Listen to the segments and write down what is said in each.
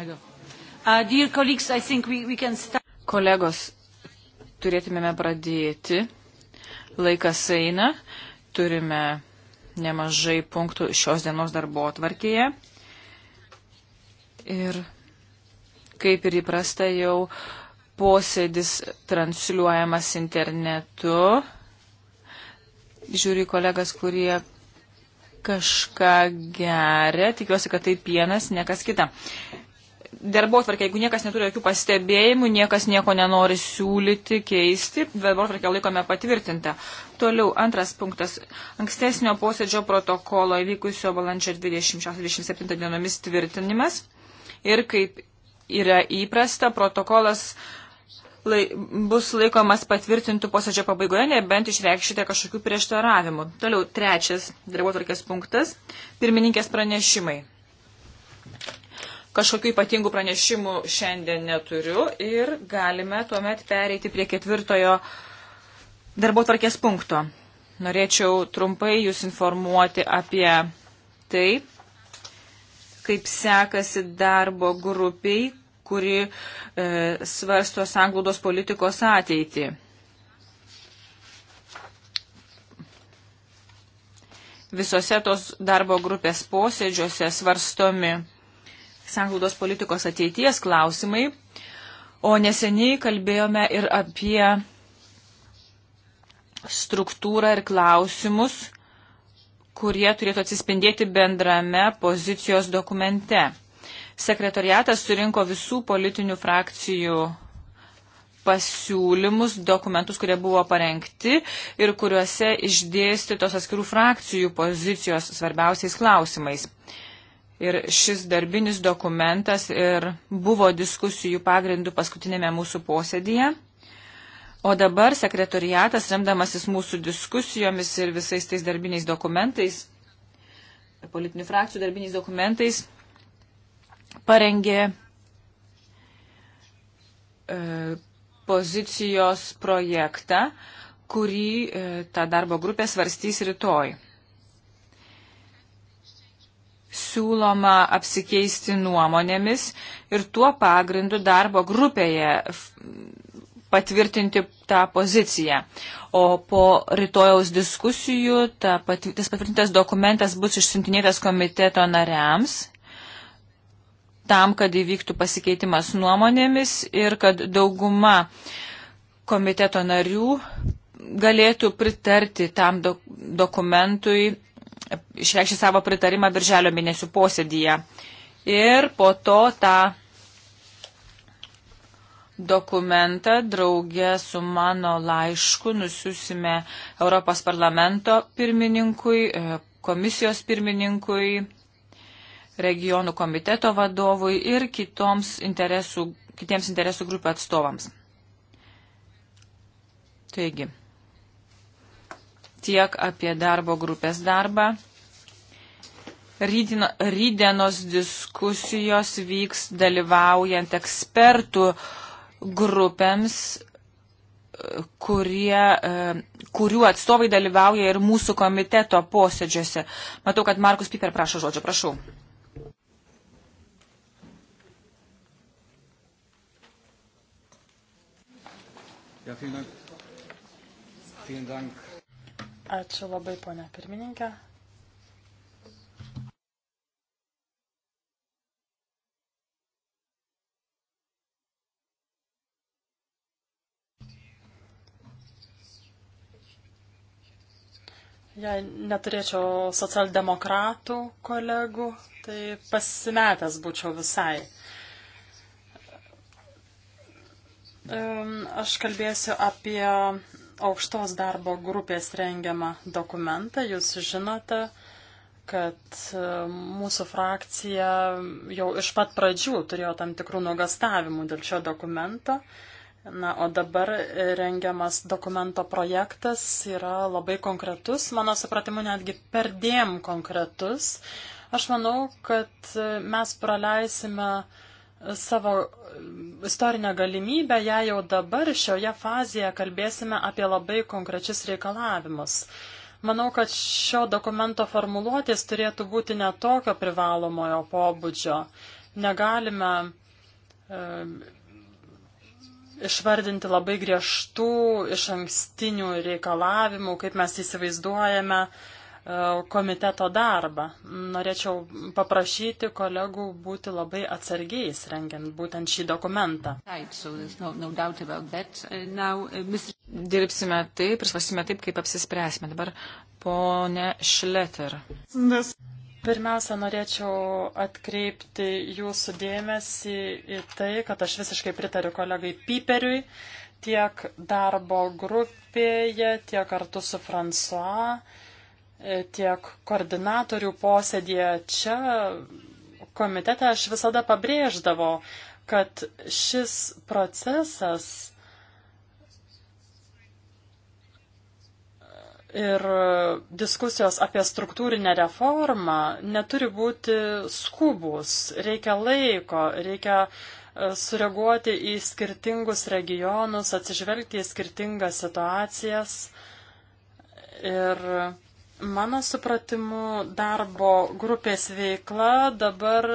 Uh, Kolegos, turėtumėme pradėti. Laikas eina. Turime nemažai punktų šios dienos darbo atvarkėje. Ir kaip ir įprasta jau posėdis transliuojamas internetu. Žiūri kolegas, kurie kažką geria. Tikiuosi, kad tai pienas, ne kas kita darbo tvarkė, jeigu niekas neturi jokių pastebėjimų, niekas nieko nenori siūlyti, keisti, darbo tvarkė laikome patvirtintą. Toliau antras punktas. Ankstesnio posėdžio protokolo įvykusio balandžio 26-27 dienomis tvirtinimas. Ir kaip yra įprasta, protokolas lai, bus laikomas patvirtintų posėdžio pabaigoje, nebent išreikšite kažkokių prieštaravimų. Toliau trečias darbo tvarkės punktas. Pirmininkės pranešimai. Kažkokių ypatingų pranešimų šiandien neturiu ir galime tuomet pereiti prie ketvirtojo darbo tvarkės punkto. Norėčiau trumpai jūs informuoti apie tai, kaip sekasi darbo grupiai, kuri e, svarsto sanglaudos politikos ateitį. Visose tos darbo grupės posėdžiuose svarstomi sanglaudos politikos ateities klausimai, o neseniai kalbėjome ir apie struktūrą ir klausimus, kurie turėtų atsispindėti bendrame pozicijos dokumente. Sekretariatas surinko visų politinių frakcijų pasiūlymus, dokumentus, kurie buvo parengti ir kuriuose išdėstytos atskirų frakcijų pozicijos svarbiausiais klausimais. Ir šis darbinis dokumentas ir buvo diskusijų pagrindų paskutinėme mūsų posėdėje. O dabar sekretoriatas, remdamasis mūsų diskusijomis ir visais tais darbiniais dokumentais, politinių frakcijų darbiniais dokumentais, parengė e, pozicijos projektą, kurį e, ta darbo grupė svarstys rytoj siūloma apsikeisti nuomonėmis ir tuo pagrindu darbo grupėje patvirtinti tą poziciją. O po rytojaus diskusijų ta pat, tas patvirtintas dokumentas bus išsintinėtas komiteto nariams tam, kad įvyktų pasikeitimas nuomonėmis ir kad dauguma komiteto narių galėtų pritarti tam do dokumentui išreikšė savo pritarimą birželio mėnesių posėdyje. Ir po to tą dokumentą draugė su mano laišku nusiusime Europos parlamento pirmininkui, e, komisijos pirmininkui, regionų komiteto vadovui ir kitoms interesų, kitiems interesų grupių atstovams. Taigi, tiek apie darbo grupės darbą. Rydino, rydienos diskusijos vyks dalyvaujant ekspertų grupėms, kurie, e, kurių atstovai dalyvauja ir mūsų komiteto posėdžiuose. Matau, kad Markus Piper prašo žodžio, prašau. Ja, vielen Dank. Vielen Dank. Ačiū labai, ponia pirmininkė. Jei neturėčiau socialdemokratų kolegų, tai pasimetęs būčiau visai. Aš kalbėsiu apie aukštos darbo grupės rengiamą dokumentą. Jūs žinote, kad e, mūsų frakcija jau iš pat pradžių turėjo tam tikrų nuogastavimų dėl šio dokumento. Na, o dabar rengiamas dokumento projektas yra labai konkretus, mano supratimu netgi perdėm konkretus. Aš manau, kad e, mes praleisime uh, savo istorinę galimybę, jei jau dabar šioje fazėje kalbėsime apie labai konkrečius reikalavimus. Manau, kad šio dokumento formuluotės turėtų būti netokio privalomojo pobūdžio. Negalime e, išvardinti labai griežtų iš ankstinių reikalavimų, kaip mes įsivaizduojame, E, komiteto darbą. Norėčiau paprašyti kolegų būti labai atsargiais rengiant būtent šį dokumentą. Uh, uh, Dirbsime taip ir svarsime taip, kaip apsispręsime. Dabar ponė Šleter. Pirmiausia, norėčiau atkreipti jūsų dėmesį į tai, kad aš visiškai pritariu kolegai Piperiui tiek darbo grupėje, tiek kartu su François E, tiek koordinatorių posėdėje čia komitete aš visada pabrėždavo, kad šis procesas ir diskusijos apie struktūrinę reformą neturi būti skubus, reikia laiko, reikia e, sureaguoti į skirtingus regionus, atsižvelgti į skirtingas situacijas ir Mano supratimu, darbo grupės veikla dabar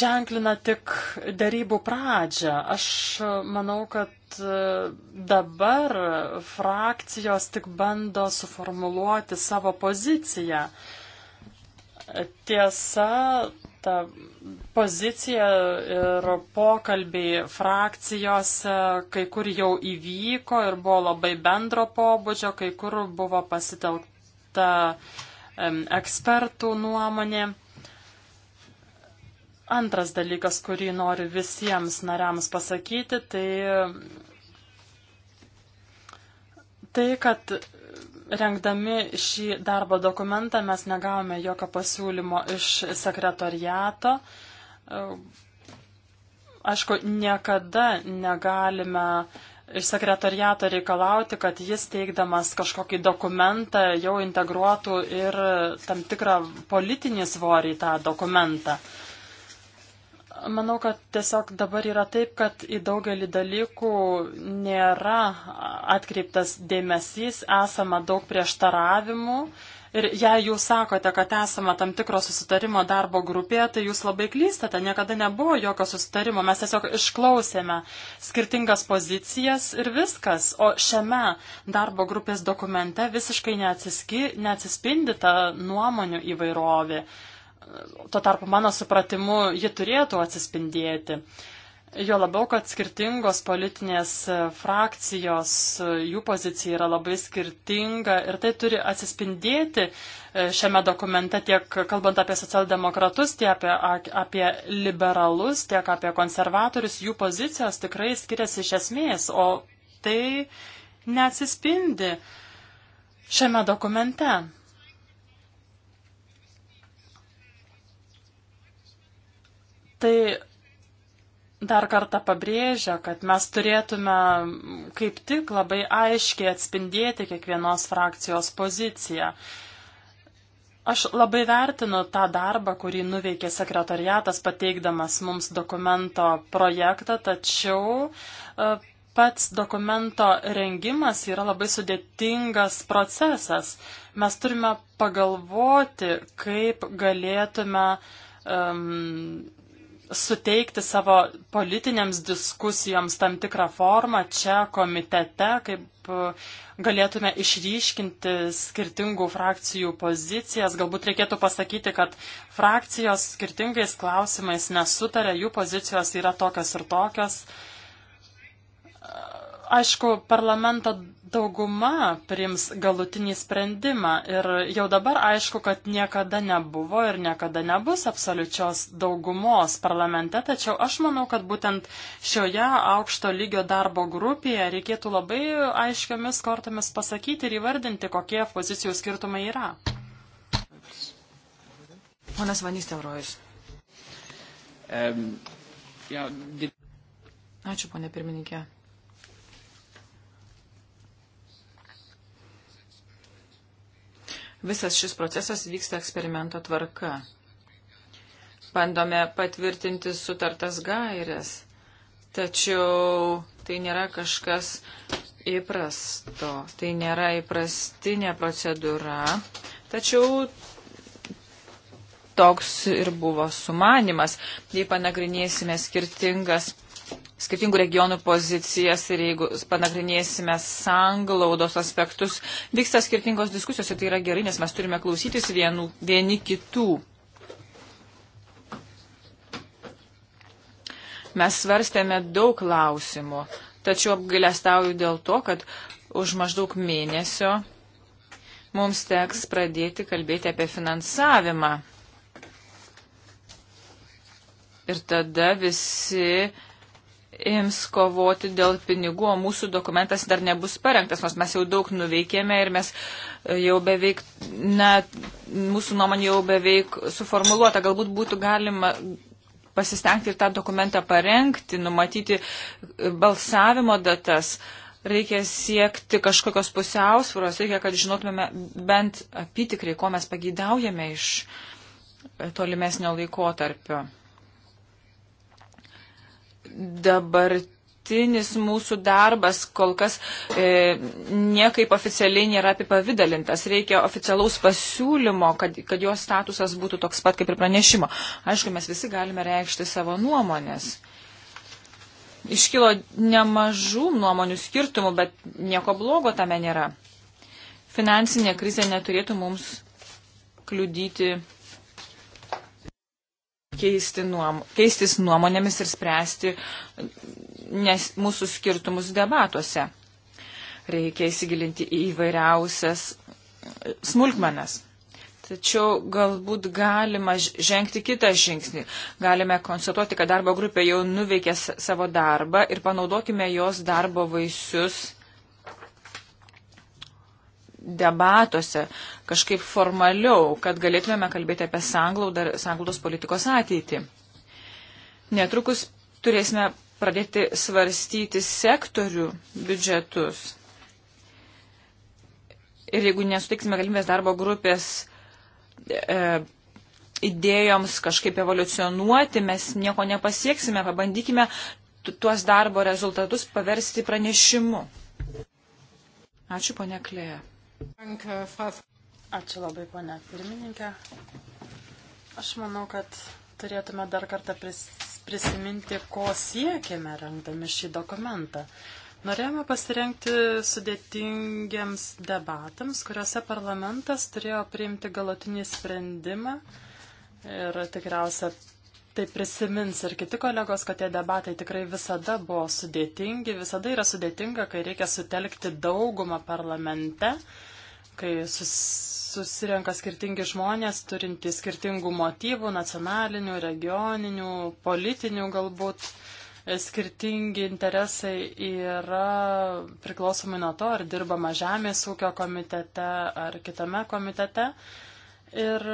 ženklina tik darybų pradžią. Aš manau, kad dabar frakcijos tik bando suformuluoti savo poziciją. Tiesa, tą poziciją ir pokalbiai frakcijose, kai kur jau įvyko ir buvo labai bendro pobūdžio, kai kur buvo pasitelkta ekspertų nuomonė. Antras dalykas, kurį noriu visiems nariams pasakyti, tai tai, kad Rengdami šį darbo dokumentą mes negavome jokio pasiūlymo iš sekretoriato. Aišku, niekada negalime iš sekretariato reikalauti, kad jis teikdamas kažkokį dokumentą jau integruotų ir tam tikrą politinį svorį tą dokumentą. Manau, kad tiesiog dabar yra taip, kad į daugelį dalykų nėra atkreiptas dėmesys, esama daug prieštaravimų. Ir jei jūs sakote, kad esame tam tikro susitarimo darbo grupėje, tai jūs labai klystate, niekada nebuvo jokio susitarimo, mes tiesiog išklausėme skirtingas pozicijas ir viskas. O šiame darbo grupės dokumente visiškai neatsispindi ta nuomonių įvairovė. Tuo tarpu mano supratimu ji turėtų atsispindėti. Jo labiau, kad skirtingos politinės e, frakcijos, e, jų pozicija yra labai skirtinga ir tai turi atsispindėti e, šiame dokumente tiek kalbant apie socialdemokratus, tiek apie, apie liberalus, tiek apie konservatorius. Jų pozicijos tikrai skiriasi iš esmės, o tai neatsispindi šiame dokumente. Tai dar kartą pabrėžia, kad mes turėtume kaip tik labai aiškiai atspindėti kiekvienos frakcijos poziciją. Aš labai vertinu tą darbą, kurį nuveikė sekretariatas pateikdamas mums dokumento projektą, tačiau e, pats dokumento rengimas yra labai sudėtingas procesas. Mes turime pagalvoti, kaip galėtume um, suteikti savo politinėms diskusijoms tam tikrą formą čia komitete, kaip e, galėtume išryškinti skirtingų frakcijų pozicijas. Galbūt reikėtų pasakyti, kad frakcijos skirtingais klausimais nesutarė, jų pozicijos yra tokios ir tokios. Aišku, parlamentą dauguma prims galutinį sprendimą ir jau dabar aišku, kad niekada nebuvo ir niekada nebus absoliučios daugumos parlamente, tačiau aš manau, kad būtent šioje aukšto lygio darbo grupėje reikėtų labai aiškiomis kortomis pasakyti ir įvardinti, kokie pozicijų skirtumai yra. Ponas Vanys Tevrojus. Ačiū, ponė pirmininkė. Visas šis procesas vyksta eksperimento tvarka. Bandome patvirtinti sutartas gairias, tačiau tai nėra kažkas įprasto, tai nėra įprastinė procedūra, tačiau toks ir buvo sumanimas. Jei panagrinėsime skirtingas skirtingų regionų pozicijas ir jeigu panagrinėsime sanglaudos aspektus, vyksta skirtingos diskusijos ir tai yra gerai, nes mes turime klausytis vienų, vieni kitų. Mes svarstėme daug klausimų, tačiau apgailestauju dėl to, kad už maždaug mėnesio mums teks pradėti kalbėti apie finansavimą. Ir tada visi ims kovoti dėl pinigų, o mūsų dokumentas dar nebus parengtas, nors mes jau daug nuveikėme ir mes e, jau beveik, na, mūsų nuomonė jau beveik suformuluota. Galbūt būtų galima pasistengti ir tą dokumentą parengti, numatyti e, balsavimo datas. Reikia siekti kažkokios pusiausvūros, reikia, kad žinotumėme bent apitikrai, ko mes pageidaujame iš e, tolimesnio laikotarpio dabartinis mūsų darbas kol kas e, niekaip oficialiai nėra apipavydalintas. Reikia oficialaus pasiūlymo, kad, kad jo statusas būtų toks pat kaip ir pranešimo. Aišku, mes visi galime reikšti savo nuomonės. Iškilo nemažų nuomonių skirtumų, bet nieko blogo tame nėra. Finansinė krizė neturėtų mums kliudyti keisti nuom, keistis nuomonėmis ir spręsti nes, mūsų skirtumus debatuose. Reikia įsigilinti į įvairiausias e, smulkmenas. Tačiau galbūt galima žengti kitą žingsnį. Galime konstatuoti, kad darbo grupė jau nuveikė savo darbą ir panaudokime jos darbo vaisius debatuose kažkaip formaliau, kad galėtumėme kalbėti apie sanglaudos politikos ateitį. Netrukus turėsime pradėti svarstyti sektorių biudžetus. Ir jeigu nesutiksime galimybės darbo grupės e, idėjoms kažkaip evoliucionuoti, mes nieko nepasieksime, pabandykime tuos darbo rezultatus paversti pranešimu. Ačiū, ponia Klėja. Ačiū labai, ponė pirmininkė. Aš manau, kad turėtume dar kartą pris, prisiminti, ko siekėme rengdami šį dokumentą. Norėjome pasirengti sudėtingiams debatams, kuriuose parlamentas turėjo priimti galutinį sprendimą ir tikriausia tai prisimins ir kiti kolegos, kad tie debatai tikrai visada buvo sudėtingi, visada yra sudėtinga, kai reikia sutelkti daugumą parlamente, kai sus, susirenka skirtingi žmonės, turinti skirtingų motyvų, nacionalinių, regioninių, politinių galbūt. Skirtingi interesai yra priklausomai nuo to, ar dirbama Žemės ūkio komitete ar kitame komitete. Ir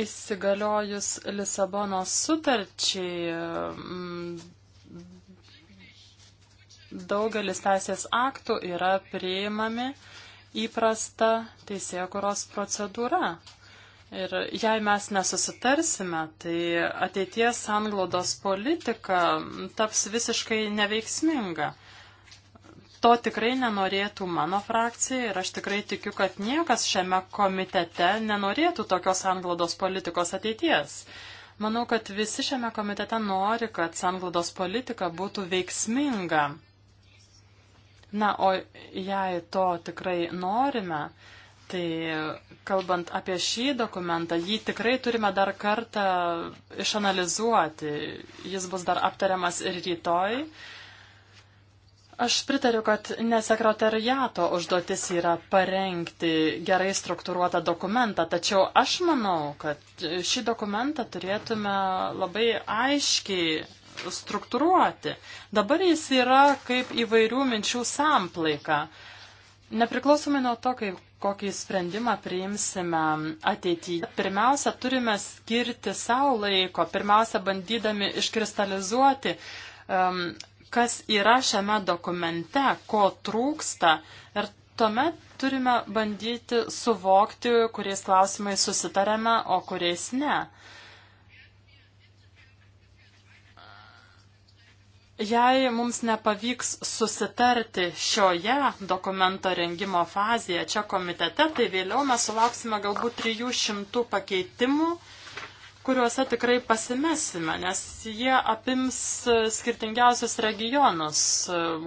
Įsigaliojus Lisabonos sutarčiai mm, daugelis teisės aktų yra priimami įprasta teisėkuros procedūra. Ir jei mes nesusitarsime, tai ateities sanglaudos politika taps visiškai neveiksminga. To tikrai nenorėtų mano frakcija ir aš tikrai tikiu, kad niekas šiame komitete nenorėtų tokios anglodos politikos ateities. Manau, kad visi šiame komitete nori, kad sanglaudos politika būtų veiksminga. Na, o jei to tikrai norime, tai kalbant apie šį dokumentą, jį tikrai turime dar kartą išanalizuoti. Jis bus dar aptariamas ir rytoj. Aš pritariu, kad nesekretariato užduotis yra parengti gerai struktūruotą dokumentą, tačiau aš manau, kad šį dokumentą turėtume labai aiškiai struktūruoti. Dabar jis yra kaip įvairių minčių samplaika. Nepriklausomai nuo to, kaip, kokį sprendimą priimsime ateityje, pirmiausia, turime skirti savo laiko, pirmiausia, bandydami iškristalizuoti um, kas yra šiame dokumente, ko trūksta ir tuomet turime bandyti suvokti, kuriais klausimais susitarėme, o kuriais ne. Jei mums nepavyks susitarti šioje dokumento rengimo fazėje, čia komitete, tai vėliau mes sulauksime galbūt 300 pakeitimų, uh, kuriuose tikrai pasimesime, nes jie apims skirtingiausius regionus,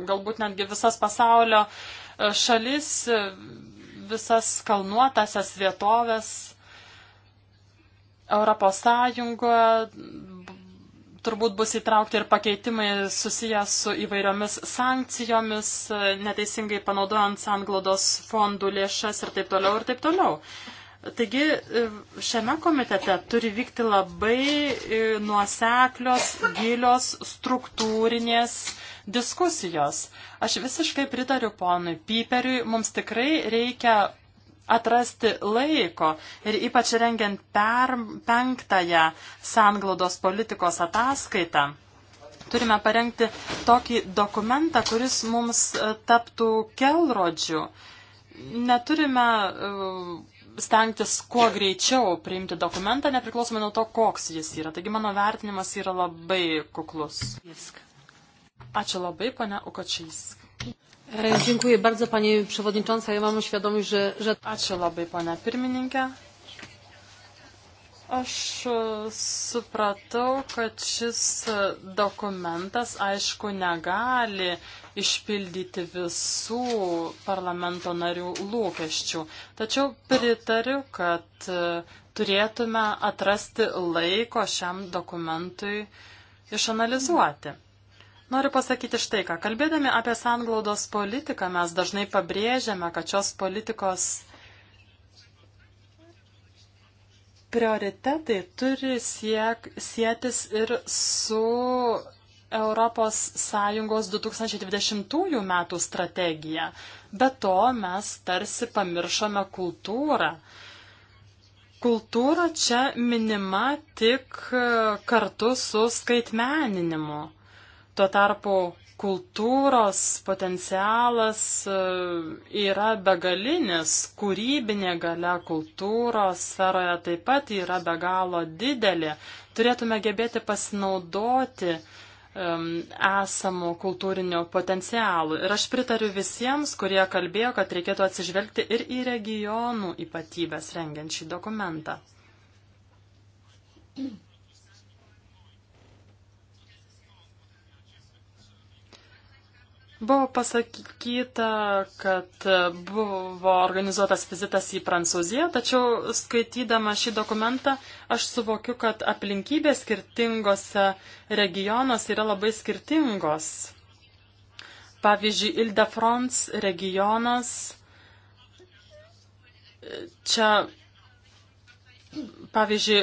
galbūt netgi visas pasaulio e, šalis, e, visas kalnuotasias vietovės. Europos Sąjungoje turbūt bus įtraukti ir pakeitimai susijęs su įvairiomis sankcijomis, e, neteisingai panaudojant sanglaudos fondų lėšas ir taip toliau ir taip toliau. Taigi e, šiame komitete turi vykti labai e, nuoseklios, gilios, struktūrinės diskusijos. Aš visiškai pritariu ponui Piperiui, mums tikrai reikia atrasti laiko ir ypač rengiant per penktąją sanglaudos politikos ataskaitą. Turime parengti tokį dokumentą, kuris mums e, taptų kelrodžių. Neturime uh, stengtis kuo greičiau priimti dokumentą, nepriklausomai nuo to, koks jis yra. Taigi mano vertinimas yra labai kuklus. Ačiū labai, pane Ukočiais. E, dziękuję bardzo, pani przewodnicząca. Ja mam świadomość, że... Ačiū labai, pane pirmininkė. Aš supratau, kad šis dokumentas, aišku, negali išpildyti visų parlamento narių lūkesčių. Tačiau pritariu, kad turėtume atrasti laiko šiam dokumentui išanalizuoti. Noriu pasakyti štai ką. Kalbėdami apie sanglaudos politiką, mes dažnai pabrėžiame, kad šios politikos prioritetai turi siek, sėtis ir su Europos Sąjungos 2020 metų strategija. Be to mes tarsi pamiršome kultūrą. Kultūra čia minima tik kartu su skaitmeninimu. Tuo tarpu kultūros potencialas e, yra begalinis, kūrybinė gale kultūros sferoje taip pat yra be galo didelė. Turėtume gebėti pasinaudoti um, esamo kultūrinio potencialų. Ir aš pritariu visiems, kurie kalbėjo, kad reikėtų atsižvelgti ir į regionų ypatybės rengiant šį dokumentą. Mm. Buvo pasakyta, kad buvo organizuotas vizitas į Prancūziją, tačiau skaitydama šį dokumentą aš suvokiu, kad aplinkybės skirtingose regionuose yra labai skirtingos. Pavyzdžiui, Ile-de-France regionas čia, pavyzdžiui,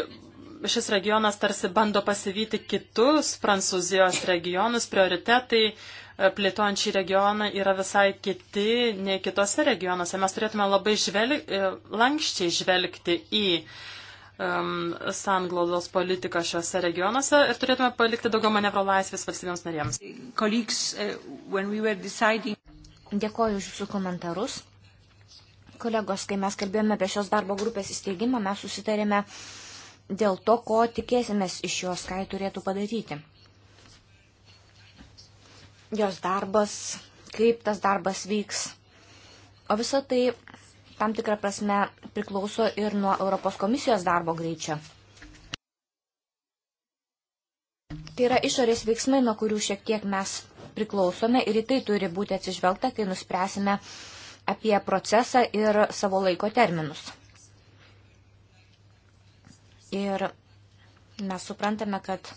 šis regionas tarsi bando pasivyti kitus Prancūzijos regionus, prioritetai plėtojant šį regioną yra visai kiti nei kitose regionuose. Mes turėtume labai žvelg, e, lankščiai žvelgti į um, sanglaudos politiką šiuose regionuose ir turėtume palikti daugiau manevro laisvės valstybėms narėms. Colleagues, uh, we deciding... Dėkoju už jūsų komentarus. Kolegos, kai mes kalbėjome apie šios darbo grupės įsteigimą, mes susitarėme dėl to, ko tikėsimės iš jos, ką jį turėtų padaryti jos darbas, kaip tas darbas vyks. O visą tai tam tikrą prasme priklauso ir nuo Europos komisijos darbo greičio. Tai yra išorės veiksmai, nuo kurių šiek tiek mes priklausome ir į tai turi būti atsižvelgta, kai nuspręsime apie procesą ir savo laiko terminus. Ir mes suprantame, kad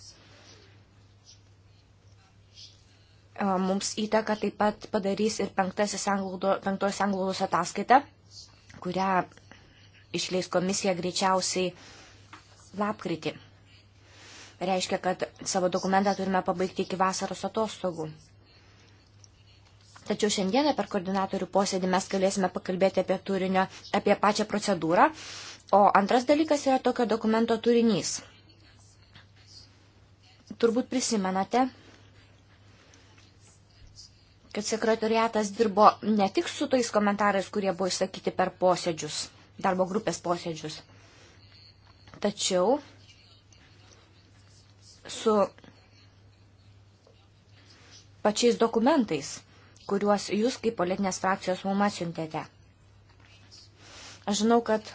mums įtaką taip pat padarys ir anglaudo, penktoji sanglaudos ataskaita, kurią išleis komisija greičiausiai lapkritį. Reiškia, kad savo dokumentą turime pabaigti iki vasaros atostogų. Tačiau šiandieną per koordinatorių posėdį mes galėsime pakalbėti apie turinio, apie pačią procedūrą. O antras dalykas yra tokio dokumento turinys. Turbūt prisimenate, kad sekretoriatas dirbo ne tik su tais komentarais, kurie buvo išsakyti per posėdžius, darbo grupės posėdžius, tačiau su pačiais dokumentais, kuriuos jūs kaip politinės frakcijos mums atsiuntėte. Aš žinau, kad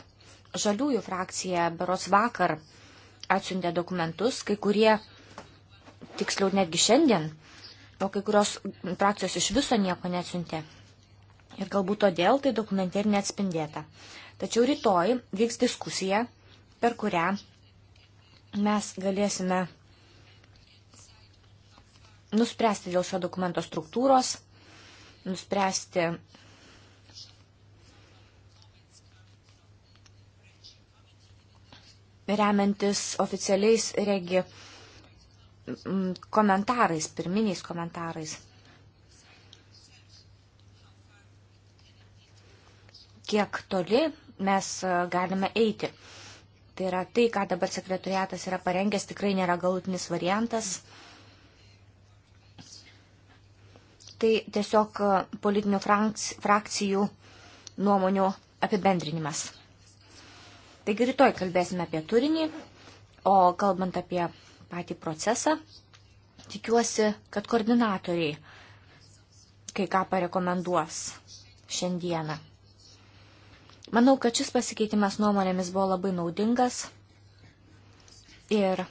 žaliųjų frakcija beros vakar atsiuntė dokumentus, kai kurie, tiksliau netgi šiandien, o kai kurios frakcijos iš viso nieko neatsiuntė. Ir galbūt todėl tai dokumente ir neatspindėta. Tačiau rytoj vyks diskusija, per kurią mes galėsime nuspręsti dėl šio dokumento struktūros, nuspręsti remiantis oficialiais regi Mm, komentarais, pirminiais komentarais. Kiek toli mes e, galime eiti. Tai yra tai, ką dabar sekretoriatas yra parengęs, tikrai nėra galutinis variantas. Tai tiesiog e, politinių frakcijų nuomonių apibendrinimas. Taigi rytoj kalbėsime apie turinį, o kalbant apie patį procesą. Tikiuosi, kad koordinatoriai kai ką parekomenduos šiandieną. Manau, kad šis pasikeitimas nuomonėmis buvo labai naudingas ir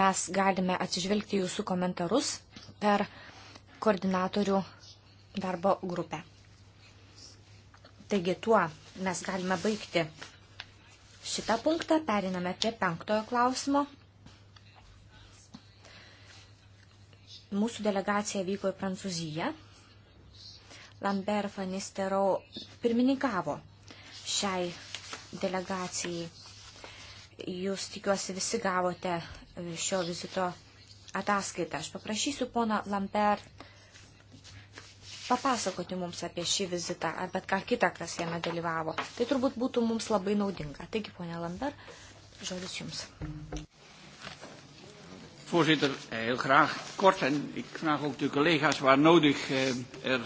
mes galime atsižvelgti jūsų komentarus per koordinatorių darbo grupę. Taigi tuo mes galime baigti šitą punktą, periname prie penktojo klausimo. Mūsų delegacija vyko į Prancūziją. Lambert Fanistero pirmininkavo šiai delegacijai. Jūs tikiuosi visi gavote šio vizito ataskaitą. Aš paprašysiu pono Lambert papasakoti mums apie šį vizitą, ar bet ką kitą, kas jame dalyvavo. Tai turbūt būtų mums labai naudinga. Taigi, ponia Lambert, žodis jums. Voorzitter, eh, heel graag kort en ik vraag ook de collega's waar nodig eh, er.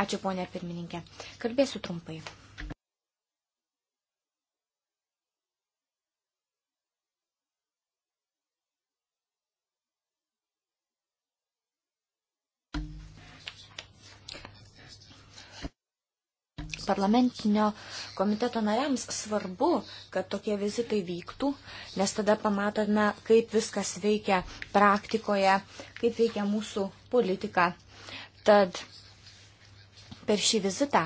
Ačiū, ponia pirmininkė. Kalbėsiu trumpai. parlamentinio komiteto nariams svarbu, kad tokie vizitai vyktų, nes tada pamatome, kaip viskas veikia praktikoje, kaip veikia mūsų politika. Tad per šį vizitą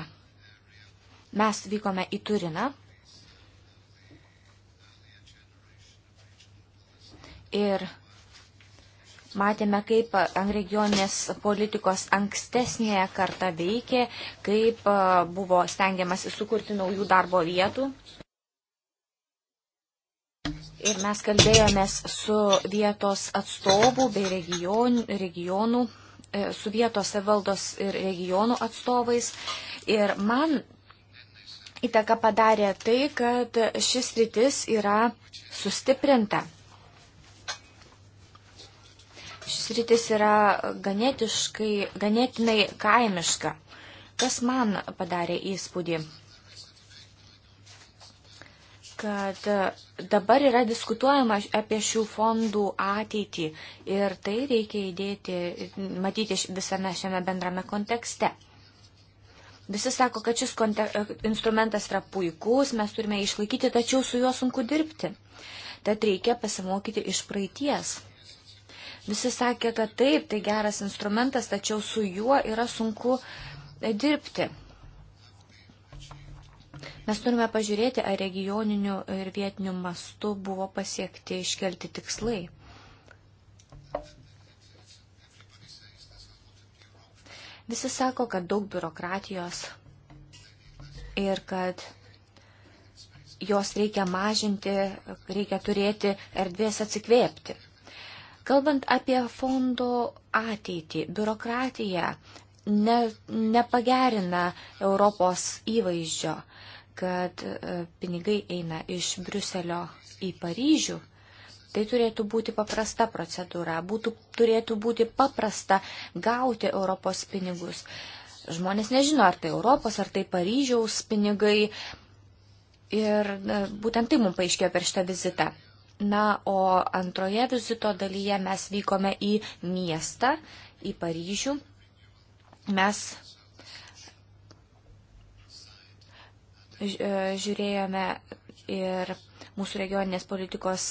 mes vykome į Turiną. Ir Matėme, kaip e, regioninės politikos ankstesnėje karta veikė, kaip e, buvo stengiamasi sukurti naujų darbo vietų. Ir mes kalbėjomės su vietos atstovų bei region, regionų, e, su vietos savaldos ir regionų atstovais. Ir man įtaka padarė tai, kad šis rytis yra sustiprinta šis rytis yra ganėtinai kaimiška. Kas man padarė įspūdį? kad dabar yra diskutuojama apie šių fondų ateitį ir tai reikia įdėti, matyti visame šiame bendrame kontekste. Visi sako, kad šis instrumentas yra puikus, mes turime išlaikyti, tačiau su juo sunku dirbti. Tad reikia pasimokyti iš praeities. Visi sakė, kad taip, tai geras instrumentas, tačiau su juo yra sunku e, dirbti. Mes turime pažiūrėti, ar regioniniu ir vietiniu mastu buvo pasiekti iškelti tikslai. Visi sako, kad daug biurokratijos ir kad jos reikia mažinti, reikia turėti erdvės atsikvėpti. Kalbant apie fondo ateitį, biurokratija ne, nepagerina Europos įvaizdžio, kad e, pinigai eina iš Briuselio į Paryžių. Tai turėtų būti paprasta procedūra, būtų, turėtų būti paprasta gauti Europos pinigus. Žmonės nežino, ar tai Europos, ar tai Paryžiaus pinigai. Ir e, būtent tai mums paaiškėjo per šitą vizitą. Na, o antroje vizito dalyje mes vykome į miestą, į Paryžių. Mes e, žiūrėjome ir mūsų regioninės politikos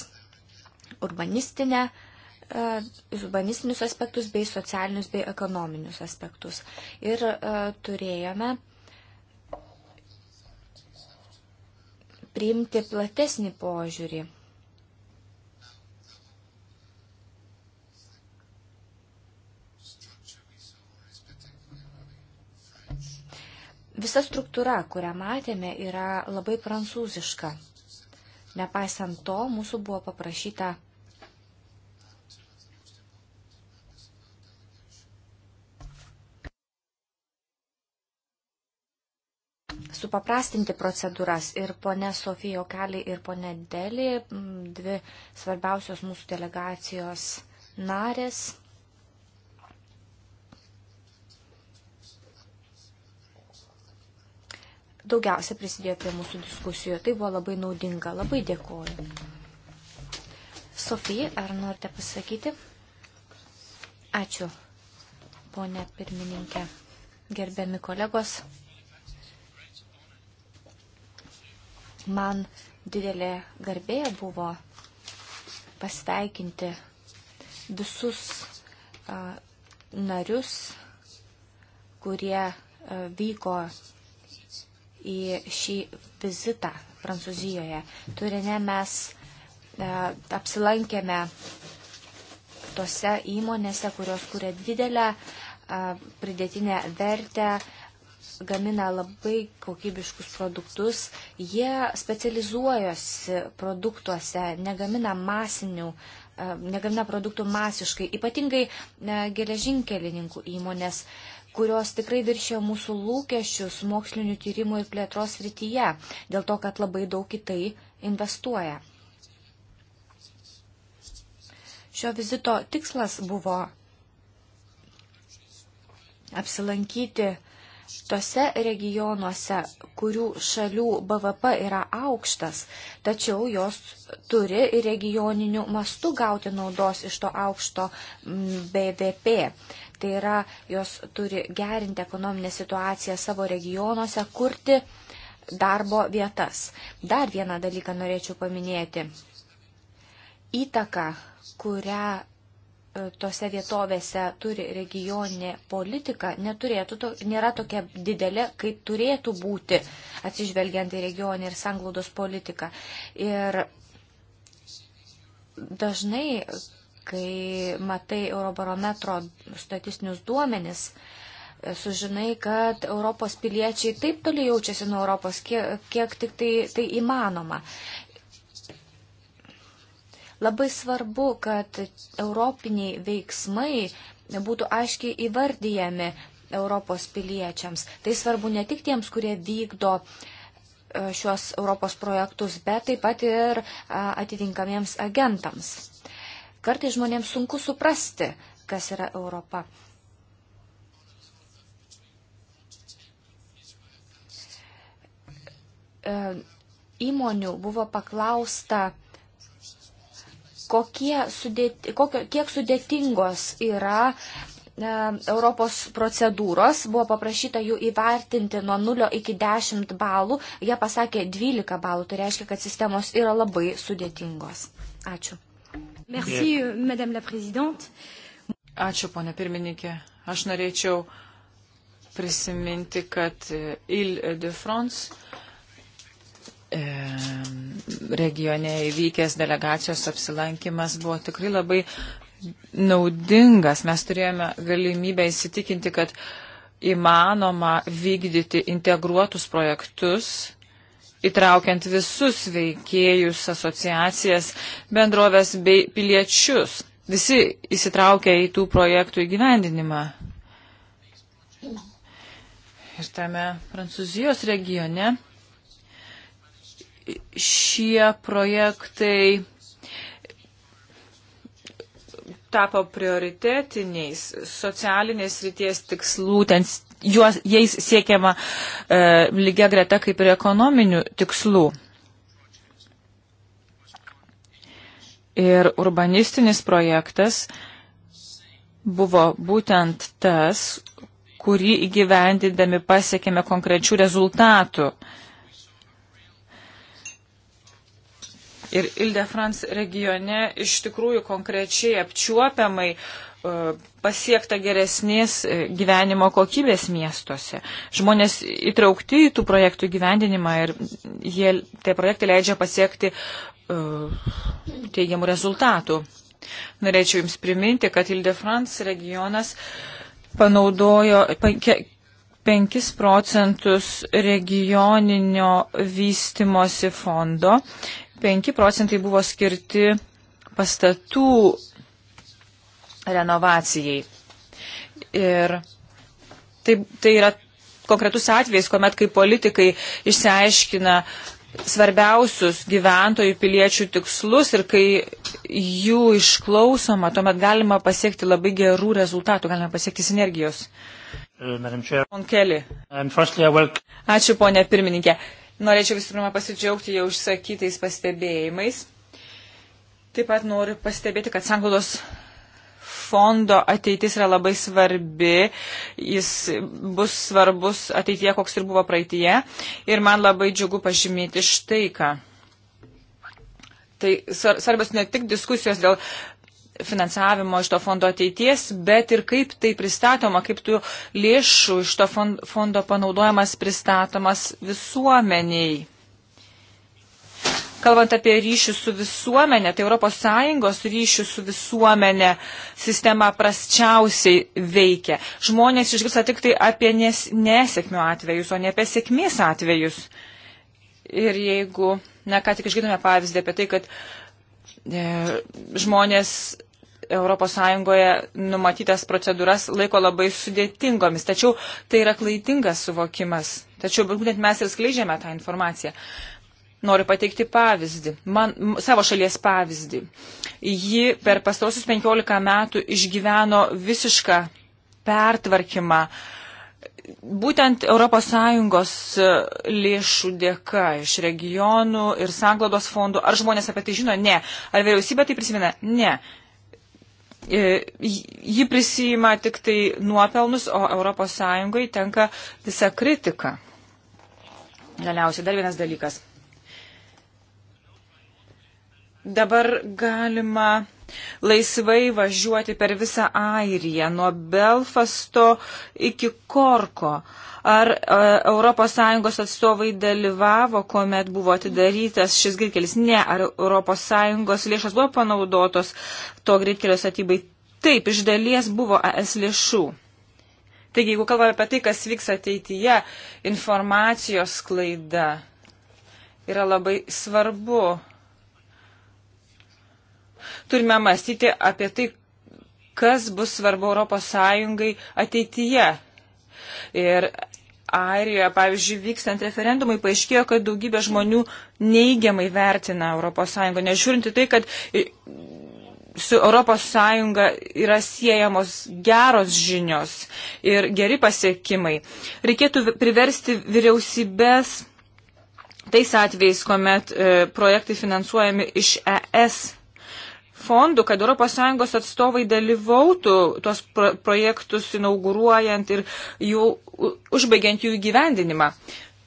urbanistinę, e, urbanistinius aspektus bei socialinius bei ekonominius aspektus. Ir e, turėjome priimti platesnį požiūrį Visa struktūra, kurią matėme, yra labai prancūziška. Nepaisant to, mūsų buvo paprašyta supaprastinti procedūras ir ponė Sofija Okelį ir ponė Delį, dvi svarbiausios mūsų delegacijos narės, daugiausia prisidėjo prie mūsų diskusijų. Tai buvo labai naudinga. Labai dėkoju. Sofija, ar norite pasakyti? Ačiū, ponė pirmininkė. Gerbiami kolegos, man didelė garbė buvo pasveikinti visus a, narius, kurie a, vyko į šį vizitą Prancūzijoje. Turine mes e, apsilankėme tose įmonėse, kurios kuria didelę e, pridėtinę vertę, gamina labai kokybiškus produktus. Jie specializuojosi produktuose, negamina masinių e, negamina produktų masiškai, ypatingai e, geležinkelininkų įmonės. E, kurios tikrai viršė mūsų lūkesčius mokslinių tyrimų ir plėtros rytyje, dėl to, kad labai daug į tai investuoja. Šio vizito tikslas buvo apsilankyti tose regionuose, kurių šalių BVP yra aukštas, tačiau jos turi regioniniu mastu gauti naudos iš to aukšto BVP. Tai yra, jos turi gerinti ekonominę situaciją savo regionuose, kurti darbo vietas. Dar vieną dalyką norėčiau paminėti. Įtaka, kurią e, tose vietovėse turi regioninė politika, neturėtų, to, nėra tokia didelė, kaip turėtų būti, atsižvelgiant į regionį ir sanglaudos politiką. Ir dažnai kai matai Eurobarometro statistinius duomenis, e, sužinai, kad Europos piliečiai taip toli jaučiasi nuo Europos, kiek, kiek tik tai, tai įmanoma. Labai svarbu, kad europiniai veiksmai būtų aiškiai įvardyjami Europos piliečiams. Tai svarbu ne tik tiems, kurie vykdo e, šios Europos projektus, bet taip pat ir atitinkamiems agentams. Kartai žmonėms sunku suprasti, kas yra Europa. E, įmonių buvo paklausta, kokie sudėti, kokio, kiek sudėtingos yra e, Europos procedūros, buvo paprašyta jų įvertinti nuo 0 iki 10 balų, jie pasakė 12 balų, tai reiškia, kad sistemos yra labai sudėtingos. Ačiū. Merci, euh, madame la prezidente. Ačiū, ponė pirmininkė. Aš norėčiau prisiminti, kad Ile e, de France e, regione įvykęs delegacijos apsilankimas buvo tikrai labai naudingas. Mes turėjome galimybę įsitikinti, kad įmanoma vykdyti integruotus projektus įtraukiant visus veikėjus, asociacijas, bendrovės bei piliečius. Visi įsitraukia į tų projektų įgyvendinimą. Ir tame Prancūzijos regione šie projektai tapo prioritetiniais socialinės ryties tikslų, ten juos, jais siekiama e, lygia greta kaip ir ekonominių tikslų. Ir urbanistinis projektas buvo būtent tas, kurį įgyvendindami pasiekėme konkrečių rezultatų. Ir Ilde France regione iš tikrųjų konkrečiai apčiuopiamai uh, E, pasiekta geresnės e, gyvenimo kokybės miestuose. Žmonės įtraukti į tų projektų gyvendinimą ir jie, tie projektai leidžia pasiekti uh, teigiamų rezultatų. Norėčiau Jums priminti, kad Ile-de-France regionas panaudojo 5 procentus regioninio vystimosi fondo, 5 procentai buvo skirti pastatų renovacijai. Ir tai, tai yra konkretus atvejs, kuomet kai politikai išsiaiškina svarbiausius gyventojų piliečių tikslus ir kai jų išklausoma, tuomet galima pasiekti labai gerų rezultatų, galima pasiekti sinergijos. Uh, Ačiū, ponė pirmininkė. Norėčiau visų pirma pasidžiaugti jau išsakytais pastebėjimais. Taip pat noriu pastebėti, kad sanglaudos fondo ateitis yra labai svarbi, jis bus svarbus ateitie, koks ir buvo praeitie. Ir man labai džiugu pažymėti štai ką. Tai svarbios ne tik diskusijos dėl finansavimo iš to fondo ateities, bet ir kaip tai pristatoma, kaip tų lėšų iš to fondo panaudojamas pristatomas visuomeniai. Kalbant apie ryšių su visuomenė, tai ES ryšių su visuomenė sistema prasčiausiai veikia. Žmonės išgirsta tik tai apie nes, nesėkmių atvejus, o ne apie sėkmės atvejus. Ir jeigu, na, ką tik išgirdome pavyzdį apie tai, kad e, žmonės ES numatytas procedūras laiko labai sudėtingomis. Tačiau tai yra klaidingas suvokimas. Tačiau būtent mes ir skleidžiame tą informaciją. Noriu pateikti pavyzdį, man, savo šalies pavyzdį. Ji per pastarosius 15 metų išgyveno visišką pertvarkymą. Būtent ES e, lėšų dėka iš regionų ir sanglodos fondų. Ar žmonės apie tai žino? Ne. Ar vyriausybė tai prisimena? Ne e, ji prisima tik tai nuopelnus, o ES tenka visa kritika. Galiausiai dar vienas dalykas. Dabar galima laisvai važiuoti per visą Airiją, nuo Belfasto iki Korko. Ar ES atstovai dalyvavo, kuomet buvo atidarytas šis greitkėlis? Ne. Ar ES lėšas buvo panaudotos to greitkelio statybai? Taip, iš dalies buvo ES lėšų. Taigi, jeigu kalbame apie tai, kas vyks ateityje, informacijos klaida yra labai svarbu turime mąstyti apie tai, kas bus svarbu Europos Sąjungai ateityje. Ir Airijoje, pavyzdžiui, vykstant referendumui, paaiškėjo, kad daugybė žmonių neigiamai vertina ES, nežiūrinti tai, kad su ES yra siejamos geros žinios ir geri pasiekimai. Reikėtų priversti vyriausybės tais atvejais, kuomet e, projektai finansuojami iš ES fondų, kad ES atstovai dalyvautų tuos pro projektus inauguruojant ir jų, užbaigiant jų įgyvendinimą.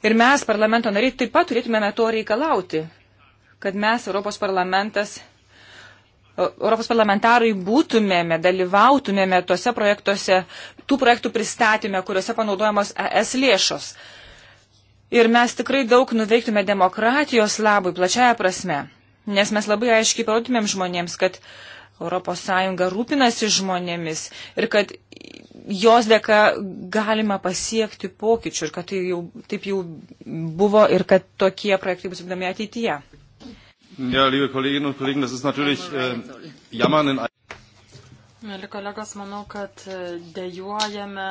Ir mes, parlamento nariai, taip pat turėtumėme to reikalauti, kad mes, Europos parlamentas, Europos parlamentarai būtumėme, dalyvautumėme tuose projektuose, tų projektų pristatymė, kuriuose panaudojamos ES lėšos. Ir mes tikrai daug nuveiktume demokratijos labui, plačiaja prasme nes mes labai aiškiai parodytumėm žmonėms, kad ES rūpinasi žmonėmis ir kad jos dėka galima pasiekti pokyčių ir kad tai jau, taip jau buvo ir kad tokie projektai bus vykdomi ateityje. Ja, liebe Kolleginnen und Kollegen, das ist natürlich äh, Jammern in Mėly kolegos, manau, kad e, dėjuojame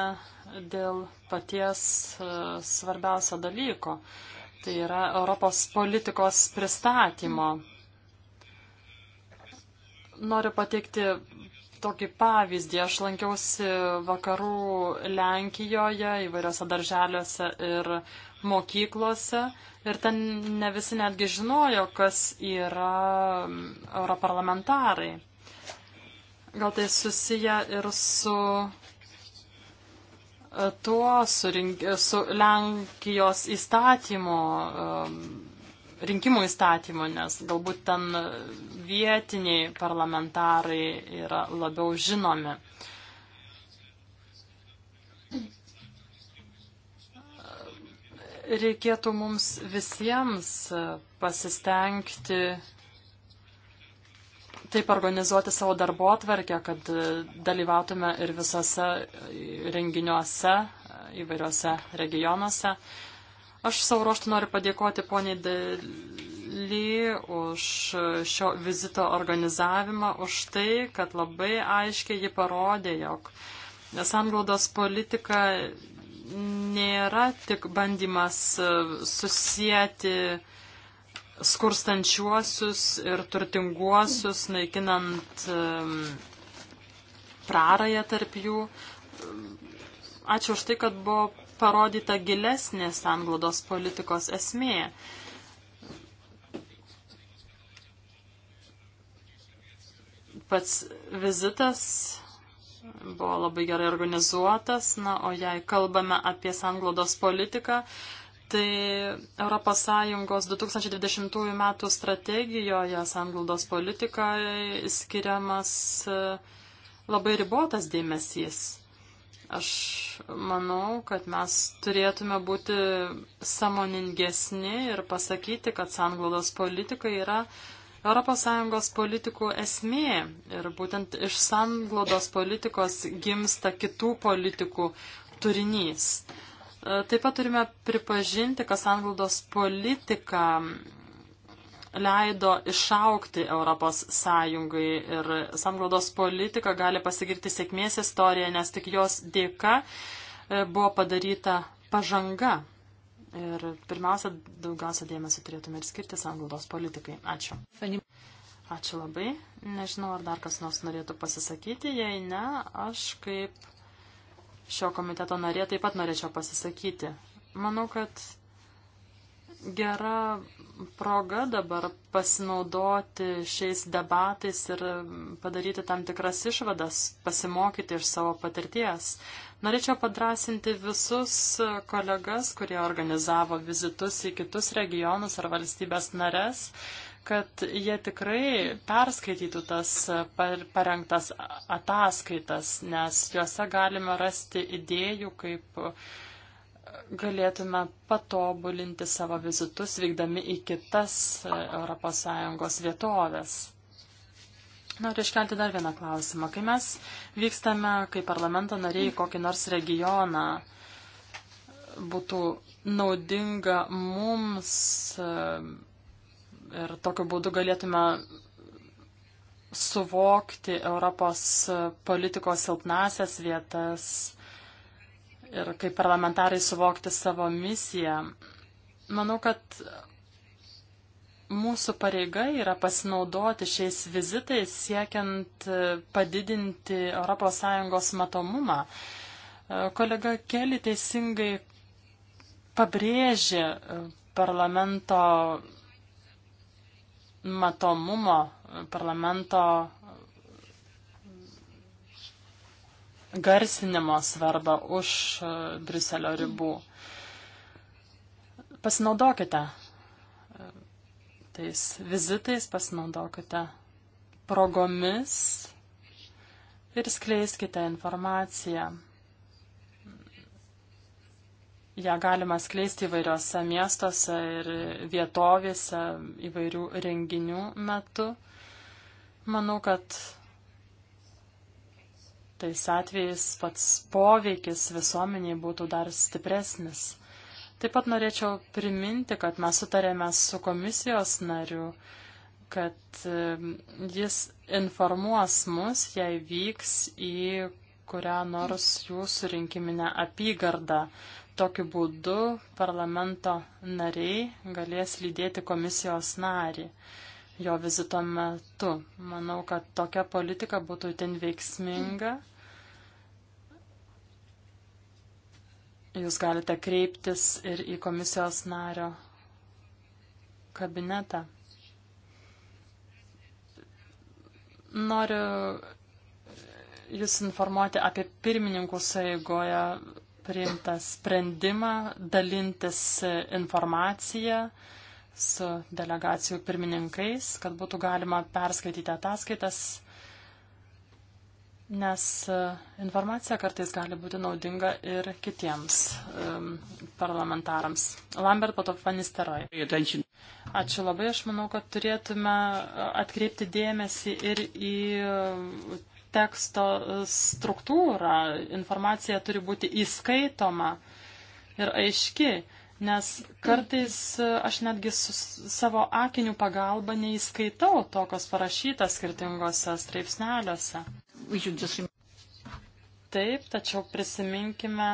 dėl paties e, svarbiausio dalyko. Tai yra Europos politikos pristatymo noriu pateikti tokį pavyzdį. Aš lankiausi vakarų Lenkijoje įvairiose darželiuose ir mokyklose ir ten ne visi netgi žinojo, kas yra mm, europarlamentarai. Gal tai susiję ir su e, tuo, su, rink, su Lenkijos įstatymo um, rinkimų įstatymu, nes galbūt ten vietiniai parlamentarai yra labiau žinomi. Reikėtų mums visiems pasistengti taip organizuoti savo darbo atvarkę, kad dalyvautume ir visose renginiuose įvairiuose regionuose. Aš savo ruoštų noriu padėkoti poniai Deli už šio vizito organizavimą, už tai, kad labai aiškiai ji parodė, jog sanglaudos politika nėra tik bandymas susijęti skurstančiuosius ir turtinguosius, naikinant um, prarąją tarp jų. Ačiū už tai, kad buvo parodyta gilesnė sanglodos politikos esmė. Pats vizitas buvo labai gerai organizuotas, na, o jei kalbame apie sanglodos politiką, tai ES 2020 m. strategijoje sanglaudos politikai skiriamas e, labai ribotas dėmesys. Aš manau, kad mes turėtume būti samoningesni ir pasakyti, kad sanglaudos politika yra ES politikų esmė. Ir būtent iš sanglaudos politikos gimsta kitų politikų turinys. E, taip pat turime pripažinti, kad sanglaudos politika leido išaukti Europos Sąjungai ir samglaudos politika gali pasigirti sėkmės istoriją, nes tik jos dėka e, buvo padaryta pažanga. Ir pirmiausia, daugiausia dėmesio turėtume ir skirti samglaudos politikai. Ačiū. Ačiū labai. Nežinau, ar dar kas nors norėtų pasisakyti. Jei ne, aš kaip šio komiteto narė taip pat norėčiau pasisakyti. Manau, kad gera proga dabar pasinaudoti šiais debatais ir padaryti tam tikras išvadas, pasimokyti iš savo patirties. Norėčiau padrasinti visus kolegas, kurie organizavo vizitus į kitus regionus ar valstybės nares, kad jie tikrai perskaitytų tas parengtas ataskaitas, nes juose galima rasti idėjų, kaip galėtume patobulinti savo vizitus, vykdami į kitas ES vietovės. Noriu iškelti dar vieną klausimą. Kai mes vykstame kaip parlamento nariai į kokį nors regioną, būtų naudinga mums e, ir tokiu būdu galėtume suvokti Europos politikos silpnasias vietas, ir kaip parlamentarai suvokti savo misiją. Manau, kad mūsų pareiga yra pasinaudoti šiais vizitais siekiant e, padidinti ES matomumą. E, kolega Keli teisingai pabrėžė e, parlamento matomumo, parlamento garsinimo svarbą už e, Briuselio ribų. Pasinaudokite e, tais vizitais, pasinaudokite progomis ir skleiskite informaciją. Ja galima skleisti įvairiose miestuose ir vietovėse įvairių renginių metu. Manau, kad Tais atvejais pats poveikis visuomeniai būtų dar stipresnis. Taip pat norėčiau priminti, kad mes sutarėme su komisijos nariu, kad e, jis informuos mus, jei vyks į kurią nors jūsų rinkiminę apygardą. Tokiu būdu parlamento nariai galės lydėti komisijos narį jo vizito metu. Manau, kad tokia politika būtų ten veiksminga. Jūs galite kreiptis ir į komisijos nario kabinetą. Noriu Jūs informuoti apie pirmininkų sąjungoje priimtą sprendimą dalintis informaciją su delegacijų pirmininkais, kad būtų galima perskaityti ataskaitas, nes e, informacija kartais gali būti naudinga ir kitiems um, parlamentarams. Lambert Patofanisteroj. Ačiū labai, aš manau, kad turėtume e, atkreipti dėmesį ir į e, teksto struktūrą. Informacija turi būti įskaitoma ir aiški. Nes kartais aš netgi su savo akinių pagalba neįskaitau to, kas parašyta skirtingose straipsneliuose. Taip, tačiau prisiminkime.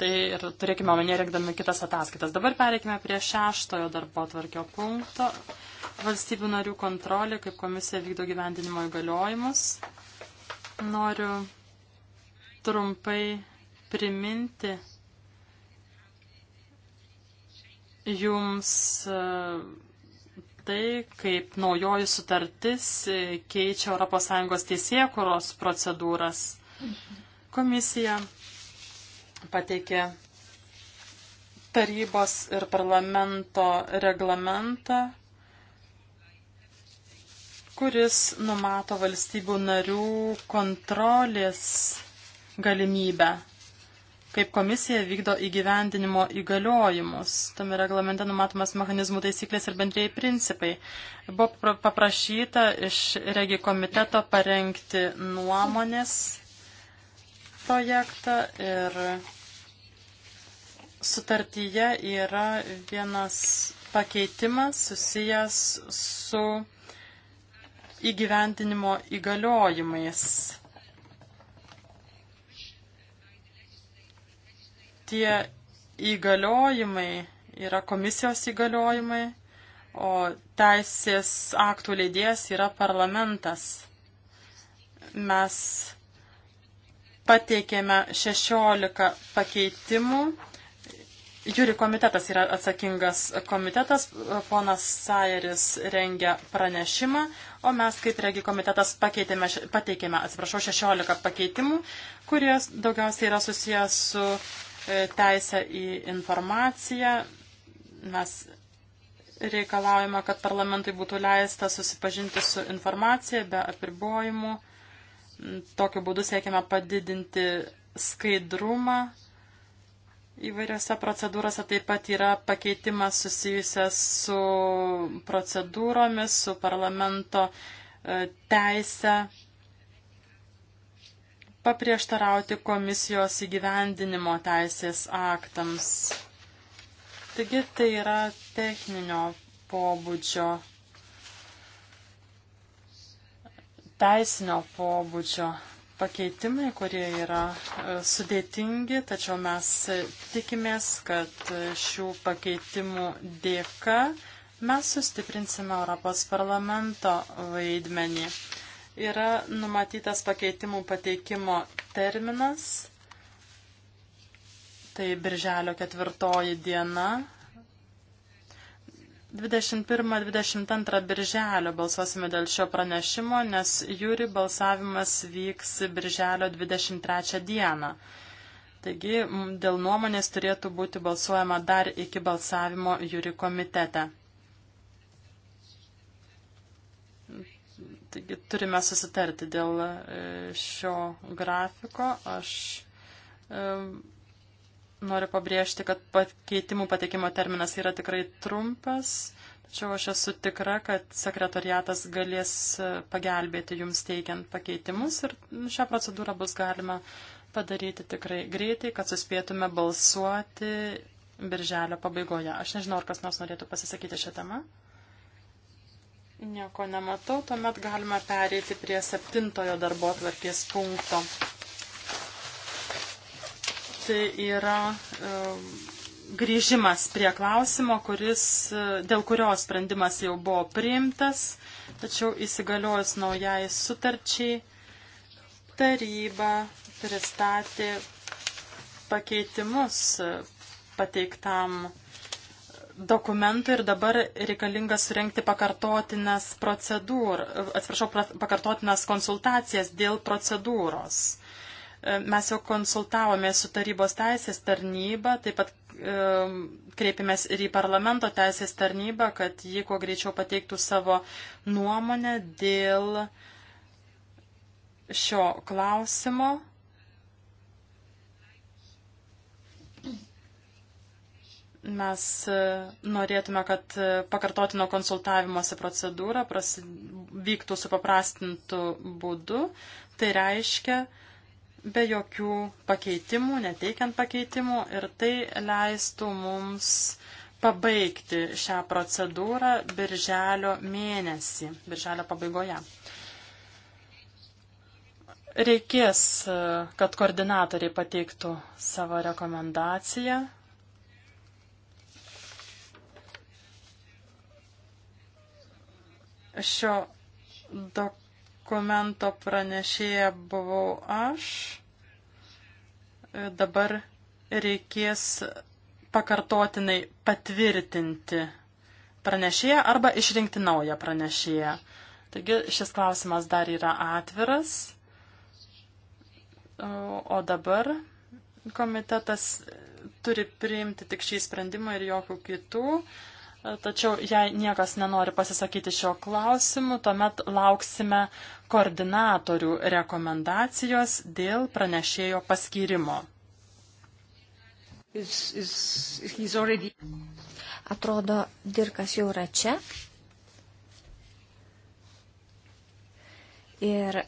Tai ir turėkime omenyje rengdami kitas ataskaitas. Dabar pereikime prie šeštojo darbo tvarkio punkto. Valstybių narių kontrolė, kaip komisija vykdo gyvendinimo įgaliojimus. Noriu trumpai priminti jums e, tai, kaip naujoji sutartis e, keičia ES teisėkuros procedūras. Komisija pateikė tarybos ir parlamento reglamentą, kuris numato valstybių narių kontrolės galimybę kaip komisija vykdo įgyvendinimo įgaliojimus. Tame reglamente numatomas mechanizmų taisyklės ir bendrėjai principai. Buvo paprašyta iš regi komiteto parengti nuomonės projektą ir sutartyje yra vienas pakeitimas susijęs su įgyvendinimo įgaliojimais. tie įgaliojimai yra komisijos įgaliojimai, o teisės aktų leidėjas yra parlamentas. Mes pateikėme 16 pakeitimų. Jūri komitetas yra atsakingas komitetas, ponas Sajeris rengia pranešimą, o mes kaip regi komitetas pateikėme, atsiprašau, 16 pakeitimų, kurie daugiausiai yra susijęs su E, teisę į informaciją. Mes reikalaujame, kad parlamentui būtų leista susipažinti su informacija be apribojimų. Tokiu būdu siekiame padidinti skaidrumą įvairiose procedūrose. Taip pat yra pakeitimas susijusias su procedūromis, su parlamento e, teisę paprieštarauti komisijos įgyvendinimo teisės aktams. Taigi tai yra techninio pobūdžio, teisinio pobūdžio pakeitimai, kurie yra e, sudėtingi, tačiau mes tikimės, kad šių pakeitimų dėka mes sustiprinsime Europos parlamento vaidmenį yra numatytas pakeitimų pateikimo terminas. Tai birželio ketvirtoji diena. 21-22 birželio balsuosime dėl šio pranešimo, nes jūri balsavimas vyks birželio 23 dieną. Taigi dėl nuomonės turėtų būti balsuojama dar iki balsavimo jūri komitete. Taigi turime susitarti dėl e, šio grafiko. Aš e, noriu pabrėžti, kad pakeitimų patekimo terminas yra tikrai trumpas, tačiau aš esu tikra, kad sekretariatas galės e, pagelbėti jums teikiant pakeitimus ir šią procedūrą bus galima padaryti tikrai greitai, kad suspėtume balsuoti birželio pabaigoje. Aš nežinau, ar kas nors norėtų pasisakyti šią temą. Nieko nematau, tuomet galima pereiti prie septintojo darbo atvarkės punkto. Tai yra e, grįžimas prie klausimo, kuris, e, dėl kurio sprendimas jau buvo priimtas, tačiau įsigaliojus naujai sutarčiai taryba pristatė pakeitimus e, pateiktam dokumentų ir dabar reikalinga surenkti pakartotinas procedūr, atsiprašau, pakartotinas konsultacijas dėl procedūros. E, mes jau konsultavome su tarybos teisės tarnyba, taip pat e, kreipėmės ir į parlamento teisės tarnybą, kad jie kuo greičiau pateiktų savo nuomonę dėl šio klausimo. Mes e, norėtume, kad e, pakartotino konsultavimuose procedūra prasi, vyktų su paprastintu būdu. Tai reiškia, be jokių pakeitimų, neteikiant pakeitimų ir tai leistų mums pabaigti šią procedūrą birželio mėnesį, birželio pabaigoje. Reikės, e, kad koordinatoriai pateiktų savo rekomendaciją Šio dokumento pranešėja buvau aš. Dabar reikės pakartotinai patvirtinti pranešėją arba išrinkti naują pranešėją. Taigi šis klausimas dar yra atviras. O dabar komitetas turi priimti tik šį sprendimą ir jokių kitų. Tačiau jei niekas nenori pasisakyti šio klausimu, tuomet lauksime koordinatorių rekomendacijos dėl pranešėjo paskyrimo. Is, is, already... Atrodo, Dirkas jau yra čia. Ir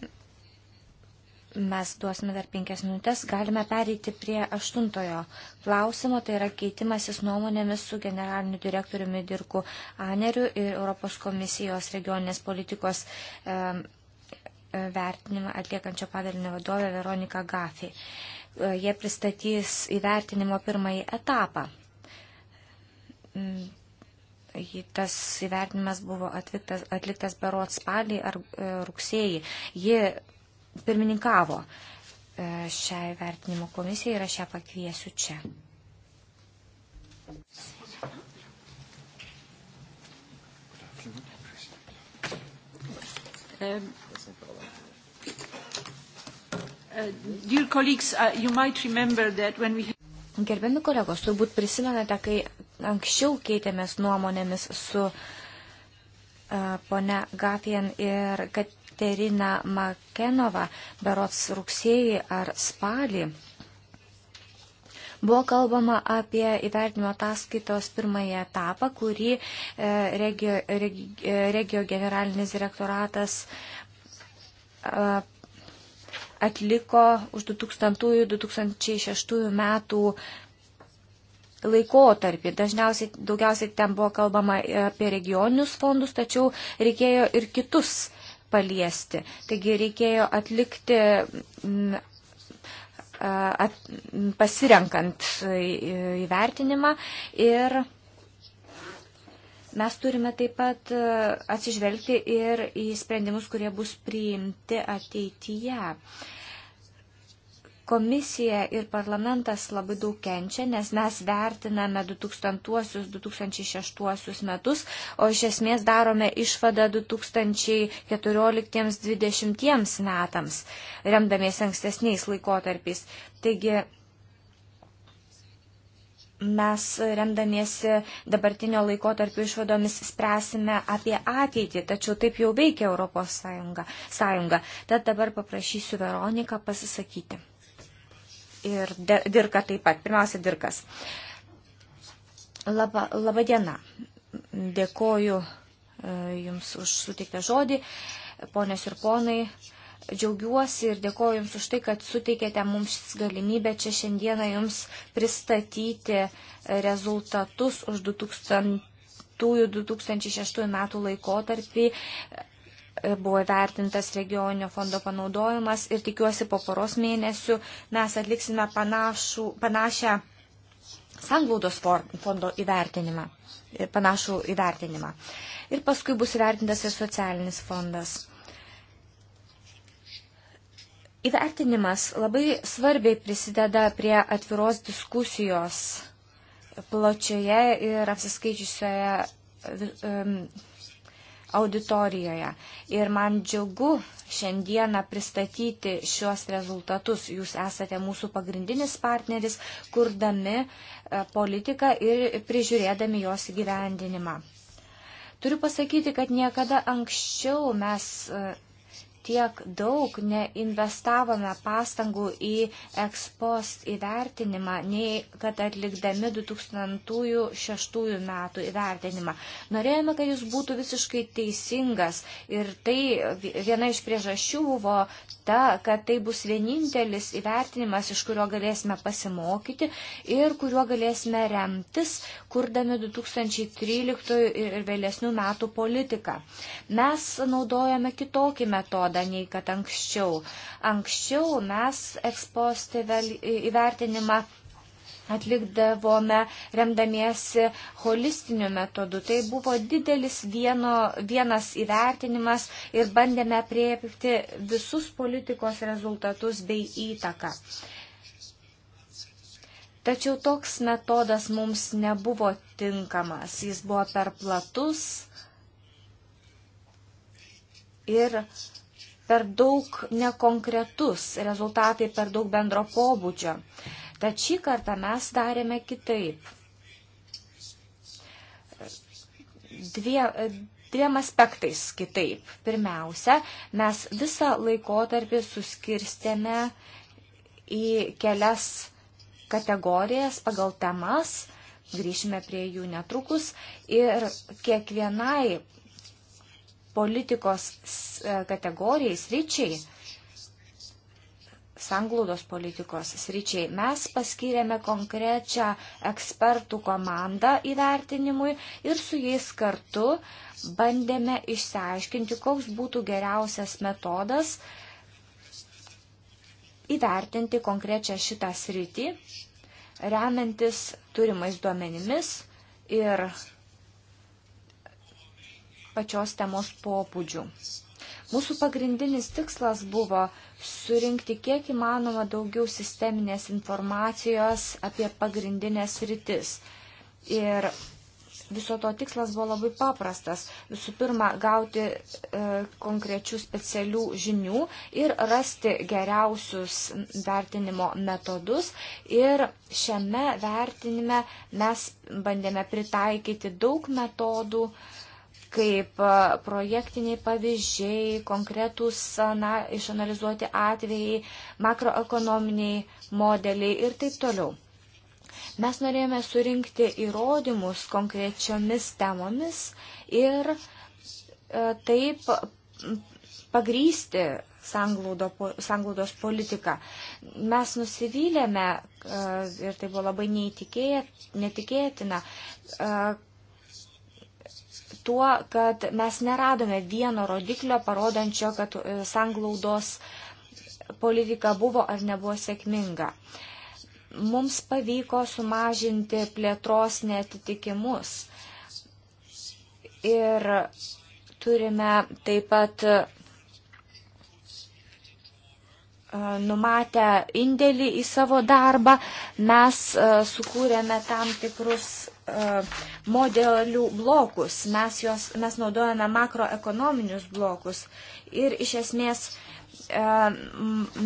mes duosime dar penkias minutės, galime pereiti prie aštuntojo klausimo, tai yra keitimasis nuomonėmis su generaliniu direktoriumi Dirku Aneriu ir Europos komisijos regioninės politikos e, vertinimą atliekančio padalinio vadovę Veroniką Gafį. E, jie pristatys įvertinimo pirmąjį etapą. Mm, tas įvertinimas buvo atliktas, atliktas berot spalį ar e, rugsėjį. Ji pirmininkavo e, šiai vertinimo komisijai ir aš ją pakviesiu čia. Um, uh, uh, Gerbiami kolegos, turbūt prisimenate, kai anksčiau keitėmės nuomonėmis su uh, pone Gafien ir kad Katerina Makenova, berots rugsėjį ar spalį. Buvo kalbama apie įvertinimo ataskaitos pirmąją etapą, kurį e, regio, regio, e, regio generalinis direktoratas e, atliko už 2000-2006 metų laikotarpį. Dažniausiai daugiausiai ten buvo kalbama apie regioninius fondus, tačiau reikėjo ir kitus paliesti. Taigi reikėjo atlikti mm, at, pasirenkant įvertinimą ir mes turime taip pat atsižvelgti ir į sprendimus, kurie bus priimti ateityje. Uh, Komisija ir parlamentas labai daug kenčia, nes mes vertiname 2000-2006 metus, o iš esmės darome išvadą 2014-2020 metams, remdamiesi ankstesniais laikotarpiais. Taigi, mes remdamiesi dabartinio laikotarpio išvadomis spręsime apie ateitį, tačiau taip jau veikia Europos Sąjunga. sąjunga. Tad dabar paprašysiu Veroniką pasisakyti ir Dirka taip pat. Pirmiausia, Dirkas. Labą, labą dieną. Dėkoju e, Jums už suteiktą žodį. Ponės ir ponai, džiaugiuosi ir dėkoju Jums už tai, kad suteikėte mums galimybę čia šiandieną Jums pristatyti rezultatus už 2000. 2006 metų laikotarpį buvo vertintas regioninio fondo panaudojimas ir tikiuosi po poros mėnesių mes atliksime panašų, panašią sanglaudos fondo įvertinimą, panašų įvertinimą. Ir paskui bus įvertintas ir socialinis fondas. Įvertinimas labai svarbiai prisideda prie atviros diskusijos plačioje ir apsiskaičiusioje um, auditorijoje. Ir man džiugu šiandieną pristatyti šiuos rezultatus. Jūs esate mūsų pagrindinis partneris, kurdami e, politiką ir prižiūrėdami jos gyvendinimą. Turiu pasakyti, kad niekada anksčiau mes e, tiek daug neinvestavome pastangų į ekspost įvertinimą, nei kad atlikdami 2006 metų įvertinimą. Norėjome, kad jis būtų visiškai teisingas ir tai viena iš priežasčių buvo ta, kad tai bus vienintelis įvertinimas, iš kurio galėsime pasimokyti ir kuriuo galėsime remtis, kurdami 2013 ir vėlesnių metų politiką. Mes naudojame kitokį metodą nei kad anksčiau. Anksčiau mes ekspostį įvertinimą atlikdavome remdamiesi holistiniu metodu. Tai buvo didelis vieno, vienas įvertinimas ir bandėme priepti visus politikos rezultatus bei įtaką. Tačiau toks metodas mums nebuvo tinkamas, jis buvo per platus ir per daug nekonkretus, rezultatai per daug bendro pobūdžio. Tad šį kartą mes darėme kitaip. Dvie, dviem aspektais kitaip. Pirmiausia, mes visą laikotarpį suskirstėme į kelias kategorijas pagal temas, grįšime prie jų netrukus, ir kiekvienai politikos kategorijai, sričiai sanglūdos politikos sričiai. Mes paskyrėme konkrečią ekspertų komandą įvertinimui ir su jais kartu bandėme išsiaiškinti, koks būtų geriausias metodas įvertinti konkrečią šitą sritį, remiantis turimais duomenimis ir pačios temos pobūdžių. Mūsų pagrindinis tikslas buvo surinkti kiek įmanoma daugiau sisteminės informacijos apie pagrindinės rytis. Ir viso to tikslas buvo labai paprastas. Visų pirma, gauti e, konkrečių specialių žinių ir rasti geriausius vertinimo metodus. Ir šiame vertinime mes bandėme pritaikyti daug metodų, e, kaip projektiniai pavyzdžiai, konkretūs na, išanalizuoti atvejai, makroekonominiai modeliai ir taip toliau. Mes norėjome surinkti įrodymus konkrečiomis temomis ir taip pagrysti sanglaudos politiką. Mes nusivylėme ir tai buvo labai neįtikėtina, tuo, kad mes neradome vieno rodiklio, parodančio, kad e, sanglaudos politika buvo ar nebuvo sėkminga. Mums pavyko sumažinti plėtros netitikimus. Ir turime taip pat e, numatę indėlį į savo darbą, mes e, sukūrėme tam tikrus modelių blokus, mes, jos, mes naudojame makroekonominius blokus ir iš esmės e,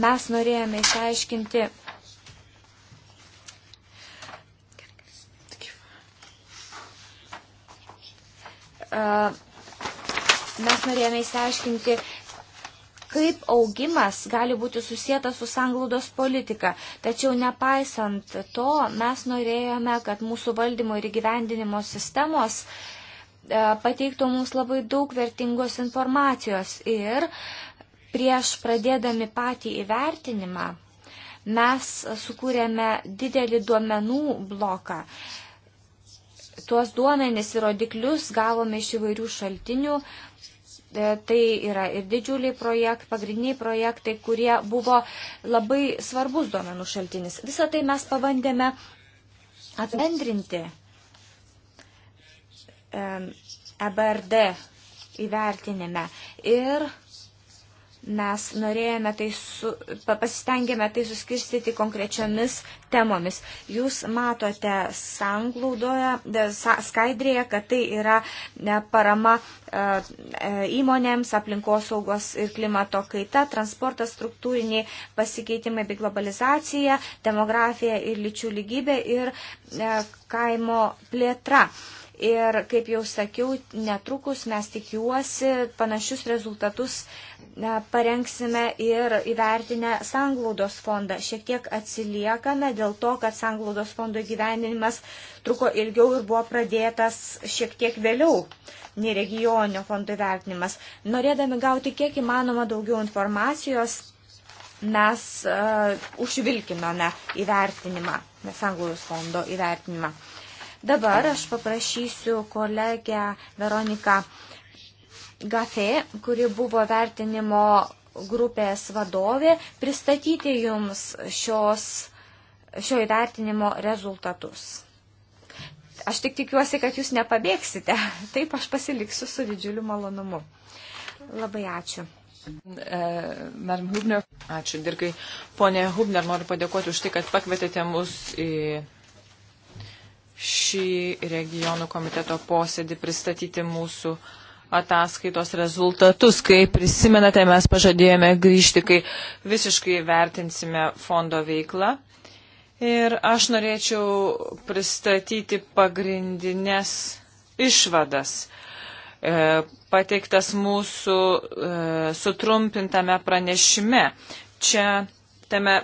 mes norėjome išaiškinti e, Mes norėjome įsiaiškinti kaip augimas gali būti susijęs su sanglaudos politika. Tačiau nepaisant to, mes norėjome, kad mūsų valdymo ir gyvendinimo sistemos e, pateiktų mums labai daug vertingos informacijos ir prieš pradėdami patį įvertinimą mes sukūrėme didelį duomenų bloką. Tuos duomenis ir rodiklius gavome iš įvairių šaltinių, uh, E, tai yra ir didžiuliai projektai, pagrindiniai projektai, kurie buvo labai svarbus duomenų šaltinis. Visą tai mes pabandėme apendrinti EBRD e įvertinime. Ir Mes norėjome tai, su, pasistengėme tai suskirstyti konkrečiomis temomis. Jūs matote sanglaudoje, skaidrėje, kad tai yra e, parama e, e, įmonėms, aplinkosaugos ir klimato kaita, transportas, struktūriniai pasikeitimai bei globalizacija, demografija ir lyčių lygybė ir kaimo plėtra. Ir kaip jau sakiau, netrukus mes tikiuosi panašius rezultatus parengsime ir įvertinę sanglaudos fondą. Šiek tiek atsiliekame dėl to, kad sanglaudos fondo gyvenimas truko ilgiau ir buvo pradėtas šiek tiek vėliau nei regioninio fondo įvertinimas. Norėdami gauti kiek įmanoma daugiau informacijos, mes uh, užvilkinome įvertinimą, sanglaudos fondo įvertinimą. Dabar aš paprašysiu kolegę Veroniką Gafė, kuri buvo vertinimo grupės vadovė, pristatyti jums šios, šio įvertinimo rezultatus. Aš tik tikiuosi, kad jūs nepabėgsite. Taip aš pasiliksiu su didžiuliu malonumu. Labai ačiū. E, Madam Hubner. Ačiū, Dirkai. Pone Hubner, noriu padėkoti už tai, kad pakvietėte mus į šį regionų komiteto posėdį pristatyti mūsų ataskaitos rezultatus. Kai prisimenate, mes pažadėjome grįžti, kai visiškai vertinsime fondo veiklą. Ir aš norėčiau pristatyti pagrindinės išvadas e, pateiktas mūsų e, sutrumpintame pranešime. Čia tame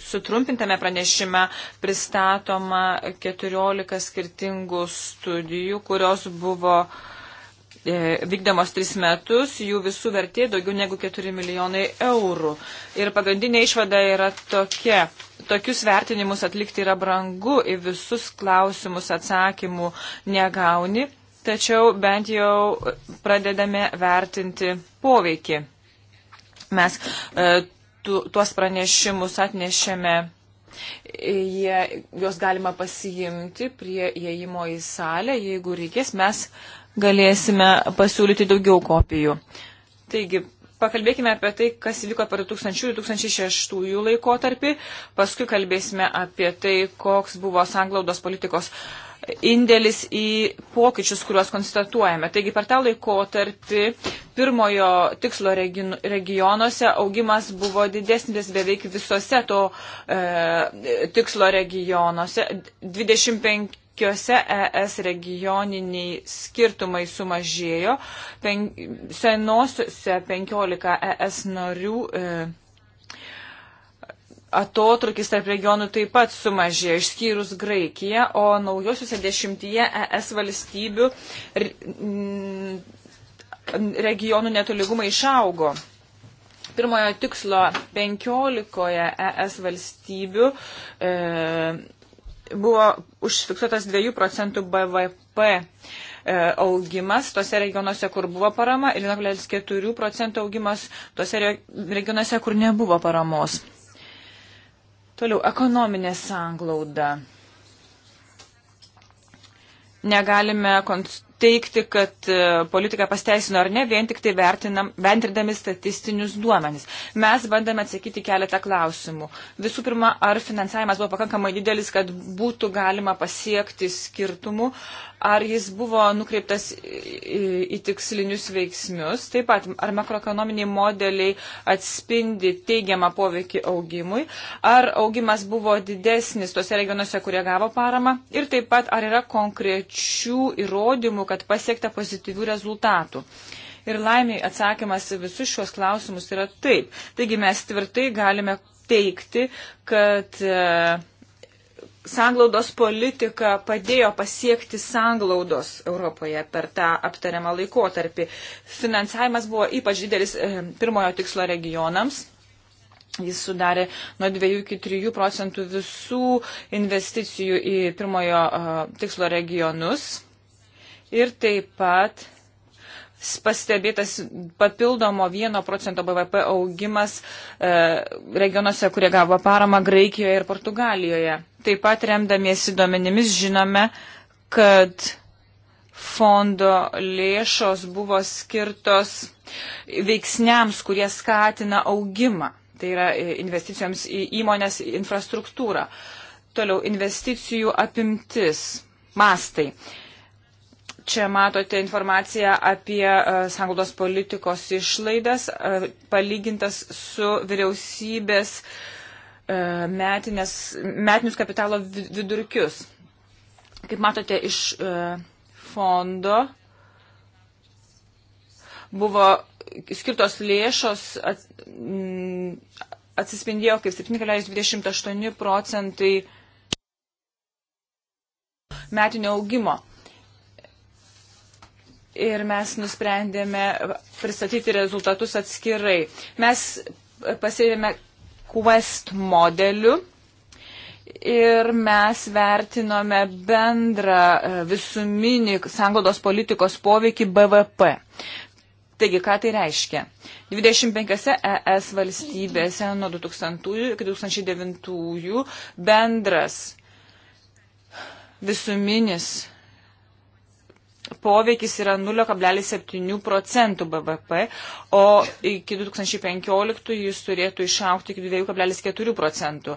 sutrumpintame pranešime pristatoma 14 skirtingų studijų, kurios buvo e, vykdomos tris metus, jų visų vertė daugiau negu 4 milijonai eurų. Ir pagrindinė išvada yra tokia. Tokius vertinimus atlikti yra brangu, į visus klausimus atsakymų negauni, tačiau bent jau pradedame vertinti poveikį. Mes e, tu, tuos pranešimus atnešėme, jie, juos galima pasiimti prie įėjimo į salę, jeigu reikės, mes galėsime pasiūlyti daugiau kopijų. Taigi, pakalbėkime apie tai, kas vyko per 2000-2006 laikotarpį, paskui kalbėsime apie tai, koks buvo sanglaudos politikos uh, indėlis į pokyčius, kuriuos konstatuojame. Taigi per tą laikotarpį pirmojo tikslo regionuose augimas buvo didesnis beveik visose to e, tikslo regionuose. 25 ES regioniniai skirtumai sumažėjo, Pen, senosiuose 15 ES narių e, Atotrukis tarp regionų taip pat sumažėjo, išskyrus Graikiją, o naujosiuose dešimtyje ES valstybių regionų netolygumai išaugo. Pirmojo tikslo 15 ES valstybių e, buvo užfiksuotas 2 procentų BVP e, augimas tose regionuose, kur buvo parama ir 1,4 procentų augimas tose regionuose, kur nebuvo paramos. Toliau, ekonominė sanglauda. Negalime teikti, kad e, politika pasteisino ar ne, vien tik tai vertindami statistinius duomenis. Mes bandėme atsakyti keletą klausimų. Visų pirma, ar finansavimas buvo pakankamai didelis, kad būtų galima pasiekti skirtumų, Ar jis buvo nukreiptas į tikslinius veiksmius? Taip pat, ar makroekonominiai modeliai atspindi teigiamą poveikį augimui? Ar augimas buvo didesnis tose regionuose, kurie gavo paramą? Ir taip pat, ar yra konkrečių įrodymų, kad pasiekta pozityvių rezultatų? Ir laimiai atsakymas visus šios klausimus yra taip. Taigi mes tvirtai galime teikti, kad. E, sanglaudos politika padėjo pasiekti sanglaudos Europoje per tą aptariamą laikotarpį. Finansavimas buvo ypač didelis e, pirmojo tikslo regionams. Jis sudarė nuo 2 iki 3 procentų visų investicijų į pirmojo e, tikslo regionus. Ir taip pat pastebėtas papildomo 1 procento BVP augimas e, regionuose, kurie gavo paramą Graikijoje ir Portugalijoje. Taip pat remdamiesi duomenimis žinome, kad fondo lėšos buvo skirtos veiksniams, kurie skatina augimą. Tai yra e, investicijoms į įmonės infrastruktūrą. Toliau investicijų apimtis, mastai. Čia matote informaciją apie e, sanglaudos politikos išlaidas, e, palygintas su vyriausybės uh, E, metinės, metinius kapitalo vidurkius. Kaip matote, iš e, fondo buvo skirtos lėšos atsispindėjo kaip 7,28 procentai metinio augimo. Ir mes nusprendėme pristatyti rezultatus atskirai. Mes pasirėmė Quest modeliu ir mes vertinome bendrą e, visuminį sangodos politikos poveikį BVP. Taigi, ką tai reiškia? 25 ES valstybėse nuo 2000 iki 2009 bendras visuminis poveikis yra 0,7 procentų BVP, o iki 2015 jis turėtų išaukti iki 2,4 procentų.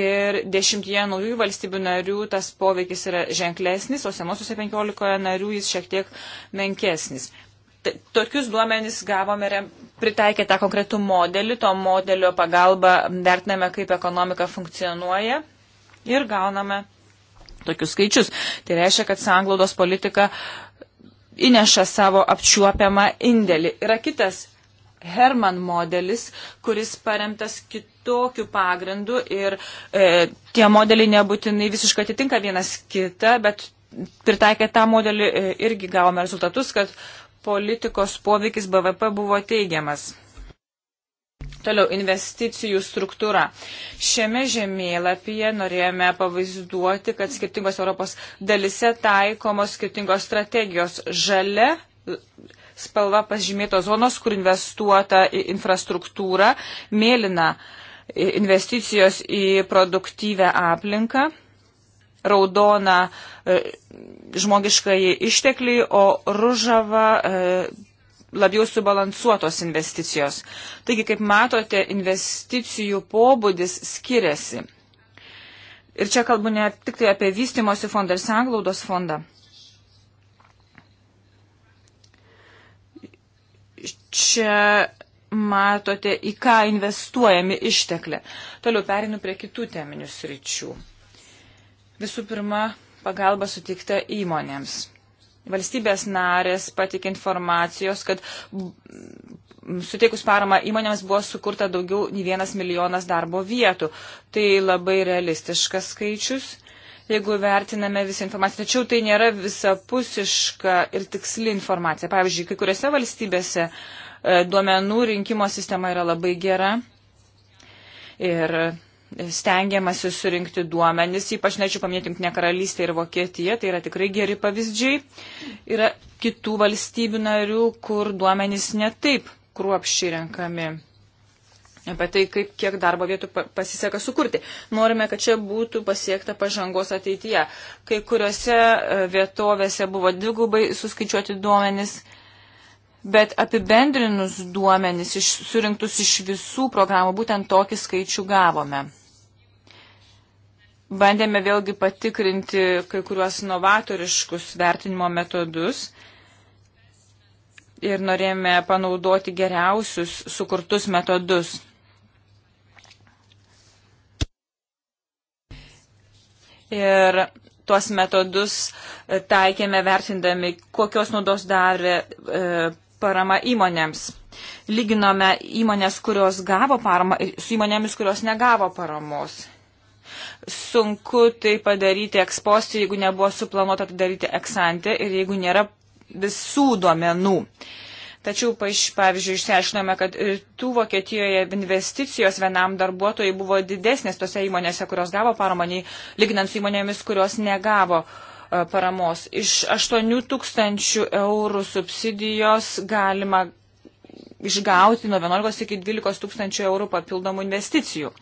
Ir dešimtyje naujų valstybių narių tas poveikis yra ženklesnis, o senosiuose 15 narių jis šiek tiek menkesnis. Tokius duomenys gavome ir pritaikė tą konkretų modelį, to modelio pagalba vertiname, kaip ekonomika funkcionuoja ir gauname tokius skaičius. Tai reiškia, kad sanglaudos politika įneša savo apčiuopiamą indėlį. Yra kitas Herman modelis, kuris paremtas kitokiu pagrindu ir e, tie modeliai nebūtinai visiškai atitinka vienas kitą, bet pritaikę tą modelį e, irgi gavome rezultatus, kad politikos poveikis BVP buvo teigiamas. Toliau investicijų struktūra. Šiame žemėlapyje norėjome pavaizduoti, kad skirtingos Europos dalise taikomos skirtingos strategijos. Žalia spalva pažymėtos zonos, kur investuota į infrastruktūrą, mėlyna investicijos į produktyvę aplinką, raudona e, žmogiškai ištekliai, o ružava e, labiau subalansuotos investicijos. Taigi, kaip matote, investicijų pobūdis skiriasi. Ir čia kalbu ne tik tai apie vystimosi fondą ir sanglaudos fondą. Čia matote, į ką investuojami išteklė. Toliau perinu prie kitų teminių sričių. Visų pirma, pagalba suteikta įmonėms valstybės narės patikė informacijos, kad suteikus paramą įmonėms buvo sukurta daugiau nei vienas milijonas darbo vietų. Tai labai realistiškas skaičius, jeigu vertiname visą informaciją. Tačiau tai nėra visapusiška ir tiksli informacija. Pavyzdžiui, kai kuriuose valstybėse e, duomenų rinkimo sistema yra labai gera. Ir stengiamasi surinkti duomenis, ypač nečiau paminėti Junktinė karalystė ir Vokietija, tai yra tikrai geri pavyzdžiai. Yra kitų valstybių narių, kur duomenys netaip kruopšiai renkami. Apie tai, kaip, kiek darbo vietų pasiseka sukurti. Norime, kad čia būtų pasiekta pažangos ateityje. Kai kuriuose e, vietovėse buvo dvigubai suskaičiuoti duomenys, Bet apibendrinus duomenis iš, surinktus iš visų programų, būtent tokį skaičių gavome bandėme vėlgi patikrinti kai kuriuos novatoriškus vertinimo metodus ir norėjome panaudoti geriausius sukurtus metodus. Ir tuos metodus e, taikėme vertindami, kokios naudos davė e, parama įmonėms. Lyginome įmonės, kurios gavo paramą su įmonėmis, kurios negavo paramos sunku tai padaryti ekspostį, jeigu nebuvo suplanuota tai daryti eksantę ir jeigu nėra visų duomenų. Tačiau, pavyzdžiui, išsiaiškinome, kad tų Vokietijoje investicijos vienam darbuotojai buvo didesnės tose įmonėse, kurios gavo paramą, nei lyginant su įmonėmis, kurios negavo e, paramos. Iš 8 tūkstančių eurų subsidijos galima išgauti nuo 11 iki 12 tūkstančių eurų papildomų investicijų.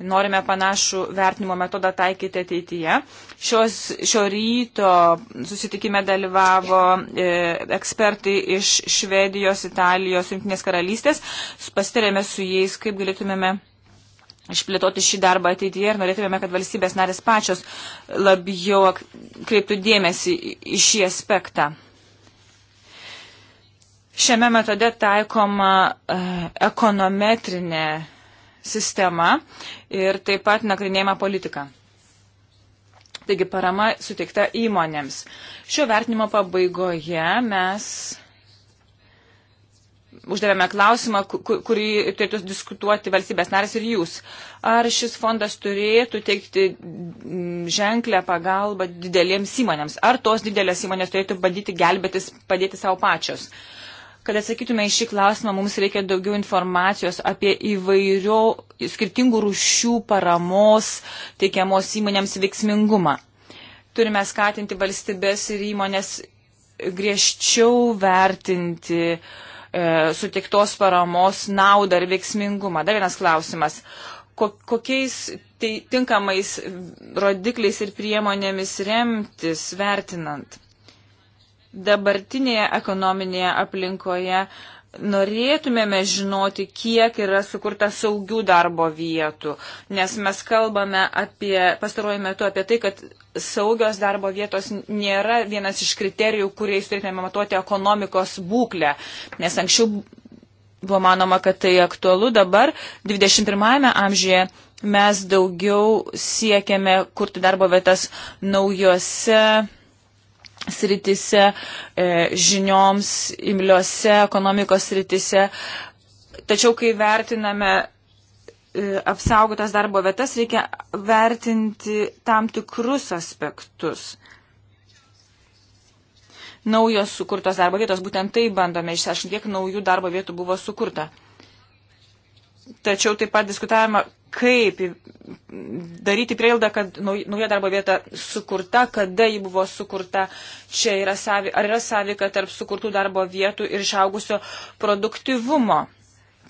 Norime panašų vertinimo metodą taikyti ateityje. Šios, šio ryto susitikime dalyvavo e, ekspertai iš Švedijos, Italijos, Junktinės karalystės. Pasitarėme su jais, kaip galėtumėme išplėtoti šį darbą ateityje ir norėtumėme, kad valstybės narės pačios labiau kreiptų dėmesį į šį aspektą. Šiame metode taikoma e, ekonometrinė sistema ir taip pat nagrinėjama politika. Taigi parama suteikta įmonėms. Šio vertinimo pabaigoje mes uždavėme klausimą, kurį turėtų diskutuoti valstybės narės ir jūs. Ar šis fondas turėtų teikti mm, ženklę pagalbą didelėms įmonėms? Ar tos didelės įmonės turėtų bandyti gelbėtis, padėti savo pačios? Uh, Kad atsakytume į šį klausimą, mums reikia daugiau informacijos apie įvairio skirtingų rūšių paramos teikiamos įmonėms veiksmingumą. Turime skatinti valstybės ir įmonės griežčiau vertinti e, sutiktos paramos naudą ir veiksmingumą. Dar vienas klausimas. Ko, kokiais tai tinkamais rodikliais ir priemonėmis remtis vertinant? dabartinėje ekonominėje aplinkoje norėtumėme žinoti, kiek yra sukurta saugių darbo vietų, nes mes kalbame apie, pastaruoju metu apie tai, kad saugios darbo vietos nėra vienas iš kriterijų, kuriais turėtume matuoti ekonomikos būklę, nes anksčiau buvo manoma, kad tai aktualu, dabar 21-ame amžiuje mes daugiau siekiame kurti darbo vietas naujose sritise, e, žinioms, imliose ekonomikos sritise. Tačiau, kai vertiname e, apsaugotas darbo vietas, reikia vertinti tam tikrus aspektus. Naujos sukurtos darbo vietos, būtent tai bandome išsiaiškinti, kiek naujų darbo vietų buvo sukurta. Tačiau taip pat diskutavimą, kaip daryti prielaidą, kad nauja darbo vieta sukurta, kada ji buvo sukurta, čia yra savi, ar yra sąveika tarp sukurtų darbo vietų ir išaugusio produktivumo.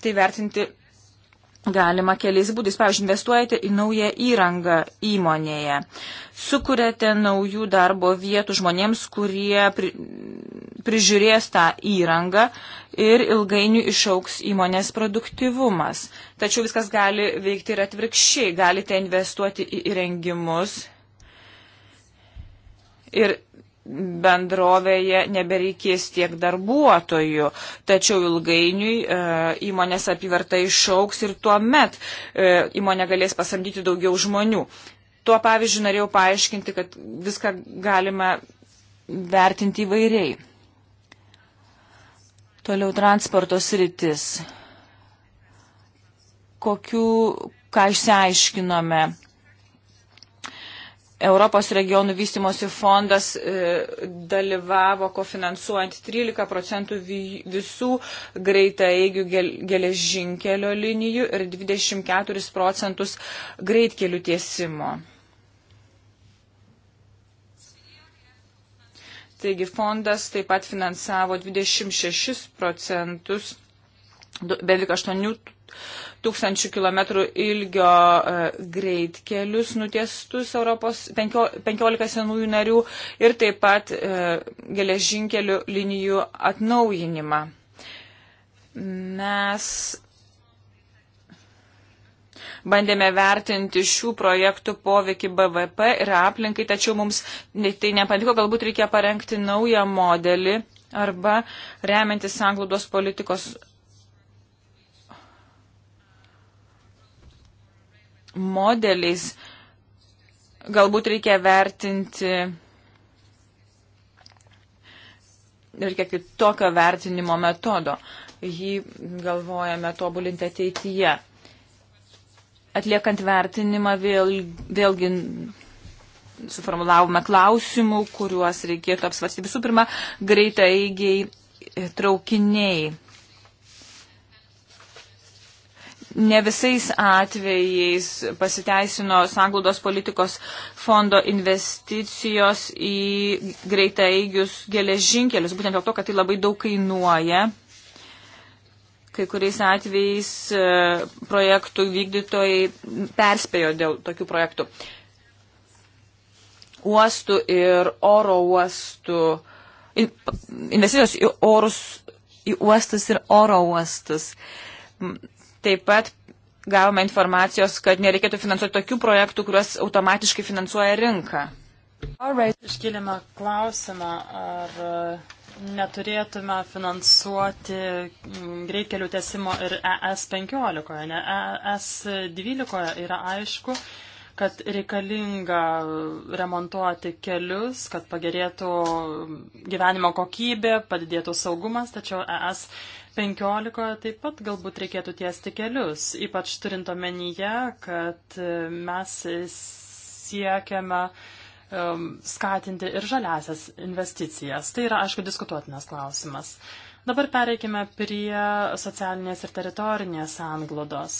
Tai vertinti Galima keliais būdais, pavyzdžiui, investuojate į naują įrangą įmonėje, sukuriate naujų darbo vietų žmonėms, kurie pri, prižiūrės tą įrangą ir ilgainiui išauks įmonės produktivumas. Tačiau viskas gali veikti ir atvirkščiai, galite investuoti į įrengimus ir bendrovėje nebereikės tiek darbuotojų, tačiau ilgainiui e, įmonės apyvarta išauks ir tuo met e, įmonė galės pasamdyti daugiau žmonių. Tuo pavyzdžiui norėjau paaiškinti, kad viską galima vertinti įvairiai. Toliau transporto sritis. Kokių, ką išsiaiškinome? Europos regionų vystimosi fondas e, dalyvavo kofinansuojant 13 procentų visų greitaeigių geležinkelio linijų ir 24 procentus greitkelių tiesimo. Taigi fondas taip pat finansavo 26 procentus, beveik 8 tūkstančių kilometrų ilgio e, greitkelius nutiestus Europos 15 senųjų narių ir taip pat e, geležinkelių linijų atnaujinimą. Mes bandėme vertinti šių projektų poveikį BVP ir aplinkai, tačiau mums tai nepavyko, galbūt reikia parengti naują modelį arba remiantis sanglaudos politikos modeliais galbūt reikia vertinti reikia kitokio vertinimo metodo. Jį galvojame tobulinti ateityje. Atliekant vertinimą vėl, vėlgi suformulavome klausimų, kuriuos reikėtų apsvarstyti. Visų pirma, greitai eigiai traukiniai. ne visais atvejais pasiteisino sanglaudos politikos fondo investicijos į greitaigius geležinkelius, būtent dėl to, kad tai labai daug kainuoja. Kai kuriais atvejais e, projektų vykdytojai perspėjo dėl tokių projektų. Uostų ir oro uostų, investicijos į, orus, į uostus ir oro uostus Taip pat gavome informacijos, kad nereikėtų finansuoti tokių projektų, kuriuos automatiškai finansuoja rinka. Iškėlėme klausimą, ar e, neturėtume finansuoti mm, greitkelių tiesimo ir ES 15, ne ES 12 yra aišku, kad reikalinga remontuoti kelius, kad pagerėtų gyvenimo kokybė, padidėtų saugumas, tačiau ES 15 taip pat galbūt reikėtų tiesti kelius, ypač turint omenyje, kad e, mes siekiame skatinti ir žaliasias investicijas. Tai yra, aišku, diskutuotinas klausimas. Dabar pereikime prie socialinės ir teritorinės anglodos.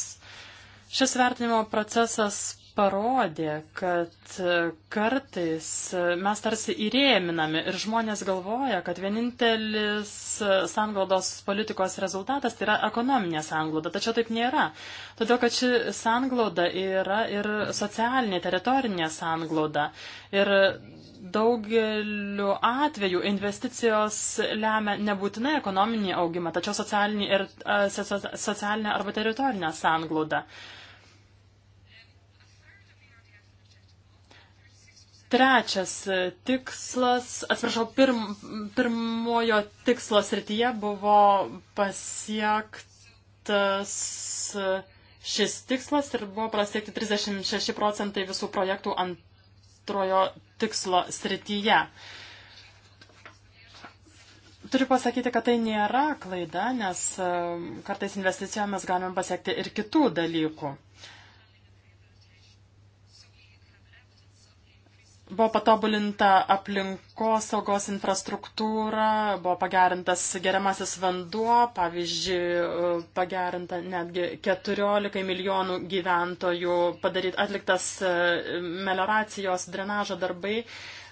Šis vertinimo procesas parodė, kad e, kartais e, mes tarsi įrėminami ir žmonės galvoja, kad vienintelis e, sanglaudos politikos rezultatas tai yra ekonominė sanglauda, tačiau taip nėra. Todėl, kad ši sanglauda yra ir socialinė, teritorinė sanglauda. Ir daugeliu atveju investicijos lemia nebūtinai ekonominį augimą, tačiau socialinį ir, socialinę arba teritorinę sanglaudą. Trečias tikslas, atsiprašau, pirm, pirmojo tikslo srityje buvo pasiektas e, šis tikslas ir buvo pasiekti 36 procentai visų projektų antrojo tikslo srityje. Turiu pasakyti, kad tai nėra klaida, nes e, kartais investicijomis galime pasiekti ir kitų dalykų. Buvo patobulinta aplinkosaugos infrastruktūra, buvo pagerintas geriamasis vanduo, pavyzdžiui, pagerinta netgi 14 milijonų gyventojų, padaryt atliktas e, melioracijos drenažo darbai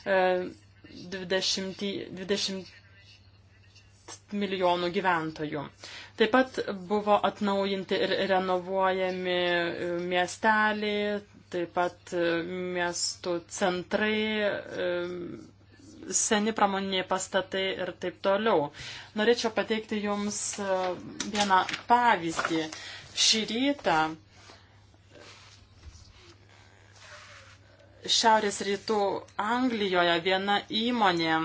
20, e, 20 milijonų gyventojų. Taip pat buvo atnaujinti ir renovuojami e, miesteliai, taip pat e, miestų centrai, e, seni pramoniniai pastatai ir taip toliau. Norėčiau pateikti Jums e, vieną pavyzdį. Šį rytą Šiaurės rytų Anglijoje viena įmonė,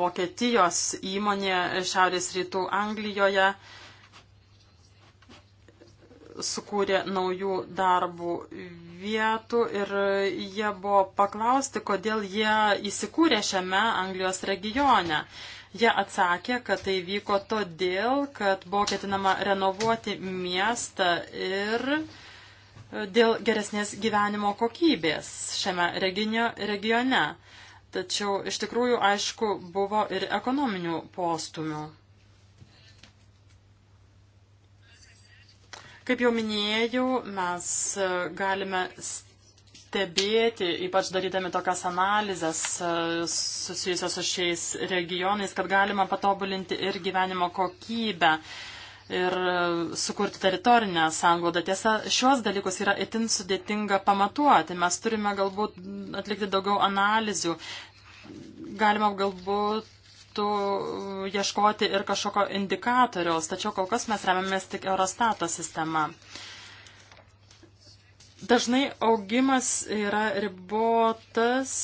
Vokietijos įmonė Šiaurės rytų Anglijoje, uh, sukūrė naujų darbų vietų ir jie buvo paklausti, kodėl jie įsikūrė šiame Anglijos regione. Jie atsakė, kad tai vyko todėl, kad buvo ketinama renovuoti miestą ir e, dėl geresnės gyvenimo kokybės šiame reginio, regione. Tačiau iš tikrųjų, aišku, buvo ir ekonominių postumių. Kaip jau minėjau, mes e, galime stebėti, ypač darydami tokias analizės e, susijusios su šiais regionais, kad galima patobulinti ir gyvenimo kokybę ir e, sukurti teritorinę sąnglaudą. Tiesa, šios dalykus yra itin sudėtinga pamatuoti. Mes turime galbūt atlikti daugiau analizių. Galima galbūt reiktų uh, ieškoti ir kažkokio indikatoriaus, tačiau kol kas mes remiamės tik Eurostato sistema. Dažnai augimas yra ribotas,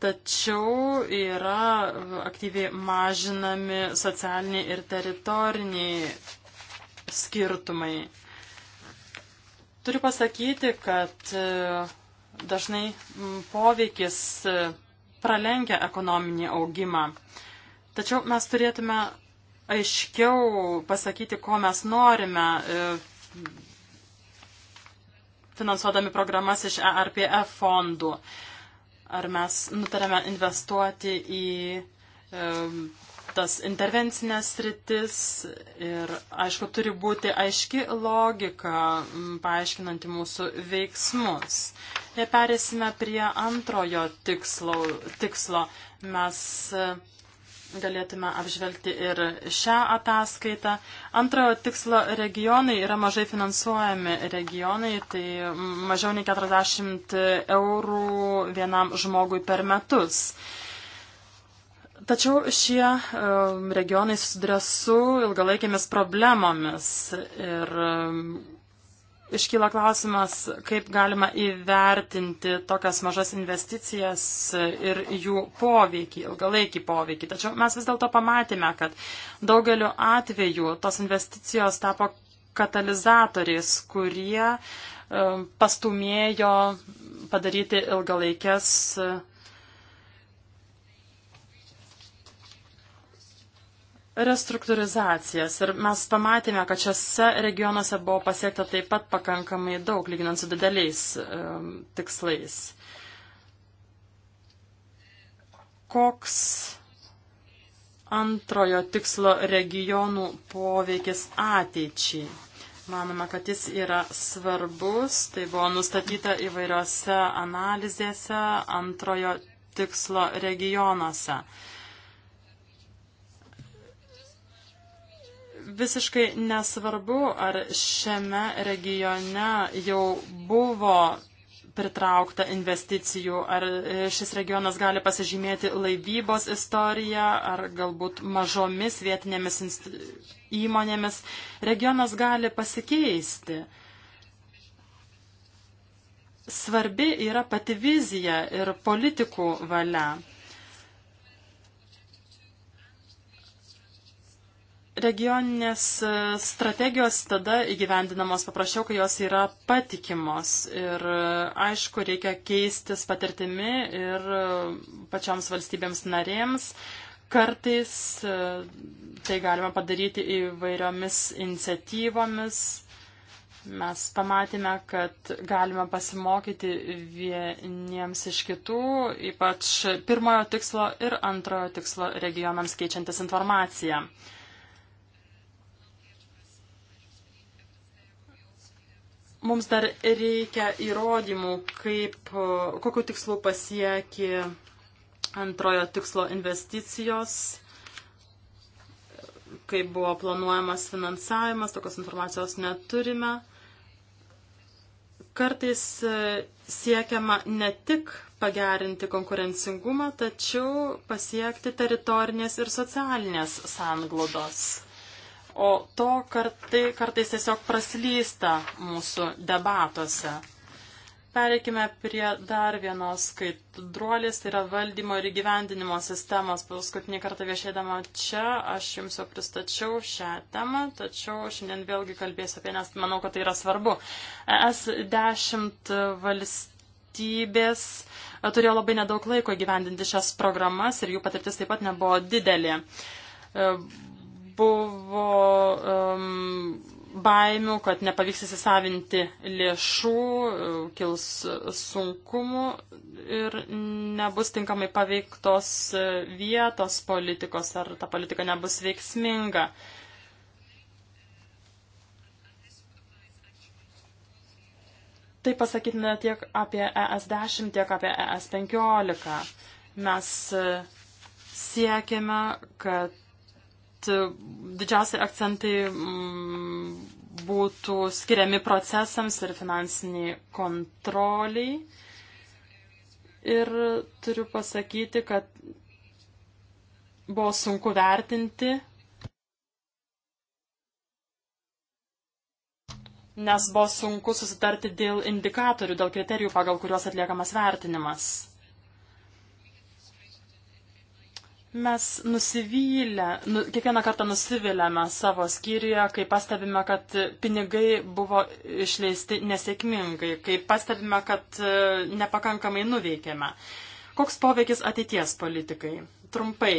tačiau yra aktyviai mažinami socialiniai ir teritoriniai skirtumai. Turiu pasakyti, kad uh, dažnai mm, poveikis uh, pralenkia ekonominį augimą. Tačiau mes turėtume aiškiau pasakyti, ko mes norime e, finansuodami programas iš ERPF fondų. Ar mes nutarėme investuoti į e, tas intervencinės sritis ir, aišku, turi būti aiški logika paaiškinanti mūsų veiksmus. Jei perėsime prie antrojo tikslo, tikslo mes e, galėtume apžvelgti ir šią ataskaitą. Antrojo tikslo regionai yra mažai finansuojami regionai, tai mažiau nei 40 eurų vienam žmogui per metus. Tačiau šie um, regionai susiduria su ilgalaikėmis problemomis ir um, iškyla klausimas, kaip galima įvertinti tokias mažas investicijas ir jų poveikį, ilgalaikį poveikį. Tačiau mes vis dėlto pamatėme, kad daugeliu atveju tos investicijos tapo katalizatoriais, kurie um, pastumėjo padaryti ilgalaikės restruktūrizacijas ir mes pamatėme, kad šiuose regionuose buvo pasiekta taip pat pakankamai daug, lyginant su dideliais um, tikslais. Koks antrojo tikslo regionų poveikis ateičiai? Manoma, kad jis yra svarbus, tai buvo nustatyta įvairiose analizėse antrojo tikslo regionuose. Uh, visiškai nesvarbu, ar šiame regione jau buvo pritraukta investicijų, ar šis regionas gali pasižymėti laivybos istoriją, ar galbūt mažomis vietinėmis įmonėmis. Regionas gali pasikeisti. Svarbi yra pati vizija ir politikų valia. Regioninės e, strategijos tada įgyvendinamos paprasčiau, kai jos yra patikimos. Ir e, aišku, reikia keistis patirtimi ir e, pačioms valstybėms narėms. Kartais tai galima padaryti įvairiomis iniciatyvomis. Mes pamatėme, kad galima pasimokyti vieniems iš kitų, ypač pirmojo tikslo ir antrojo tikslo regionams keičiantis informaciją. mums dar reikia įrodymų, kaip, kokiu tikslu pasiekė antrojo tikslo investicijos, kaip buvo planuojamas finansavimas, tokios informacijos neturime. Kartais e, siekiama ne tik pagerinti konkurencingumą, tačiau pasiekti teritorinės ir socialinės sanglodos o to kartai, kartais tiesiog praslysta mūsų debatuose. Pereikime prie dar vienos skaidruolės, tai yra valdymo ir įgyvendinimo sistemos. Paskutinį kartą viešėdama čia, aš jums jau pristačiau šią temą, tačiau šiandien vėlgi kalbėsiu apie, nes manau, kad tai yra svarbu. ES 10 valstybės e, turėjo labai nedaug laiko įgyvendinti šias programas ir jų patirtis taip pat nebuvo didelė e, buvo um, baimių, kad nepavyks įsisavinti lėšų, uh, kils sunkumų ir nebus tinkamai paveiktos uh, vietos politikos ar ta politika nebus veiksminga. Tai pasakytume tiek apie ES10, tiek apie ES15. Mes uh, siekime, kad E, didžiausiai akcentai mm, būtų skiriami procesams ir finansiniai kontroliai. Ir turiu pasakyti, kad buvo sunku vertinti, nes buvo sunku susitarti dėl indikatorių, dėl kriterijų, pagal kuriuos atliekamas vertinimas. Mes nusivylę, nu, kiekvieną kartą nusivylėme savo skyriuje, kai pastebime, kad pinigai buvo išleisti nesėkmingai, kai pastebime, kad e, nepakankamai nuveikėme. Koks poveikis ateities politikai? Trumpai.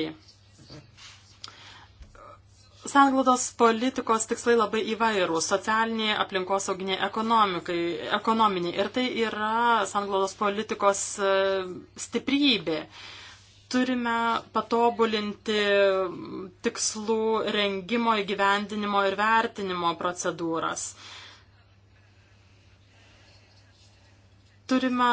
Sanglaudos politikos tikslai labai įvairūs - socialiniai, aplinkosauginiai, ekonominiai. Ir tai yra sanglaudos politikos e, stiprybė turime patobulinti tikslų rengimo, įgyvendinimo ir vertinimo procedūras. Turime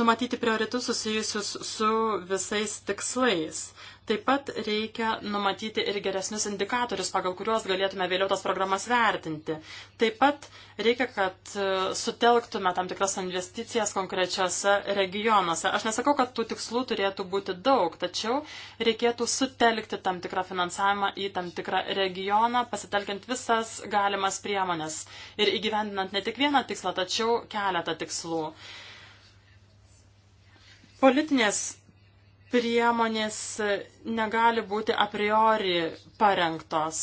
numatyti prioritus susijusius su visais tikslais. Taip pat reikia numatyti ir geresnius indikatorius, pagal kuriuos galėtume vėliau tas programas vertinti. Taip pat reikia, kad e, sutelktume tam tikras investicijas konkrečiose regionuose. Aš nesakau, kad tų tikslų turėtų būti daug, tačiau reikėtų sutelkti tam tikrą finansavimą į tam tikrą regioną, pasitelkiant visas galimas priemonės ir įgyvendinant ne tik vieną tikslą, tačiau keletą tikslų. Politinės priemonės negali būti a priori parengtos.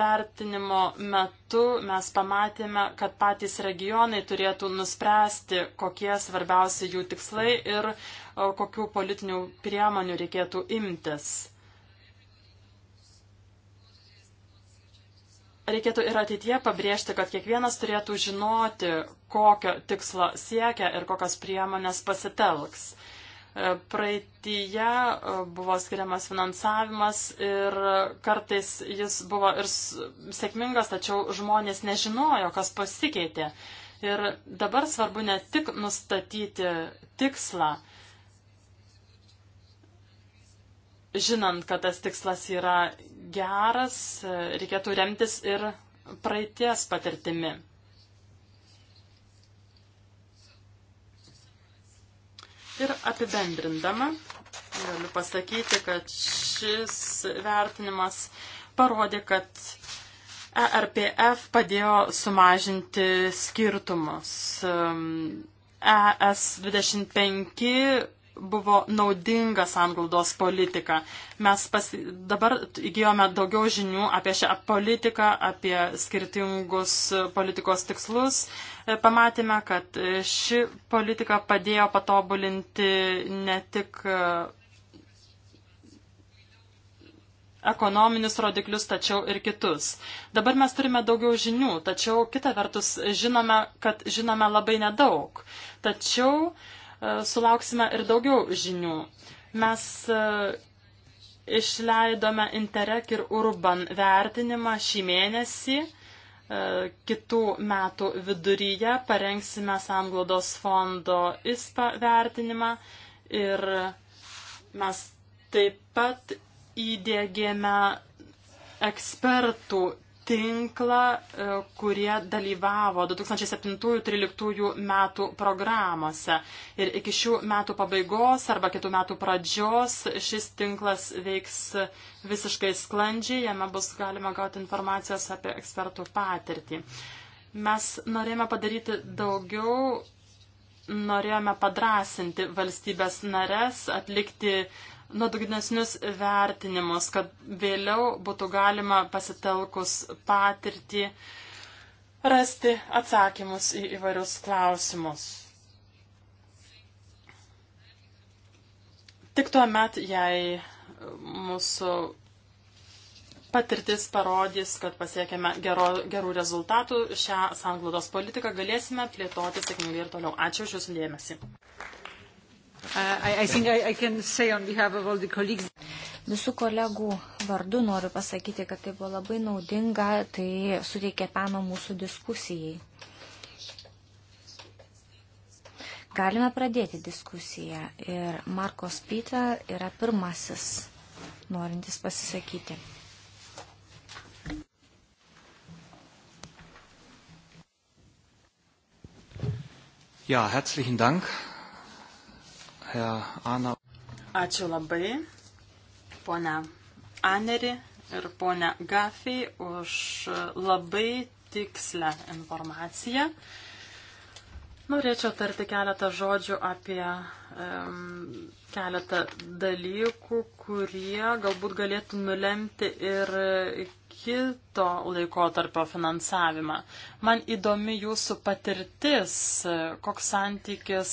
Vertinimo metu mes pamatėme, kad patys regionai turėtų nuspręsti, kokie svarbiausi jų tikslai ir kokių politinių priemonių reikėtų imtis. reikėtų ir ateitie pabrėžti, kad kiekvienas turėtų žinoti, kokio tikslo siekia ir kokias priemonės pasitelks. Praeitįje e, buvo skiriamas finansavimas ir kartais jis buvo ir sėkmingas, tačiau žmonės nežinojo, kas pasikeitė. Ir dabar svarbu ne tik nustatyti tikslą, žinant, kad tas tikslas yra geras, e, reikėtų remtis ir praeities patirtimi. Ir apibendrindama, galiu pasakyti, kad šis vertinimas parodė, kad ERPF padėjo sumažinti skirtumus. ES e 25 buvo naudinga sanglaudos politika. Mes pasi... dabar įgyjome daugiau žinių apie šią politiką, apie skirtingus politikos tikslus pamatėme, kad ši politika padėjo patobulinti ne tik e, ekonominius rodiklius, tačiau ir kitus. Dabar mes turime daugiau žinių, tačiau kita vertus žinome, kad žinome labai nedaug. Tačiau e, sulauksime ir daugiau žinių. Mes e, išleidome Interreg ir Urban vertinimą šį mėnesį. E, kitų metų viduryje parengsime Sanglaudos fondo ISPA vertinimą ir mes taip pat įdėgėme ekspertų tinklą, e, kurie dalyvavo 2007-2013 metų programuose. Ir iki šių metų pabaigos arba kitų metų pradžios šis tinklas veiks visiškai sklandžiai, jame bus galima gauti informacijos apie ekspertų patirtį. Mes norėjome padaryti daugiau, norėjome padrasinti valstybės nares, atlikti nuodugnesnius vertinimus, kad vėliau būtų galima pasitelkus patirtį rasti atsakymus į įvairius klausimus. Tik tuo met, jei mūsų patirtis parodys, kad pasiekėme gero, gerų rezultatų, šią sanglaudos politiką galėsime plėtoti sėkmingai ir toliau. Ačiū už Jūsų dėmesį. Uh, I, I I Visų kolegų vardu noriu pasakyti, kad tai buvo labai naudinga, tai suteikė peno mūsų diskusijai. Galime pradėti diskusiją ir Markos Pyta yra pirmasis norintis pasisakyti. Ja, herzlichen Dank. Ana. Ačiū labai, ponia Aneri ir ponia Gafiai, už labai tikslę informaciją. Norėčiau tarti keletą žodžių apie um, keletą dalykų, kurie galbūt galėtų nulemti ir kito laikotarpio finansavimą. Man įdomi jūsų patirtis, koks santykis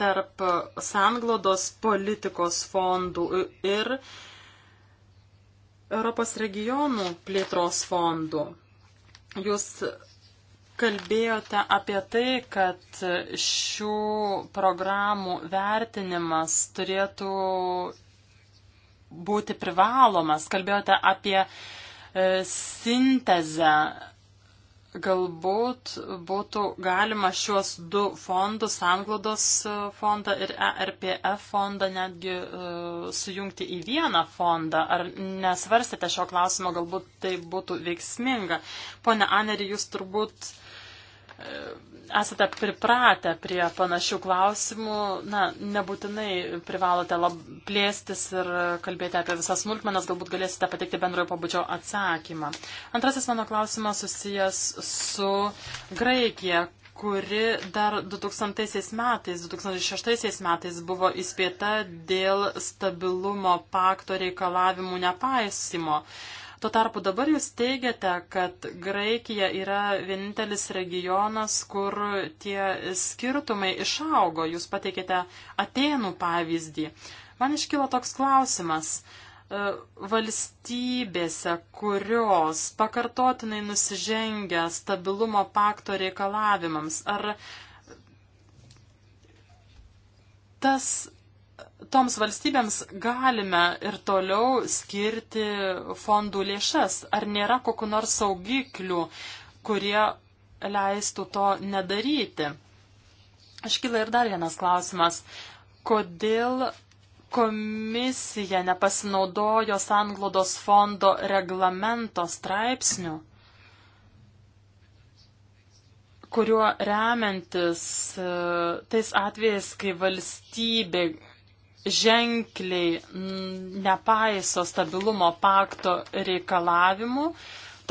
tarp sanglodos politikos fondų ir Europos regionų plėtros fondų. Jūs kalbėjote apie tai, kad šių programų vertinimas turėtų būti privalomas. Kalbėjote apie e, sintezę. Galbūt būtų galima šiuos du fondus, Anglodos e, fondą ir ERPF fondą, netgi e, sujungti į vieną fondą. Ar nesvarstėte šio klausimo, galbūt tai būtų veiksminga? Pone Aneri, jūs turbūt esate pripratę prie panašių klausimų, na, nebūtinai privalote lab, plėstis ir kalbėti apie visas smulkmenas, galbūt galėsite pateikti bendrojo pabudžio atsakymą. Antrasis mano klausimas susijęs su Graikija kuri dar 2000 metais, 2006 metais buvo įspėta dėl stabilumo pakto reikalavimų nepaisimo. Uh, Tuo tarpu dabar jūs teigiate, kad Graikija yra vienintelis regionas, kur tie skirtumai išaugo. Jūs pateikėte Atenų pavyzdį. Man iškilo toks klausimas e, valstybėse, kurios pakartotinai nusižengia stabilumo pakto reikalavimams, ar tas toms valstybėms galime ir toliau skirti fondų lėšas? Ar nėra kokiu nors saugiklių, kurie leistų to nedaryti? Iškyla ir dar vienas klausimas. Kodėl komisija nepasinaudojo Sanglodos fondo reglamento straipsnių, kuriuo remiantis e, tais atvejais, kai valstybė ženkliai nepaiso stabilumo pakto reikalavimų,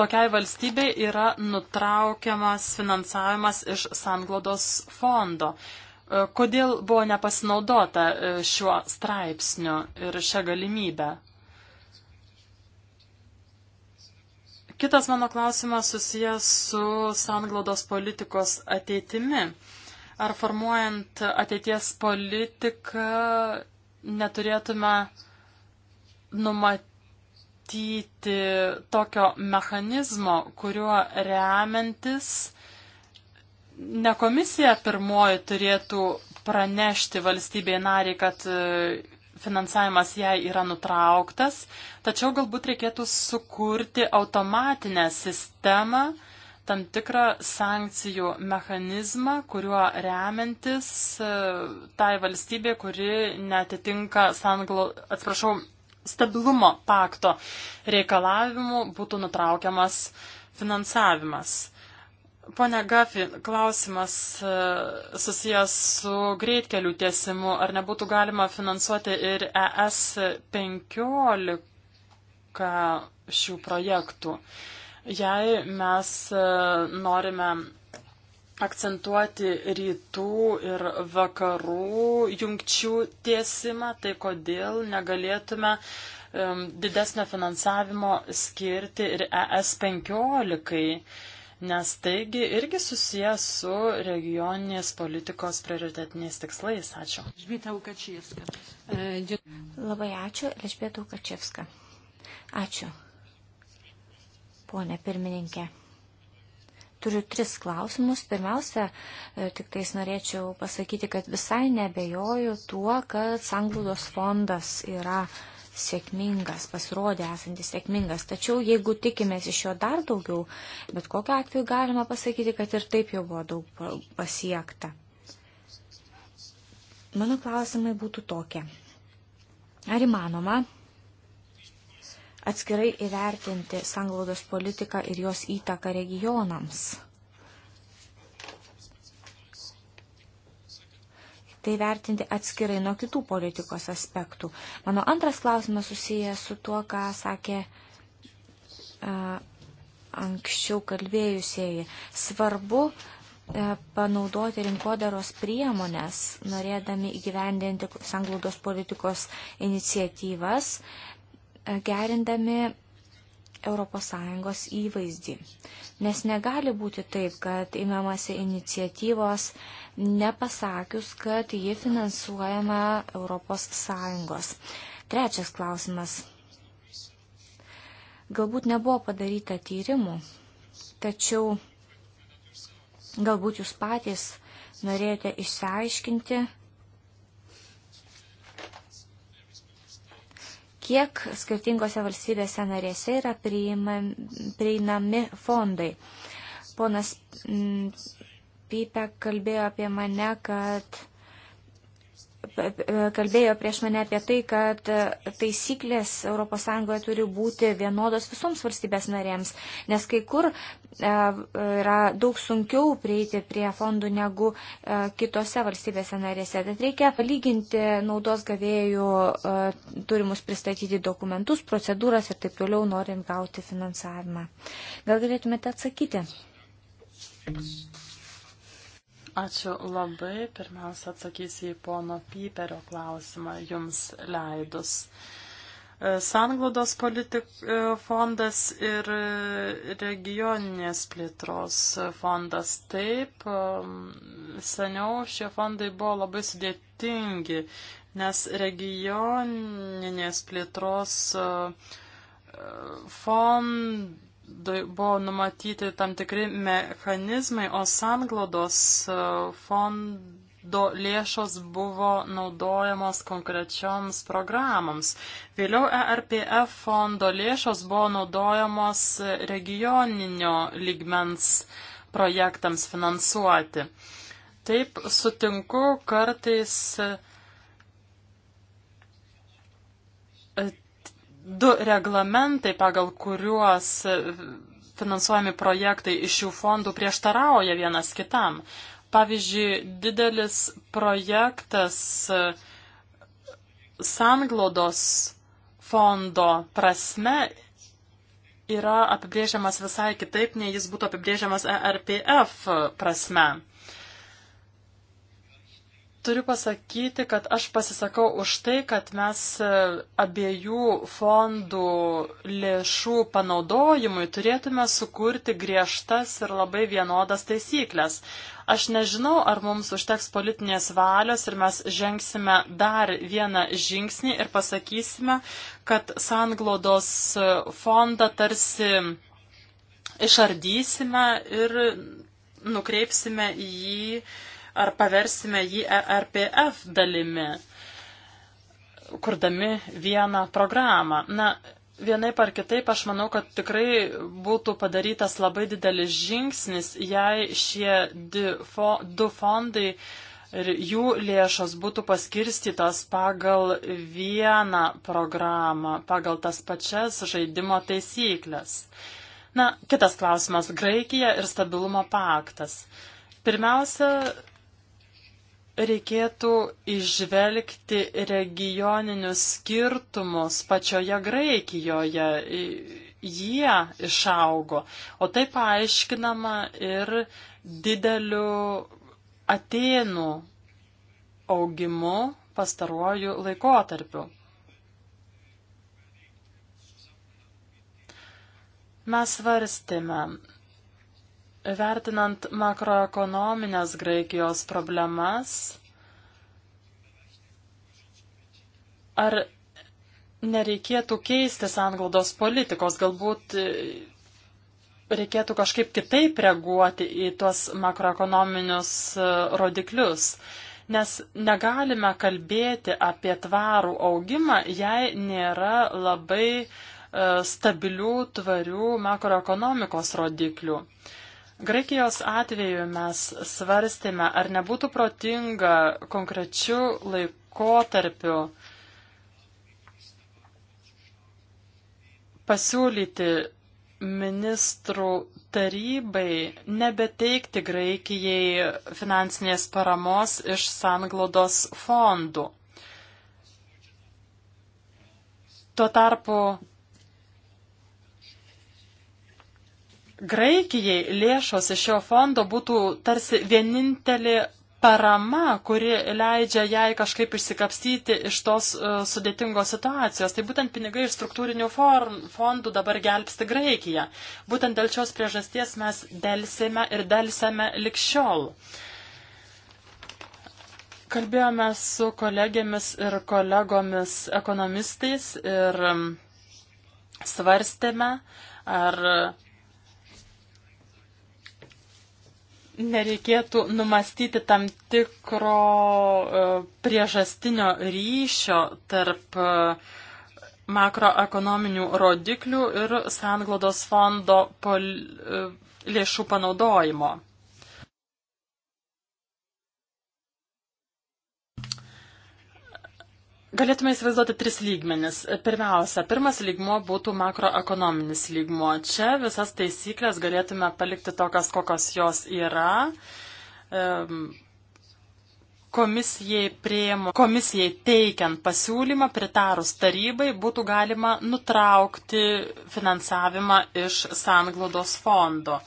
tokiai valstybei yra nutraukiamas finansavimas iš sanglodos fondo. E, kodėl buvo nepasinaudota e, šiuo straipsniu ir šią galimybę? Kitas mano klausimas susijęs su sanglaudos politikos ateitimi. Ar formuojant ateities politiką neturėtume numatyti tokio mechanizmo, kuriuo remiantis ne komisija pirmoji turėtų pranešti valstybėje nariai, kad e, finansavimas jai yra nutrauktas, tačiau galbūt reikėtų sukurti automatinę sistemą, tam tikrą sankcijų mechanizmą, kuriuo remiantis e, tai valstybė, kuri netitinka sanglo, atsiprašau, stabilumo pakto reikalavimų būtų nutraukiamas finansavimas. Pone Gafi, klausimas e, susijęs su greitkelių tiesimu. Ar nebūtų galima finansuoti ir ES 15 šių projektų? Uh, Jei mes e, norime akcentuoti rytų ir vakarų jungčių tiesimą, tai kodėl negalėtume um, didesnio finansavimo skirti ir ES 15, nes taigi irgi susijęs su regioninės politikos prioritetiniais tikslais. Ačiū. Žbita Ukačievska. Labai ačiū, Elžbieta Ukačievska. Ačiū ponė pirmininkė. Turiu tris klausimus. Pirmiausia, e, tik tais norėčiau pasakyti, kad visai nebejoju tuo, kad sanglūdos fondas yra sėkmingas, pasirodė esantis sėkmingas. Tačiau jeigu tikimės iš jo dar daugiau, bet kokiu atveju galima pasakyti, kad ir taip jau buvo daug pasiekta. Mano klausimai būtų tokie. Ar įmanoma atskirai įvertinti sanglaudos politiką ir jos įtaką regionams. Tai vertinti atskirai nuo kitų politikos aspektų. Mano antras klausimas susijęs su tuo, ką sakė uh, anksčiau kalbėjusieji. Svarbu e, panaudoti rinkodaros priemonės, norėdami įgyvendinti sanglaudos politikos iniciatyvas, gerindami ES įvaizdį. Nes negali būti taip, kad imamasi iniciatyvos nepasakius, kad ji finansuojama ES. Trečias klausimas. Galbūt nebuvo padaryta tyrimų, tačiau galbūt jūs patys norėjote išsiaiškinti, kiek skirtingose valstybėse narėse yra priimam, prieinami fondai. Ponas mm, Pypek kalbėjo apie mane, kad kalbėjo prieš mane apie tai, kad taisyklės ES turi būti vienodos visoms valstybės narėms, nes kai kur e, yra daug sunkiau prieiti prie fondų negu e, kitose valstybėse narėse. Tad reikia palyginti naudos gavėjų e, turimus pristatyti dokumentus, procedūras ir taip toliau norint gauti finansavimą. Gal galėtumėte atsakyti? Thanks. Ačiū labai. Pirmiausia, atsakysiu į pono Piperio klausimą jums leidus. E, Sanglaudos politik e, fondas ir e, regioninės plėtros fondas. Taip, seniau šie fondai buvo labai sudėtingi, nes regioninės plėtros fondas buvo numatyti tam tikri mechanizmai, o sanglodos e, fondo lėšos buvo naudojamos konkrečioms programoms. Vėliau ERPF fondo lėšos buvo naudojamos regioninio ligmens projektams finansuoti. Taip sutinku kartais du reglamentai, pagal kuriuos finansuojami projektai iš šių fondų prieštarauja vienas kitam. Pavyzdžiui, didelis projektas e, sanglodos fondo prasme yra apibrėžiamas visai kitaip, nei jis būtų apibrėžiamas ERPF prasme. Turiu pasakyti, kad aš pasisakau už tai, kad mes e, abiejų fondų lėšų panaudojimui turėtume sukurti griežtas ir labai vienodas taisyklės. Aš nežinau, ar mums užteks politinės valios ir mes žengsime dar vieną žingsnį ir pasakysime, kad sanglodos e, fondą tarsi išardysime ir nukreipsime į jį ar paversime jį e RPF dalimi, kurdami vieną programą. Na, vienai par kitaip aš manau, kad tikrai būtų padarytas labai didelis žingsnis, jei šie du fondai ir jų lėšos būtų paskirstytos pagal vieną programą, pagal tas pačias žaidimo taisyklės. Na, kitas klausimas - Graikija ir stabilumo paktas. Pirmiausia, reikėtų išvelgti regioninius skirtumus pačioje Graikijoje. Jie išaugo, o tai paaiškinama ir dideliu Atenų augimu pastaruoju laikotarpiu. Mes svarstėme, Vertinant makroekonominės Graikijos problemas, ar nereikėtų keisti sanglaudos politikos, galbūt reikėtų kažkaip kitaip reaguoti į tuos makroekonominius e, rodiklius, nes negalime kalbėti apie tvarų augimą, jei nėra labai e, stabilių, tvarių makroekonomikos rodiklių. Graikijos atveju mes svarstėme, ar nebūtų protinga konkrečių laikotarpių pasiūlyti ministrų tarybai nebeteikti Graikijai finansinės paramos iš sanglodos fondų. Tuo tarpu Graikijai lėšos iš šio fondo būtų tarsi vienintelė parama, kuri leidžia jai kažkaip išsikapstyti iš tos uh, sudėtingos situacijos. Tai būtent pinigai iš struktūrinių form, fondų dabar gelbsti Graikiją. Būtent dėl šios priežasties mes dėlsime ir dėlsime likščiol. Kalbėjome su kolegėmis ir kolegomis ekonomistais ir svarstėme, ar nereikėtų numastyti tam tikro e, priežastinio ryšio tarp e, makroekonominių rodiklių ir sanglodos fondo pol, e, lėšų panaudojimo. Galėtume įsivaizduoti tris lygmenis. Pirmiausia, pirmas lygmo būtų makroekonominis lygmo. Čia visas taisyklės galėtume palikti tokias, kokios jos yra. Komisijai, prieimu, komisijai teikiant pasiūlymą, pritarus tarybai, būtų galima nutraukti finansavimą iš sanglaudos fondo.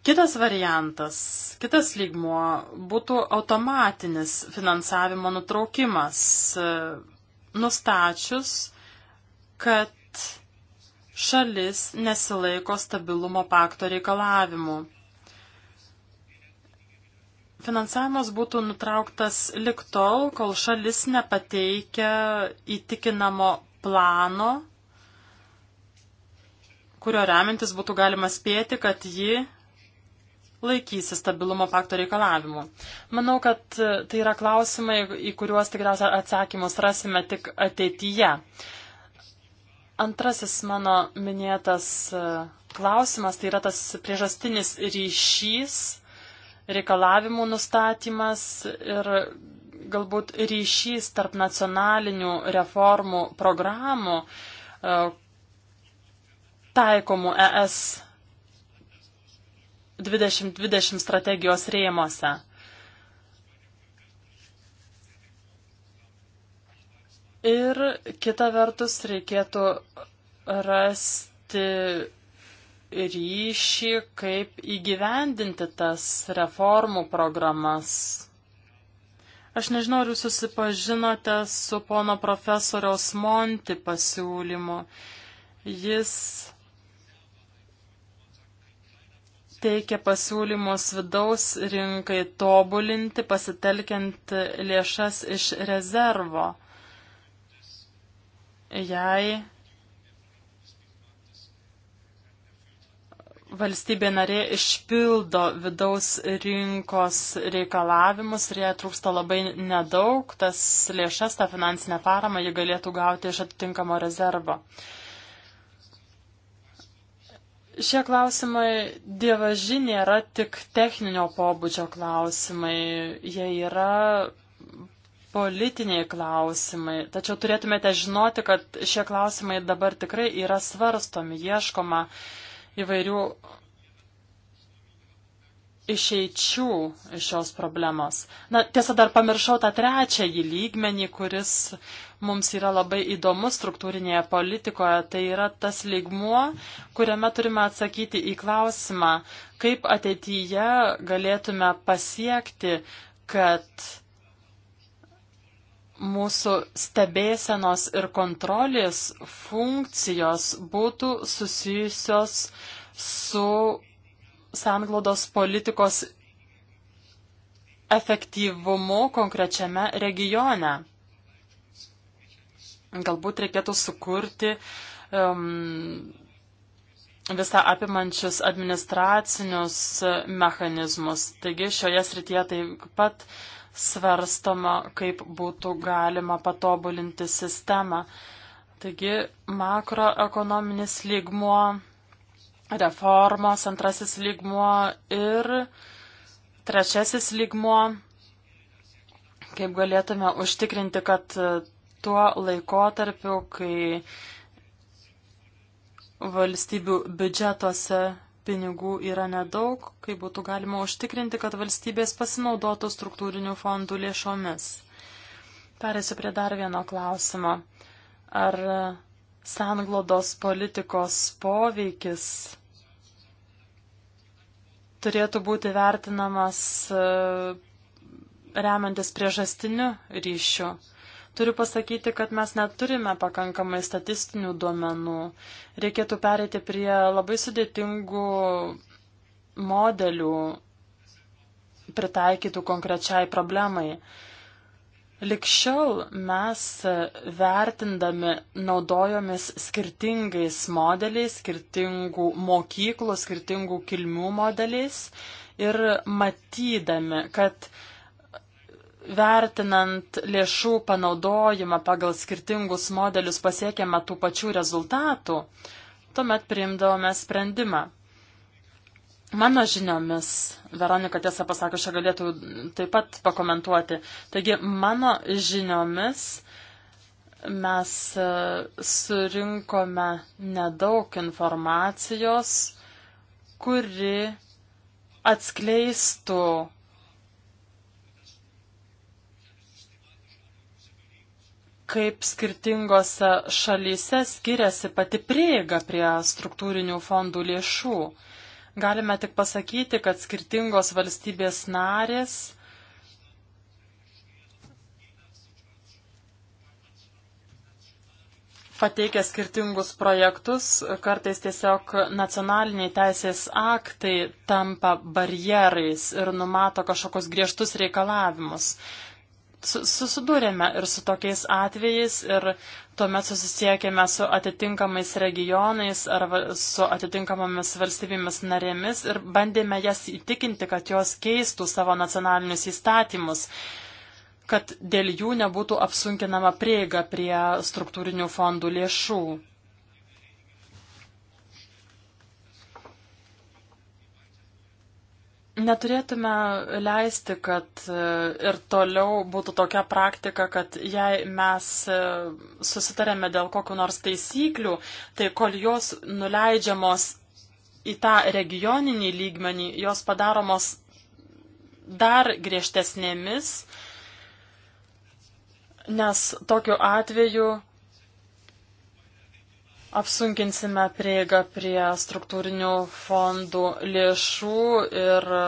Kitas variantas, kitas lygmuo būtų automatinis finansavimo nutraukimas, e, nustačius, kad šalis nesilaiko stabilumo pakto reikalavimų. Finansavimas būtų nutrauktas liktol, kol šalis nepateikia įtikinamo plano, kurio remintis būtų galima spėti, kad ji laikysi stabilumo pakto reikalavimų. Manau, kad e, tai yra klausimai, į kuriuos tikriausiai atsakymus rasime tik ateityje. Antrasis mano minėtas e, klausimas tai yra tas priežastinis ryšys, reikalavimų nustatymas ir galbūt ryšys tarp nacionalinių reformų programų e, taikomų ES 2020 strategijos rėmose. Ir kita vertus reikėtų rasti ryšį, kaip įgyvendinti tas reformų programas. Aš nežinau, ar jūs susipažinote su pono profesoriaus Monti pasiūlymu. Jis teikia pasiūlymus vidaus rinkai tobulinti, pasitelkiant lėšas iš rezervo. Jei valstybė narė išpildo vidaus rinkos reikalavimus ir jie trūksta labai nedaug, tas lėšas, tą finansinę paramą jie galėtų gauti iš atitinkamo rezervo. Šie klausimai dievaži nėra tik techninio pobūdžio klausimai, jie yra politiniai klausimai. Tačiau turėtumėte žinoti, kad šie klausimai dabar tikrai yra svarstomi, ieškoma įvairių išeičių iš šios problemos. Na, tiesa, dar pamiršau tą trečiąjį lygmenį, kuris mums yra labai įdomus struktūrinėje politikoje. Tai yra tas lygmuo, kuriame turime atsakyti į klausimą, kaip ateityje galėtume pasiekti, kad mūsų stebėsenos ir kontrolės funkcijos būtų susijusios su sanglaudos politikos efektyvumu konkrečiame regione. Galbūt reikėtų sukurti um, visą apimančius administracinius mechanizmus. Taigi šioje srityje taip pat svarstoma, kaip būtų galima patobulinti sistemą. Taigi makroekonominis lygmuo reformos antrasis lygmuo ir trečiasis lygmuo, kaip galėtume užtikrinti, kad tuo laikotarpiu, kai valstybių biudžetuose pinigų yra nedaug, kaip būtų galima užtikrinti, kad valstybės pasinaudotų struktūrinių fondų lėšomis. Perėsiu prie dar vieno klausimo. Ar sanglodos politikos poveikis turėtų būti vertinamas e, remiantis priežastiniu ryšiu. Turiu pasakyti, kad mes neturime pakankamai statistinių duomenų. Reikėtų perėti prie labai sudėtingų modelių pritaikytų konkrečiai problemai. Likščiau mes e, vertindami naudojomis skirtingais modeliais, skirtingų mokyklų, skirtingų kilmių modeliais ir matydami, kad vertinant lėšų panaudojimą pagal skirtingus modelius pasiekiama tų pačių rezultatų, tuomet priimdavome sprendimą. Mano žiniomis, Veronika tiesą pasakius, čia galėtų taip pat pakomentuoti. Taigi, mano žiniomis mes e, surinkome nedaug informacijos, kuri atskleistų kaip skirtingose šalyse skiriasi pati prieiga prie struktūrinių fondų lėšų. Galime tik pasakyti, kad skirtingos valstybės narės pateikia skirtingus projektus, kartais tiesiog nacionaliniai teisės aktai tampa barjerais ir numato kažkokius griežtus reikalavimus susidūrėme ir su tokiais atvejais ir tuomet susisiekėme su atitinkamais regionais ar su atitinkamomis valstybėmis narėmis ir bandėme jas įtikinti, kad jos keistų savo nacionalinius įstatymus kad dėl jų nebūtų apsunkinama prieiga prie struktūrinių fondų lėšų. Neturėtume leisti, kad e, ir toliau būtų tokia praktika, kad jei mes e, susitarėme dėl kokiu nors taisyklių, tai kol jos nuleidžiamos į tą regioninį lygmenį, jos padaromos dar griežtesnėmis, nes tokiu atveju apsunkinsime prieigą prie struktūrinių fondų lėšų ir e,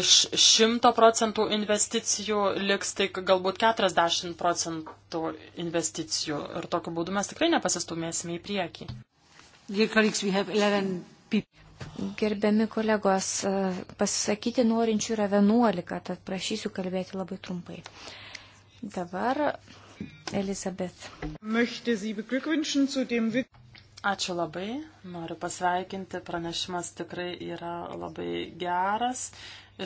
iš 100 procentų investicijų liks tik galbūt 40 procentų investicijų ir tokiu būdu mes tikrai nepasistumėsime į priekį. Gerbiami kolegos, e, pasisakyti norinčių yra 11, tad prašysiu kalbėti labai trumpai. Dabar Elisabeth. Ačiū labai, noriu pasveikinti, pranešimas tikrai yra labai geras.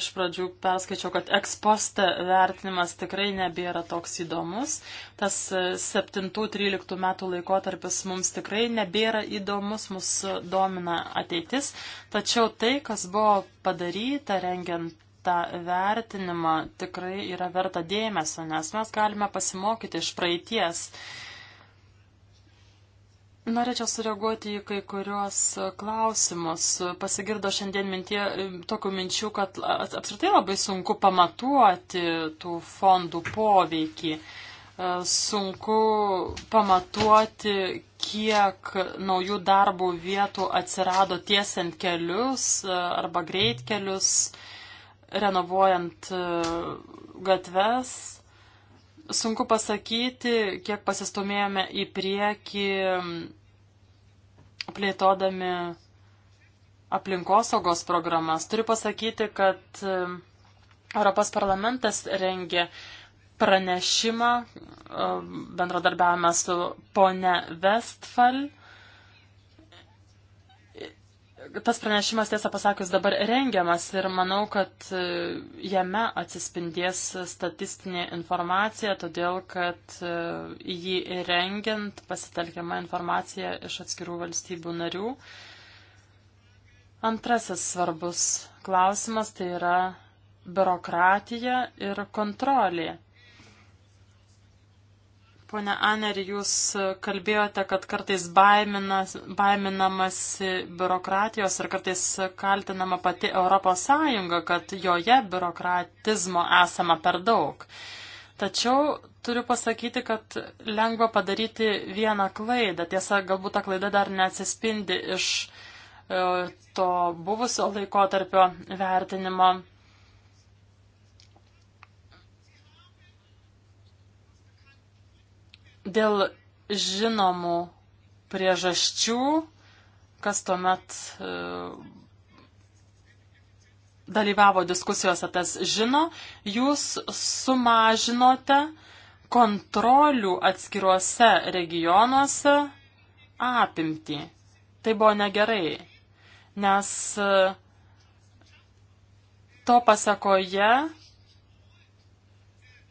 Iš pradžių perskaičiau, kad ekspostą vertinimas tikrai nebėra toks įdomus. Tas 7-13 e, metų laikotarpis mums tikrai nebėra įdomus, mus domina ateitis. Tačiau tai, kas buvo padaryta rengiant tą vertinimą tikrai yra verta dėmesio, nes mes galime pasimokyti iš praeities. Norėčiau sureaguoti į kai kuriuos klausimus. Pasigirdo šiandien mintie, tokių minčių, kad apskritai labai sunku pamatuoti tų fondų poveikį sunku pamatuoti, kiek naujų darbo vietų atsirado tiesiant kelius arba greitkelius. kelius renovuojant e, gatves. Sunku pasakyti, kiek pasistumėjome į priekį mm, plėtodami aplinkosaugos programas. Turiu pasakyti, kad e, Europos parlamentas rengė pranešimą, e, bendradarbiavome su pone Westfall tas pranešimas, tiesą pasakius, dabar rengiamas ir manau, kad e, jame atsispindės statistinė informacija, todėl kad e, jį rengiant pasitelkiama informacija iš atskirų valstybių narių. Antrasis svarbus klausimas tai yra biurokratija ir kontrolė. Pone Aneri, jūs kalbėjote, kad kartais baiminas, baiminamas biurokratijos ir kartais kaltinama pati Europos Sąjunga, kad joje biurokratizmo esama per daug. Tačiau turiu pasakyti, kad lengva padaryti vieną klaidą. Tiesa, galbūt ta klaida dar neatsispindi iš e, to buvusio laikotarpio vertinimo Dėl žinomų priežasčių, kas tuomet e, dalyvavo diskusijose, tas žino, jūs sumažinote kontrolių atskiruose regionuose apimti. Tai buvo negerai, nes e, to pasakoje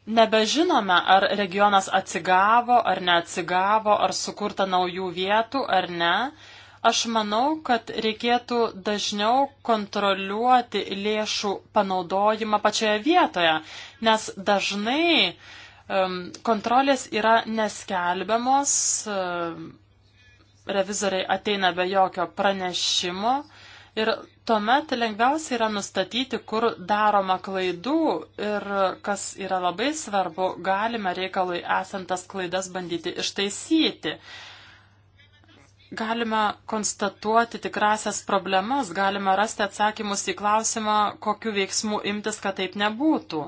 nebežinome, ar regionas atsigavo, ar neatsigavo, ar sukurta naujų vietų, ar ne. Aš manau, kad reikėtų dažniau kontroliuoti lėšų panaudojimą pačioje vietoje, nes dažnai um, kontrolės yra neskelbiamos, um, revizoriai ateina be jokio pranešimo ir Tuomet lengviausia yra nustatyti, kur daroma klaidų ir, kas yra labai svarbu, galime reikalui esantas klaidas bandyti ištaisyti. Galima konstatuoti tikrasias problemas, galima rasti atsakymus į klausimą, kokiu veiksmu imtis, kad taip nebūtų.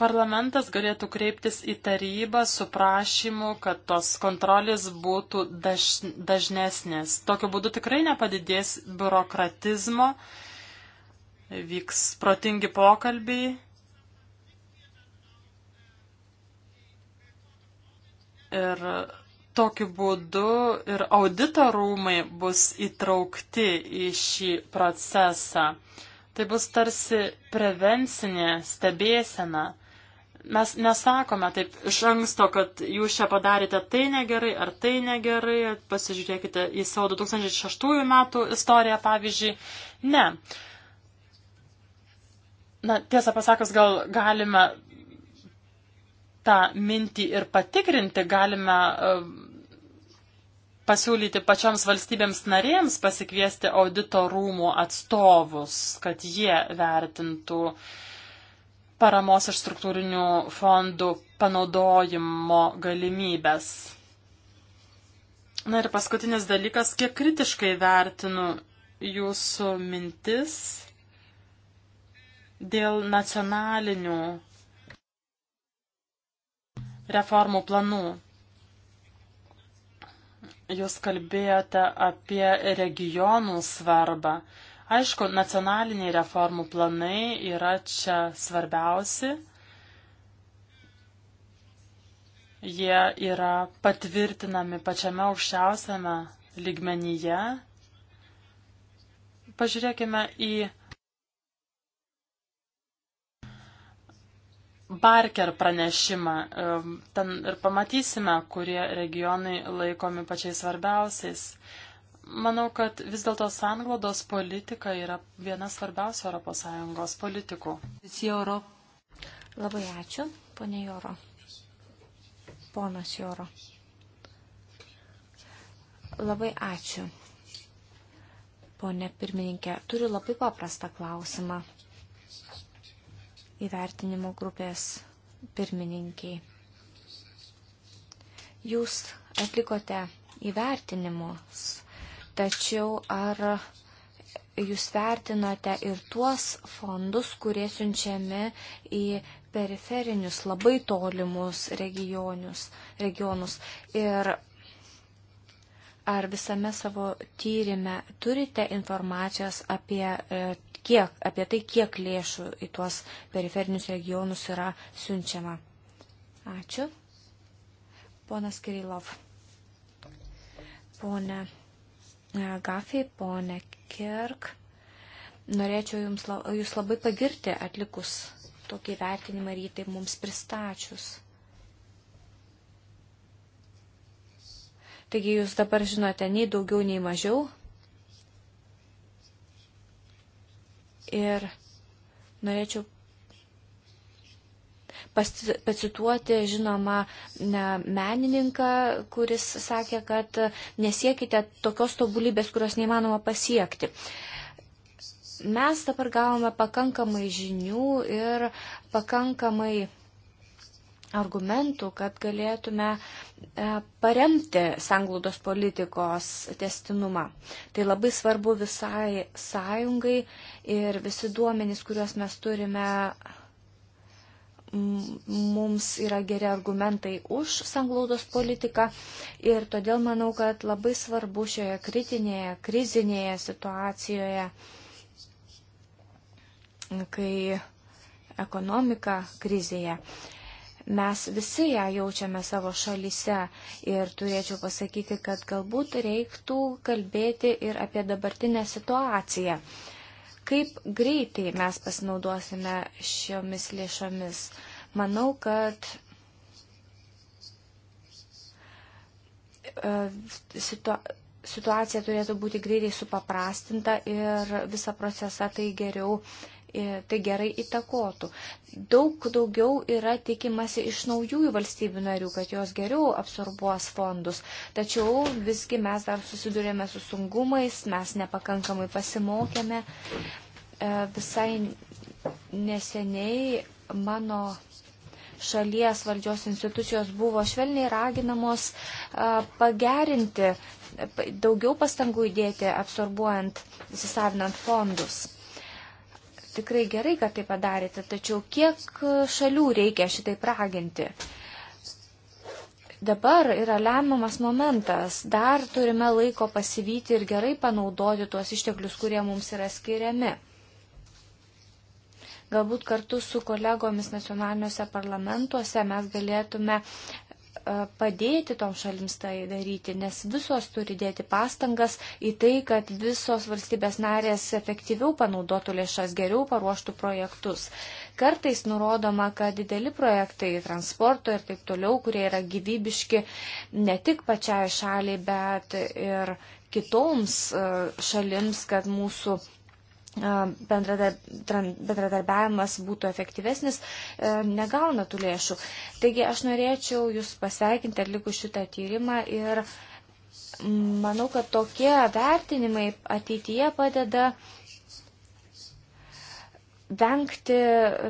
Parlamentas galėtų kreiptis į tarybą su prašymu, kad tos kontrolės būtų daž, dažnesnės. Tokiu būdu tikrai nepadidės biurokratizmo, vyks protingi pokalbiai. Ir tokiu būdu ir audito rūmai bus įtraukti į šį procesą. Tai bus tarsi prevencinė stebėsena. Mes nesakome taip iš anksto, kad jūs čia padarėte tai negerai ar tai negerai, pasižiūrėkite į savo 2006 metų istoriją, pavyzdžiui. Ne. Na, tiesą pasakus, gal galime tą mintį ir patikrinti, galime e, pasiūlyti pačioms valstybėms narėms pasikviesti audito rūmų atstovus, kad jie vertintų uh, paramos iš struktūrinių fondų panaudojimo galimybės. Na ir paskutinis dalykas, kiek kritiškai vertinu jūsų mintis dėl nacionalinių reformų planų. Jūs kalbėjote apie regionų svarbą. Aišku, nacionaliniai reformų planai yra čia svarbiausi. Jie yra patvirtinami pačiame aukščiausiame lygmenyje. Pažiūrėkime į Barker pranešimą. Ehm, ten ir pamatysime, kurie regionai laikomi pačiais svarbiausiais. Manau, kad vis dėlto sanglodos politika yra viena svarbiausia ES politikų. Joro. Labai ačiū, ponė Joro. Ponas Joro. Labai ačiū. Pone pirmininkė, turiu labai paprastą klausimą įvertinimo grupės pirmininkiai. Jūs atlikote įvertinimus Tačiau ar jūs vertinote ir tuos fondus, kurie siunčiami į periferinius, labai tolimus regionius, regionus. Ir ar visame savo tyrimę turite informacijos apie, e, kiek, apie tai, kiek lėšų į tuos periferinius regionus yra siunčiama? Ačiū. Ponas Kirilov. Pone E, Gafiai, ponė Kirk, norėčiau jums, jūs labai pagirti atlikus tokį vertinimą rytai mums pristačius. Taigi jūs dabar žinote nei daugiau, nei mažiau. Ir norėčiau pacituoti žinomą menininką, kuris sakė, kad nesiekite tokios tobulybės, kurios neįmanoma pasiekti. Mes dabar gavome pakankamai žinių ir pakankamai argumentų, kad galėtume e, paremti sanglaudos politikos testinumą. Tai labai svarbu visai sąjungai ir visi duomenys, kuriuos mes turime mums yra geri argumentai už sanglaudos politiką ir todėl manau, kad labai svarbu šioje kritinėje, krizinėje situacijoje, kai ekonomika krizėje mes visi ją jaučiame savo šalyse ir turėčiau pasakyti, kad galbūt reiktų kalbėti ir apie dabartinę situaciją. Kaip greitai mes pasinaudosime šiomis lėšomis? Manau, kad e, situa situacija turėtų būti greitai supaprastinta ir visą procesą tai geriau E, tai gerai įtakotų. Daug daugiau yra tikimasi iš naujųjų valstybių narių, kad jos geriau absorbuos fondus. Tačiau visgi mes dar susidurėme su sungumais, mes nepakankamai pasimokėme. E, visai neseniai mano šalies valdžios institucijos buvo švelniai raginamos e, pagerinti, daugiau pastangų įdėti, absorbuojant, įsisavinant fondus tikrai gerai, kad tai padarėte, tačiau kiek šalių reikia šitai praginti? Dabar yra lemiamas momentas, dar turime laiko pasivyti ir gerai panaudoti tuos išteklius, kurie mums yra skiriami. Galbūt kartu su kolegomis nacionaliniuose parlamentuose mes galėtume E, padėti tom šalims tai daryti, nes visos turi dėti pastangas į tai, kad visos valstybės narės efektyviau panaudotų lėšas, geriau paruoštų projektus. Kartais nurodoma, kad dideli projektai transporto ir taip toliau, kurie yra gyvybiški ne tik pačiai šaliai, bet ir kitoms e, šalims, kad mūsų bendradarbiavimas būtų efektyvesnis, e, negauna tų lėšų. Taigi aš norėčiau Jūs pasveikinti atlikus šitą tyrimą ir manau, kad tokie vertinimai ateityje padeda vengti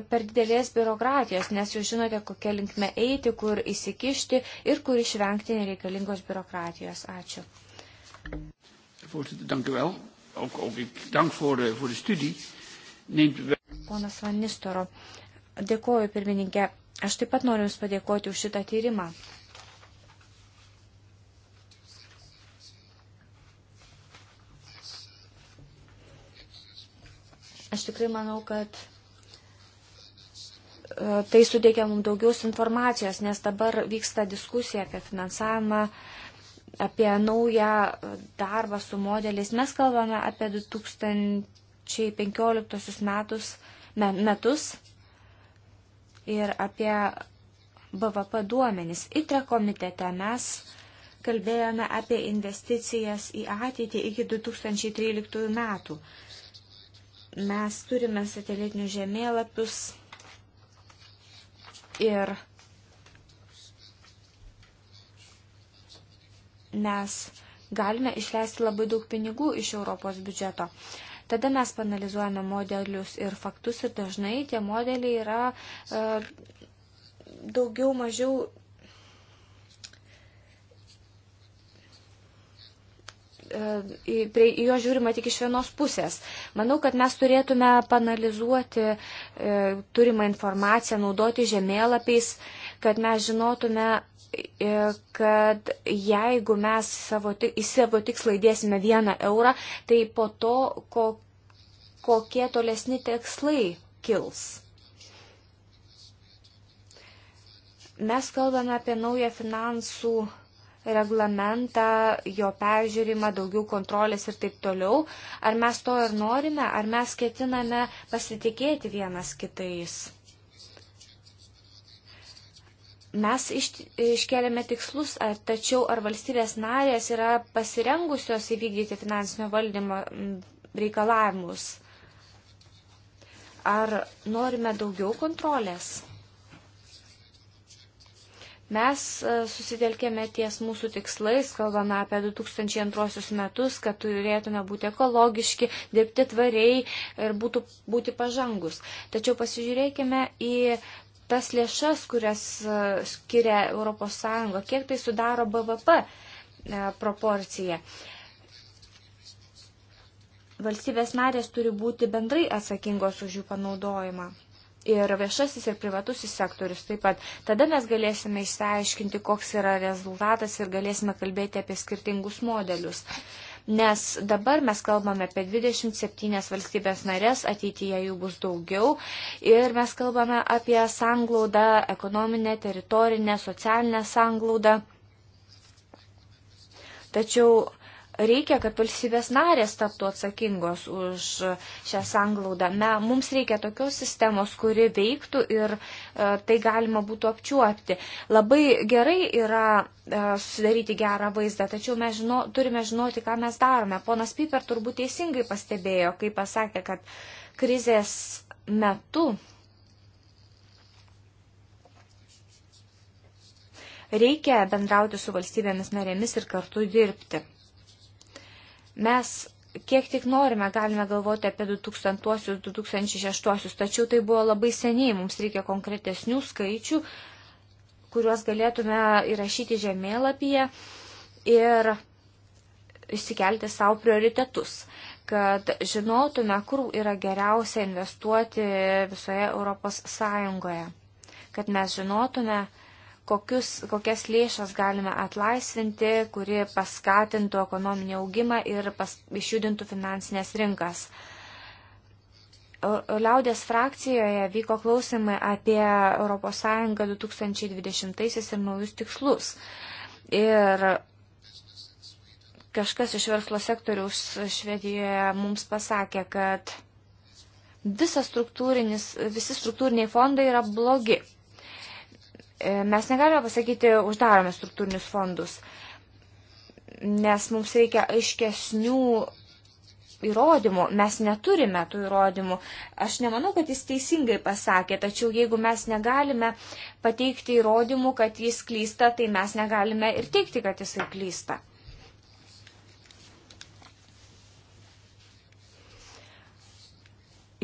per didelės biurokratijos, nes jūs žinote, kokia linkme eiti, kur įsikišti ir kur išvengti nereikalingos biurokratijos. Ačiū. Voorzitter, dank u wel ook, ook ik dank voor de, voor de studie. Neemt... Ponas Van Nistoro, dėkoju pirmininkė. Aš taip pat noriu Jums padėkoti už šitą tyrimą. Aš tikrai manau, kad e, tai suteikia mums daugiaus informacijos, nes dabar vyksta diskusija apie finansavimą, uh, apie naują darbą su modeliais. Mes kalbame apie 2015 metus, metus ir apie BVP duomenis. ITRE komitete mes kalbėjome apie investicijas į ateitį iki 2013 metų. Mes turime satelitinius žemėlapius ir nes galime išleisti labai daug pinigų iš Europos biudžeto. Tada mes panalizuojame modelius ir faktus ir dažnai tie modeliai yra e, daugiau mažiau e, į, prie, į jo žiūrima tik iš vienos pusės. Manau, kad mes turėtume panalizuoti e, turimą informaciją, naudoti žemėlapiais, kad mes žinotume, E, kad jeigu mes savo, į savo tikslą įdėsime vieną eurą, tai po to ko, kokie tolesni tikslai kils. Mes kalbame apie naują finansų reglamentą, jo peržiūrimą, daugiau kontrolės ir taip toliau. Ar mes to ir norime, ar mes ketiname pasitikėti vienas kitais? Mes iš, iškeliame tikslus, ar, tačiau ar valstybės narės yra pasirengusios įvykdyti finansinio valdymo reikalavimus? Ar norime daugiau kontrolės? Mes susitelkėme ties mūsų tikslais, kalbame apie 2002 metus, kad turėtume būti ekologiški, dirbti tvariai ir būtų, būti pažangus. Tačiau pasižiūrėkime į tas lėšas, kurias e, skiria ES, kiek tai sudaro BVP e, proporcija. Valstybės narės turi būti bendrai atsakingos už jų panaudojimą. Ir viešasis ir privatusis sektorius taip pat. Tada mes galėsime išsiaiškinti, koks yra rezultatas ir galėsime kalbėti apie skirtingus modelius. Uh, nes dabar mes kalbame apie 27 valstybės narės, ateityje jų bus daugiau ir mes kalbame apie sanglaudą, ekonominę, teritorinę, socialinę sanglaudą. Tačiau reikia, kad valstybės narės taptų atsakingos už šią sanglaudą. Na, mums reikia tokios sistemos, kuri veiktų ir e, tai galima būtų apčiuopti. Labai gerai yra e, sudaryti gerą vaizdą, tačiau mes žino, turime žinoti, ką mes darome. Ponas Piper turbūt teisingai pastebėjo, kai pasakė, kad krizės metu reikia bendrauti su valstybėmis narėmis ir kartu dirbti. Mes kiek tik norime, galime galvoti apie 2000-uosius, 2006-uosius, tačiau tai buvo labai seniai, mums reikia konkretesnių skaičių, kuriuos galėtume įrašyti žemėlapyje ir išsikelti savo prioritetus, kad žinotume, kur yra geriausia investuoti visoje Europos Sąjungoje, kad mes žinotume, kokius, kokias lėšas galime atlaisvinti, kuri paskatintų ekonominį augimą ir pas, išjudintų finansinės rinkas. Liaudės frakcijoje vyko klausimai apie ES 2020 ir naujus tikslus. Ir kažkas iš verslo sektoriaus Švedijoje mums pasakė, kad visas struktūrinis, visi struktūriniai fondai yra blogi. E, mes negalime pasakyti, uždarome struktūrinius fondus, nes mums reikia aiškesnių įrodymų. Mes neturime tų įrodymų. Aš nemanau, kad jis teisingai pasakė, tačiau jeigu mes negalime pateikti įrodymų, kad jis klysta, tai mes negalime ir teikti, kad jisai klysta.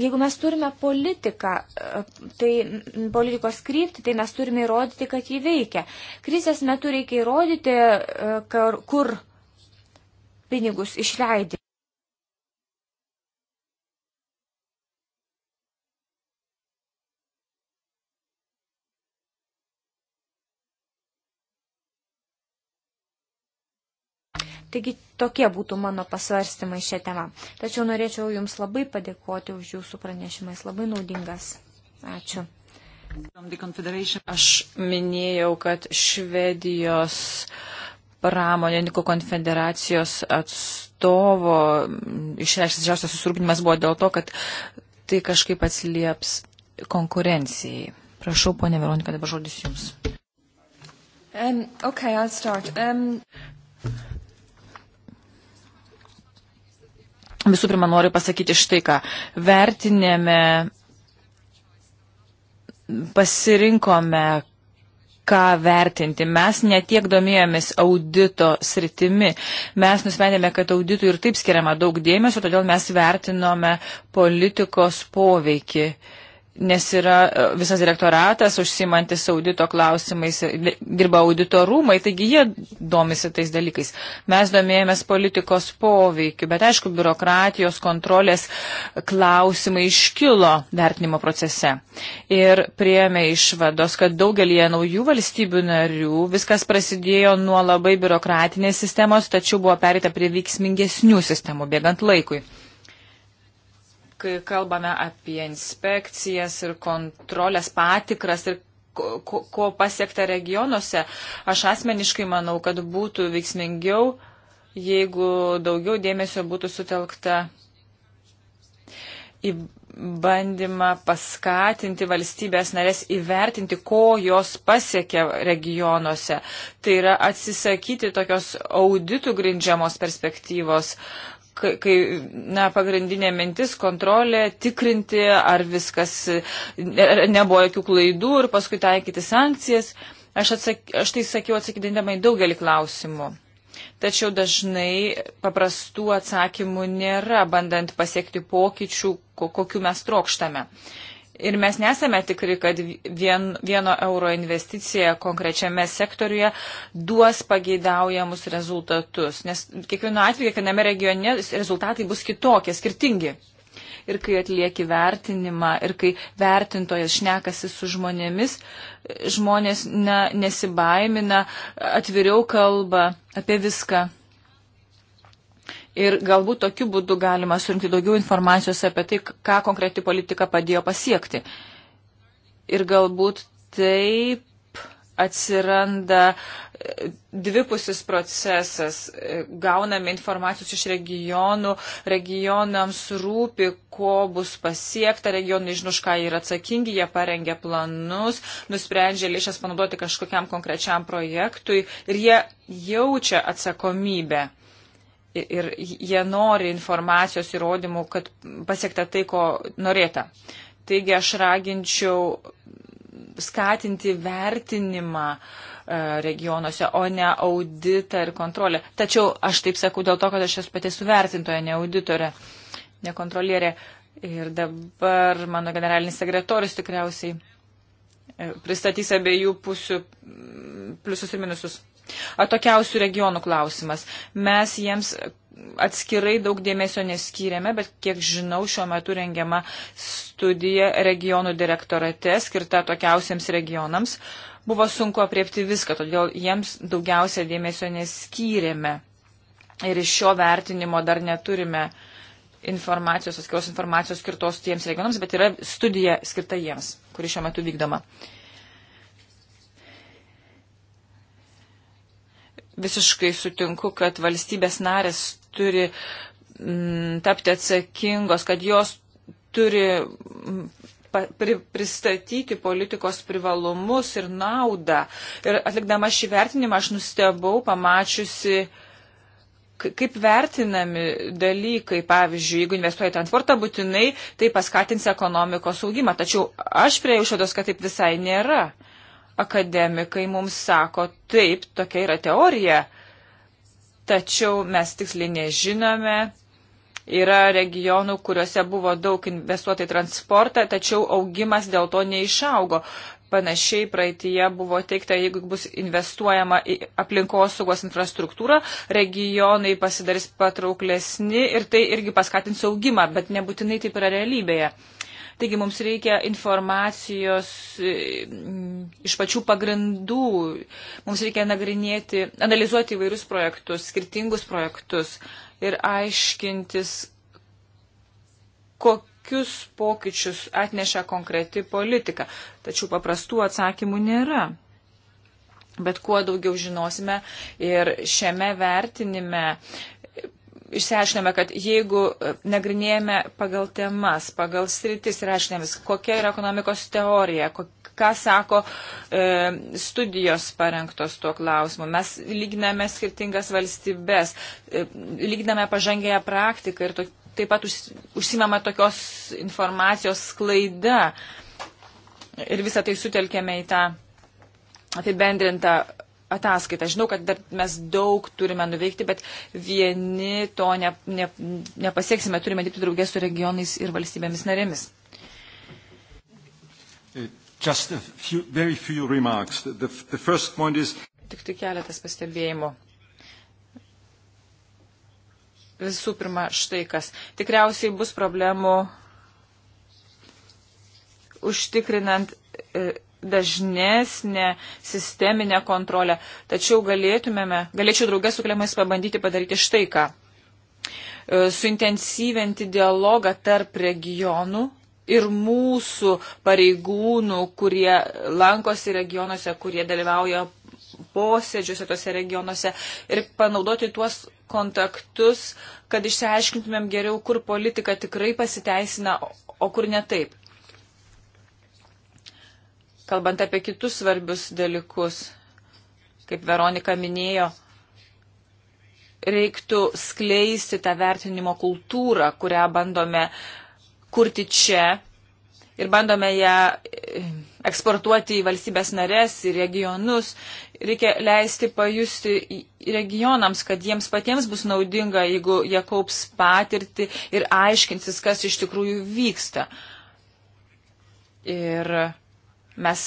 Jeigu mes turime politiką, e, tai politikos krypti, tai mes turime įrodyti, kad jį veikia. Krizės metu reikia įrodyti, e, kur pinigus išleidė. Taigi tokie būtų mano pasvarstymai šią temą. Tačiau norėčiau Jums labai padėkoti už Jūsų pranešimais. Labai naudingas. Ačiū. Aš minėjau, kad Švedijos pramonininkų konfederacijos atstovo išreikštas didžiausias susirūpinimas buvo dėl to, kad tai kažkaip atsilieps konkurencijai. Prašau, ponė Veronika, dabar žodis Jums. Um, okay, I'll start. Um... Visų pirma, noriu pasakyti štai ką. Vertinėme, pasirinkome, ką vertinti. Mes netiek domėjomės audito sritimi. Mes nusprendėme, kad auditui ir taip skiriama daug dėmesio, todėl mes vertinome politikos poveikį. Uh, nes yra e, visas direktoratas užsimantis audito klausimais, dirba audito rūmai, taigi jie domisi tais dalykais. Mes domėjomės politikos poveikiu, bet aišku, biurokratijos kontrolės klausimai iškilo vertinimo procese. Ir prieėmė išvados, kad daugelie naujų valstybių narių viskas prasidėjo nuo labai biurokratinės sistemos, tačiau buvo perita prie veiksmingesnių sistemų bėgant laikui kai kalbame apie inspekcijas ir kontrolės patikras ir ko, ko pasiekta regionuose, aš asmeniškai manau, kad būtų veiksmingiau, jeigu daugiau dėmesio būtų sutelkta į bandymą paskatinti valstybės narės įvertinti, ko jos pasiekia regionuose. Tai yra atsisakyti tokios auditų grindžiamos perspektyvos. Uh, kai, kai na, pagrindinė mintis - kontrolė, tikrinti, ar viskas, ar nebuvo jokių klaidų ir paskui taikyti sankcijas. Aš, atsak, aš tai sakiau atsakydindama į daugelį klausimų. Tačiau dažnai paprastų atsakymų nėra, bandant pasiekti pokyčių, kokiu mes trokštame. Ir mes nesame tikri, kad vien, vieno euro investicija konkrečiame sektoriuje duos pageidaujamus rezultatus, nes kiekvienu atveju, kiekviename regione rezultatai bus kitokie, skirtingi. Ir kai atlieki vertinimą, ir kai vertintojas šnekasi su žmonėmis, žmonės ne, nesibaimina, atviriau kalba apie viską. Ir galbūt tokiu būdu galima surinkti daugiau informacijos apie tai, ką konkreti politika padėjo pasiekti. Ir galbūt taip atsiranda e, dvipusis procesas. E, gauname informacijos iš regionų, regionams rūpi, ko bus pasiekta, regionai žino, už ką yra atsakingi, jie parengia planus, nusprendžia lėšas panaudoti kažkokiam konkrečiam projektui ir jie jaučia atsakomybę ir jie nori informacijos įrodymų, kad pasiekta tai, ko norėta. Taigi aš raginčiau skatinti vertinimą e, regionuose, o ne auditą ir kontrolę. Tačiau aš taip sakau dėl to, kad aš esu pati suvertintoja, ne auditorė, ne kontrolierė. Ir dabar mano generalinis sekretorius tikriausiai e, pristatys abiejų pusių pliusus ir minusus. Atokiausių regionų klausimas. Mes jiems atskirai daug dėmesio neskyrėme, bet kiek žinau, šiuo metu rengiama studija regionų direktorate skirta tokiausiams regionams. Buvo sunku apriepti viską, todėl jiems daugiausia dėmesio neskyrėme. Ir iš šio vertinimo dar neturime informacijos, atskiros informacijos skirtos tiems regionams, bet yra studija skirta jiems, kuri šiuo metu vykdoma. Uh, visiškai sutinku, kad valstybės narės turi m, mm, tapti atsakingos, kad jos turi m, mm, pri, pristatyti politikos privalumus ir naudą. Ir atlikdama šį vertinimą aš nustebau pamačiusi, kaip vertinami dalykai, pavyzdžiui, jeigu investuoji transportą, būtinai tai paskatins ekonomikos augimą. Tačiau aš prie išvados, kad taip visai nėra. Uh, akademikai mums sako, taip, tokia yra teorija, tačiau mes tiksliai nežinome. Yra regionų, kuriuose buvo daug investuota į transportą, tačiau augimas dėl to neišaugo. Panašiai praeitie buvo teikta, jeigu bus investuojama į aplinkosaugos infrastruktūrą, regionai pasidarys patrauklesni ir tai irgi paskatins augimą, bet nebūtinai taip yra realybėje. Uh, Taigi mums reikia informacijos e, iš pačių pagrindų, mums reikia nagrinėti, analizuoti įvairius projektus, skirtingus projektus ir aiškintis, kokius pokyčius atneša konkreti politika. Tačiau paprastų atsakymų nėra. Bet kuo daugiau žinosime ir šiame vertinime išsiaiškiname, kad jeigu e, nagrinėjame pagal temas, pagal sritis ir aiškinėmis, kokia yra ekonomikos teorija, ką sako e, studijos parengtos tuo klausimu, mes lyginame skirtingas valstybės, e, lyginame pažangėją praktiką ir to, taip pat už, užsimama tokios informacijos sklaida ir visą tai sutelkėme į tą apibendrintą ataskaitą. Žinau, kad dar mes daug turime nuveikti, bet vieni to ne, ne, nepasieksime. Turime dirbti draugės su regionais ir valstybėmis narėmis. Uh, few, few the, the is... Tik tai keletas pastebėjimų. Visų pirma, štai kas. Tikriausiai bus problemų užtikrinant. E, dažnesnę sisteminę kontrolę. Tačiau galėtumėme, galėčiau draugės su klemais pabandyti padaryti štai ką. E, Suintensyventi dialogą tarp regionų ir mūsų pareigūnų, kurie lankosi regionuose, kurie dalyvauja posėdžiuose tose regionuose ir panaudoti tuos kontaktus, kad išsiaiškintumėm geriau, kur politika tikrai pasiteisina, o kur ne taip kalbant apie kitus svarbius dalykus, kaip Veronika minėjo, reiktų skleisti tą vertinimo kultūrą, kurią bandome kurti čia ir bandome ją e, eksportuoti į valstybės narės, į regionus. Reikia leisti pajusti regionams, kad jiems patiems bus naudinga, jeigu jie kaups patirtį ir aiškinsis, kas iš tikrųjų vyksta. Ir Mes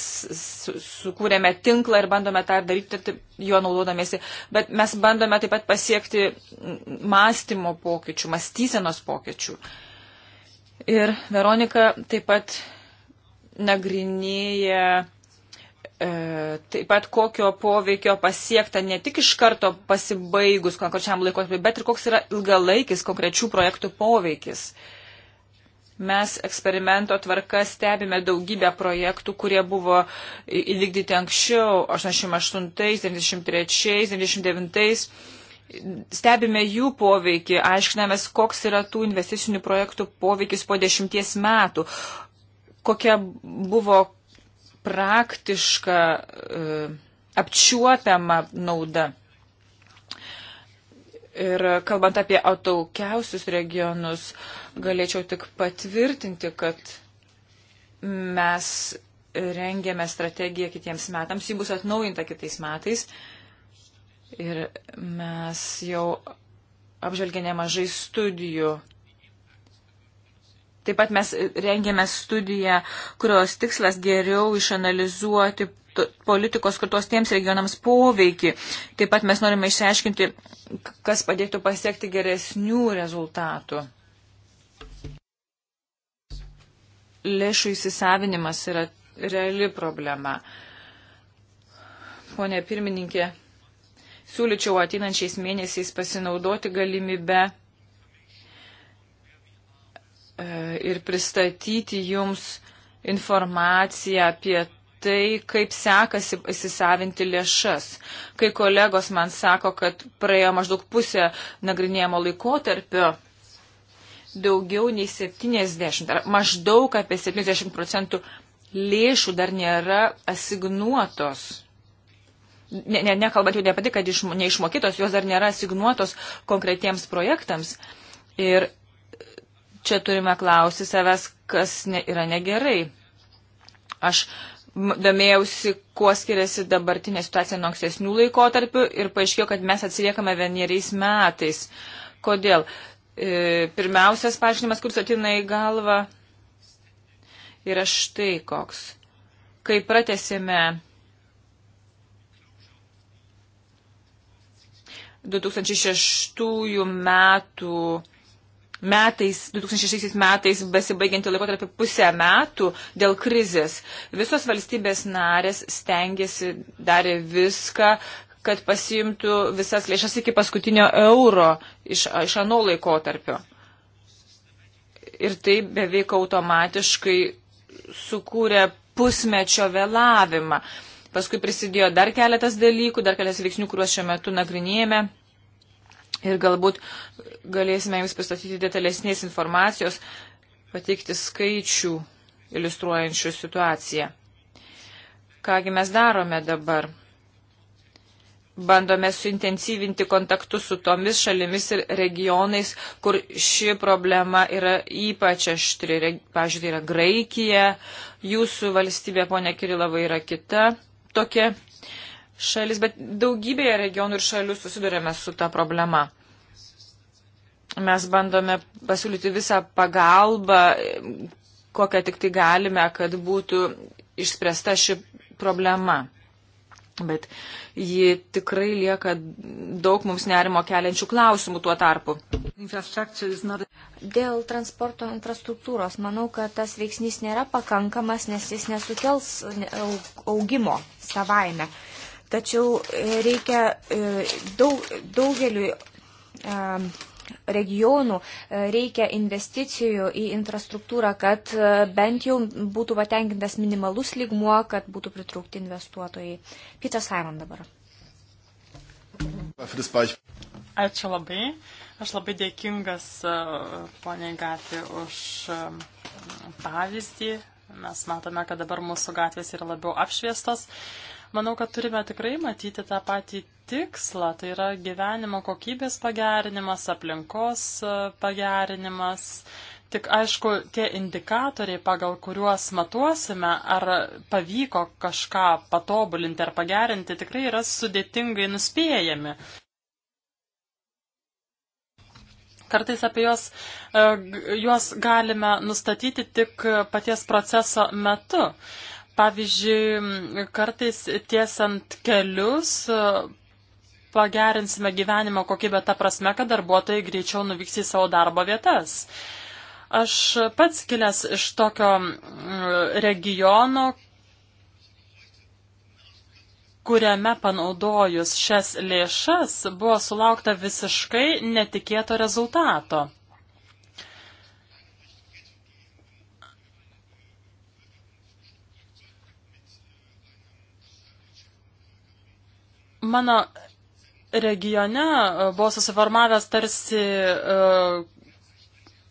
sukūrėme tinklą ir bandome tą daryti, juo naudodamėsi, bet mes bandome taip pat pasiekti mąstymo pokyčių, mąstysenos pokyčių. Ir Veronika taip pat nagrinėja e, taip pat kokio poveikio pasiekta ne tik iš karto pasibaigus konkrečiam laikotarpiu, bet ir koks yra ilgalaikis konkrečių projektų poveikis. Uh, Mes eksperimento tvarka stebime daugybę projektų, kurie buvo įvykdyti anksčiau, 88, 93, 99. Stebime jų poveikį, aiškinamės, koks yra tų investicinių projektų poveikis po dešimties metų, kokia buvo praktiška, e, apčiuopiama nauda. Ir kalbant apie ataukiausius regionus, galėčiau tik patvirtinti, kad mes rengėme strategiją kitiems metams, ji bus atnaujinta kitais metais. Ir mes jau apžvelgė nemažai studijų. Taip pat mes rengėme studiją, kurios tikslas geriau išanalizuoti politikos skirtos tiems regionams poveikį. Taip pat mes norime išsiaiškinti, kas padėtų pasiekti geresnių rezultatų. Lėšų įsisavinimas yra reali problema. Pone pirmininkė, siūlyčiau ateinančiais mėnesiais pasinaudoti galimybę e, ir pristatyti jums informaciją apie tai, kaip sekasi įsisavinti lėšas. Kai kolegos man sako, kad praėjo maždaug pusę nagrinėjimo laikotarpio, daugiau nei 70, ar maždaug apie 70 procentų lėšų dar nėra asignuotos. Ne, ne, nekalbant jau ne apie tai, kad iš, neišmokytos, jos dar nėra asignuotos konkretiems projektams. Ir čia turime klausyti savęs, kas ne, yra negerai. Aš domėjausi, kuo skiriasi dabartinė situacija nuo ankstesnių laikotarpių ir paaiškėjo, kad mes atsiliekame vieneriais metais. Kodėl? E, pirmiausias paaiškinimas, kuris atina į galvą, yra štai koks. Kai pratesėme 2006 metų metais, 2006 metais besibaigianti laikotarpį pusę metų dėl krizės. Visos valstybės narės stengiasi, darė viską, kad pasiimtų visas lėšas iki paskutinio euro iš, iš ano laikotarpio. Ir tai beveik automatiškai sukūrė pusmečio vėlavimą. Paskui prisidėjo dar keletas dalykų, dar keletas veiksnių, kuriuos šiuo metu nagrinėjame ir galbūt galėsime jums pristatyti detalesnės informacijos, pateikti skaičių iliustruojančių situaciją. Kągi mes darome dabar? Bandome suintensyvinti kontaktus su tomis šalimis ir regionais, kur ši problema yra ypač aštri. Pavyzdžiui, tai yra Graikija, jūsų valstybė, ponia Kirilava, yra kita tokia šalis, bet daugybėje regionų ir šalių susidurėme su ta problema. Mes bandome pasiūlyti visą pagalbą, kokią tik tai galime, kad būtų išspręsta ši problema. Bet ji tikrai lieka daug mums nerimo keliančių klausimų tuo tarpu. Dėl transporto infrastruktūros, manau, kad tas veiksnys nėra pakankamas, nes jis nesukels augimo savaime. Tačiau e, reikia e, daug, daugeliu e, regionų reikia investicijų į infrastruktūrą, kad bent jau būtų patenkintas minimalus lygmuo, kad būtų pritraukti investuotojai. Peter Simon dabar. Ačiū labai. Aš labai dėkingas poniai Gatė už pavyzdį. Mes matome, kad dabar mūsų gatvės yra labiau apšviestos. Manau, kad turime tikrai matyti tą patį tikslą, tai yra gyvenimo kokybės pagerinimas, aplinkos e, pagerinimas. Tik aišku, tie indikatoriai, pagal kuriuos matuosime, ar pavyko kažką patobulinti ar pagerinti, tikrai yra sudėtingai nuspėjami. Kartais apie juos, e, juos galime nustatyti tik paties proceso metu. Pavyzdžiui, kartais tiesant kelius pagerinsime gyvenimo kokybę tą prasme, kad darbuotojai greičiau nuvyks į savo darbo vietas. Aš pats kilęs iš tokio mm, regiono, kuriame panaudojus šias lėšas buvo sulaukta visiškai netikėto rezultato. Mano regione e, buvo susiformavęs tarsi e,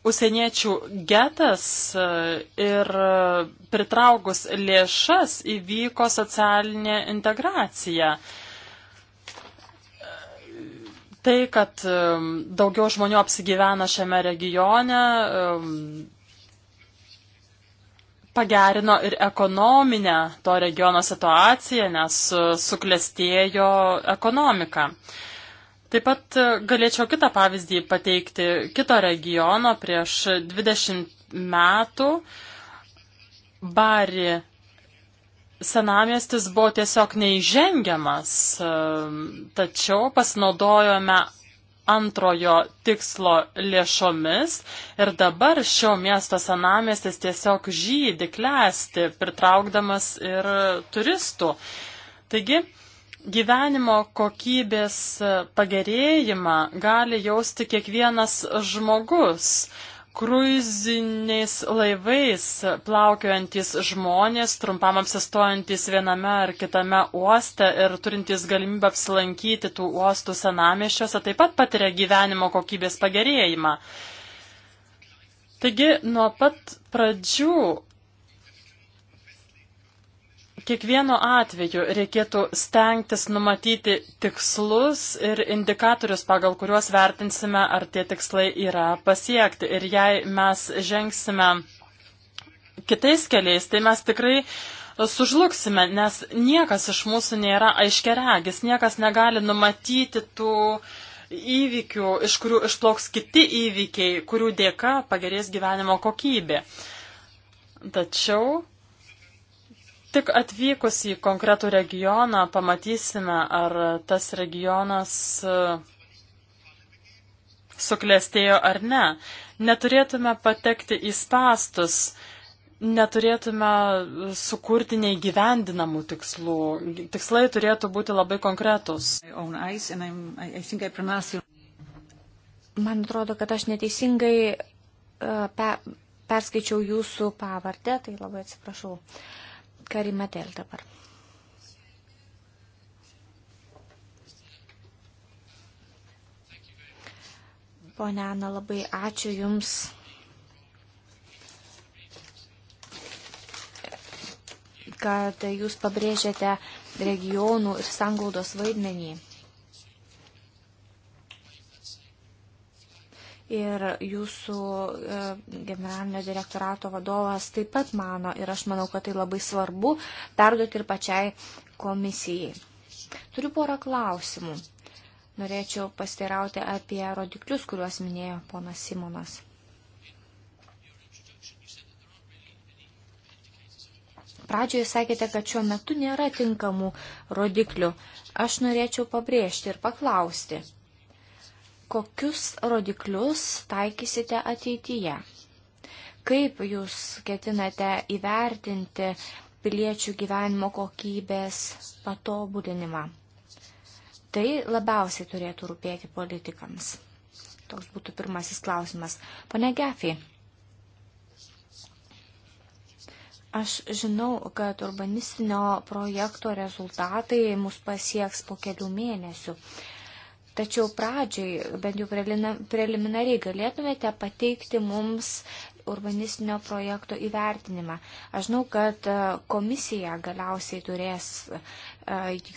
užsieniečių getas e, ir pritraukus lėšas įvyko socialinė integracija. Tai, kad daugiau žmonių apsigyvena šiame regione, pagerino ir ekonominę to regiono situaciją, nes e, suklestėjo ekonomika. Taip pat e, galėčiau kitą pavyzdį pateikti kito regiono prieš 20 metų. Bari senamiestis buvo tiesiog neįžengiamas, e, tačiau pasinaudojome antrojo tikslo lėšomis ir dabar šio miesto senamestis tiesiog žydi, klesti, pritraukdamas ir turistų. Taigi, gyvenimo kokybės pagerėjimą gali jausti kiekvienas žmogus kruiziniais laivais plaukiojantis žmonės, trumpam apsistojantis viename ar kitame uoste ir turintys galimybę apsilankyti tų uostų senamišiuose, taip pat patiria gyvenimo kokybės pagerėjimą. Taigi nuo pat pradžių kiekvienu atveju reikėtų stengtis numatyti tikslus ir indikatorius, pagal kuriuos vertinsime, ar tie tikslai yra pasiekti. Ir jei mes žengsime kitais keliais, tai mes tikrai sužlugsime, nes niekas iš mūsų nėra aiškeregis, niekas negali numatyti tų įvykių, iš kurių išplauks kiti įvykiai, kurių dėka pagerės gyvenimo kokybė. Tačiau Tik atvykus į konkretų regioną pamatysime, ar tas regionas e, suklestėjo ar ne. Neturėtume patekti į spastus, neturėtume sukurti neįgyvendinamų tikslų. Tikslai turėtų būti labai konkretus. Man atrodo, kad aš neteisingai e, pe, perskaičiau jūsų pavardę, tai labai atsiprašau. Uh, Karimatėl dabar. Pone Ana, labai ačiū Jums. kad jūs pabrėžėte regionų ir sanglaudos vaidmenį. ir jūsų e, generalinio direktorato vadovas taip pat mano ir aš manau, kad tai labai svarbu perduoti ir pačiai komisijai. Turiu porą klausimų. Norėčiau pasteirauti apie rodiklius, kuriuos minėjo ponas Simonas. Pradžioje sakėte, kad šiuo metu nėra tinkamų rodiklių. Aš norėčiau pabrėžti ir paklausti kokius rodiklius taikysite ateityje? Kaip jūs ketinate įvertinti piliečių gyvenimo kokybės patobulinimą? Tai labiausiai turėtų rūpėti politikams. Toks būtų pirmasis klausimas. Pane Gefi, Aš žinau, kad urbanistinio projekto rezultatai mus pasieks po kelių mėnesių. Tačiau pradžiai, bent jau preliminariai, galėtumėte pateikti mums urbanistinio projekto įvertinimą. Aš žinau, kad e, komisija galiausiai turės e,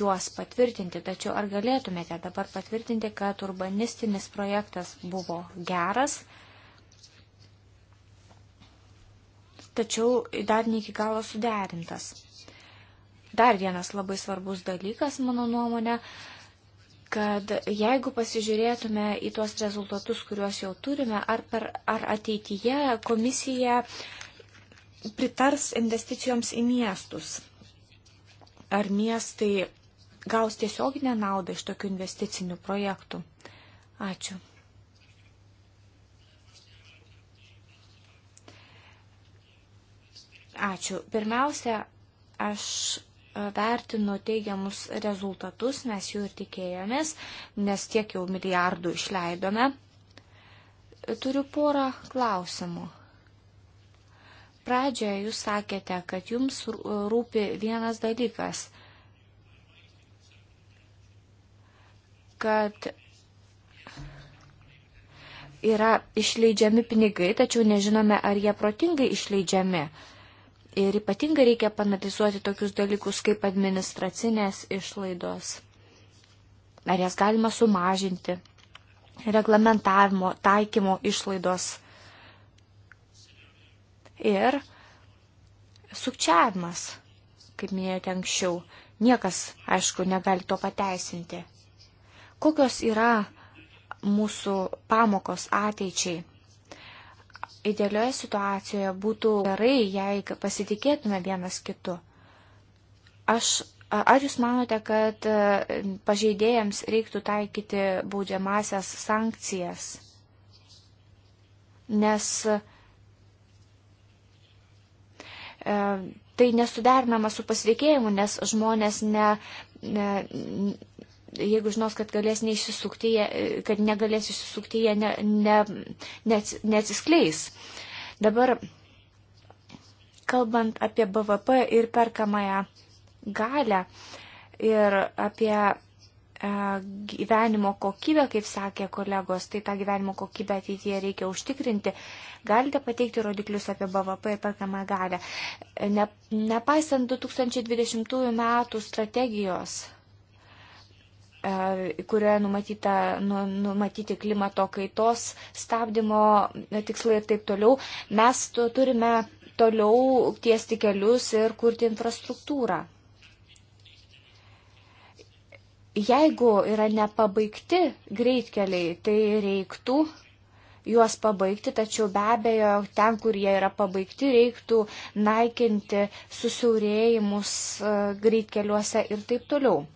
juos patvirtinti, tačiau ar galėtumėte dabar patvirtinti, kad urbanistinis projektas buvo geras, tačiau dar ne iki galo suderintas. Dar vienas labai svarbus dalykas, mano nuomonė, kad jeigu pasižiūrėtume į tuos rezultatus, kuriuos jau turime, ar, per, ar ateityje komisija pritars investicijoms į miestus, ar miestai gaus tiesioginę naudą iš tokių investicinių projektų. Ačiū. Ačiū. Pirmiausia, aš E, vertinu teigiamus rezultatus, mes jų ir tikėjomės, nes tiek jau milijardų išleidome. Turiu porą klausimų. Pradžioje jūs sakėte, kad jums rūpi vienas dalykas, kad yra išleidžiami pinigai, tačiau nežinome, ar jie protingai išleidžiami. Uh, Ir ypatingai reikia panalizuoti tokius dalykus kaip administracinės išlaidos. Ar jas galima sumažinti? Reglamentavimo, taikymo išlaidos. Ir sukčiavimas, kaip minėjote anksčiau. Niekas, aišku, negali to pateisinti. Kokios yra mūsų pamokos ateičiai? Idealioje situacijoje būtų gerai, jei pasitikėtume vienas kitu. Aš, ar jūs manote, kad e, pažeidėjams reiktų taikyti baudžiamasias sankcijas? Nes e, tai nesuderinama su pasitikėjimu, nes žmonės ne, ne, jeigu žinos, kad, galės neišsisukti, kad negalės išsisukti, jie ne, ne, ne, neatsiskleis. Dabar, kalbant apie BVP ir perkamąją galę ir apie e, gyvenimo kokybę, kaip sakė kolegos, tai tą gyvenimo kokybę ateityje reikia užtikrinti. Galite pateikti rodiklius apie BVP ir perkamą galę. Ne, nepaisant 2020 metų strategijos E, kurioje numatyta, nu, numatyti klimato kaitos stabdymo tikslai ir taip toliau, mes tu, turime toliau tiesti kelius ir kurti infrastruktūrą. Jeigu yra nepabaigti greitkeliai, tai reiktų juos pabaigti, tačiau be abejo, ten, kur jie yra pabaigti, reiktų naikinti susiaurėjimus e, greitkeliuose ir taip toliau.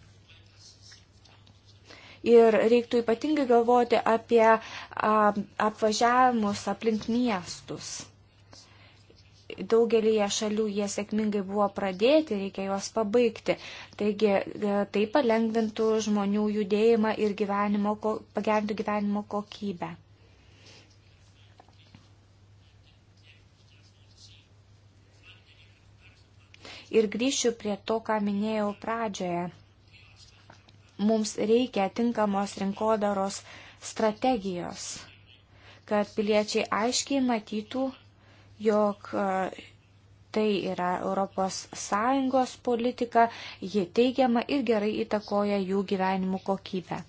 Ir reiktų ypatingai galvoti apie apvažiavimus aplink miestus. Daugelį šalių jie sėkmingai buvo pradėti, reikia juos pabaigti. Taigi e, tai palengvintų žmonių judėjimą ir gyvenimo, pagerintų gyvenimo kokybę. ir grįšiu prie to, ką minėjau pradžioje mums reikia tinkamos rinkodaros strategijos, kad piliečiai aiškiai matytų, jog e, tai yra ES politika, ji teigiama ir gerai įtakoja jų gyvenimų kokybę.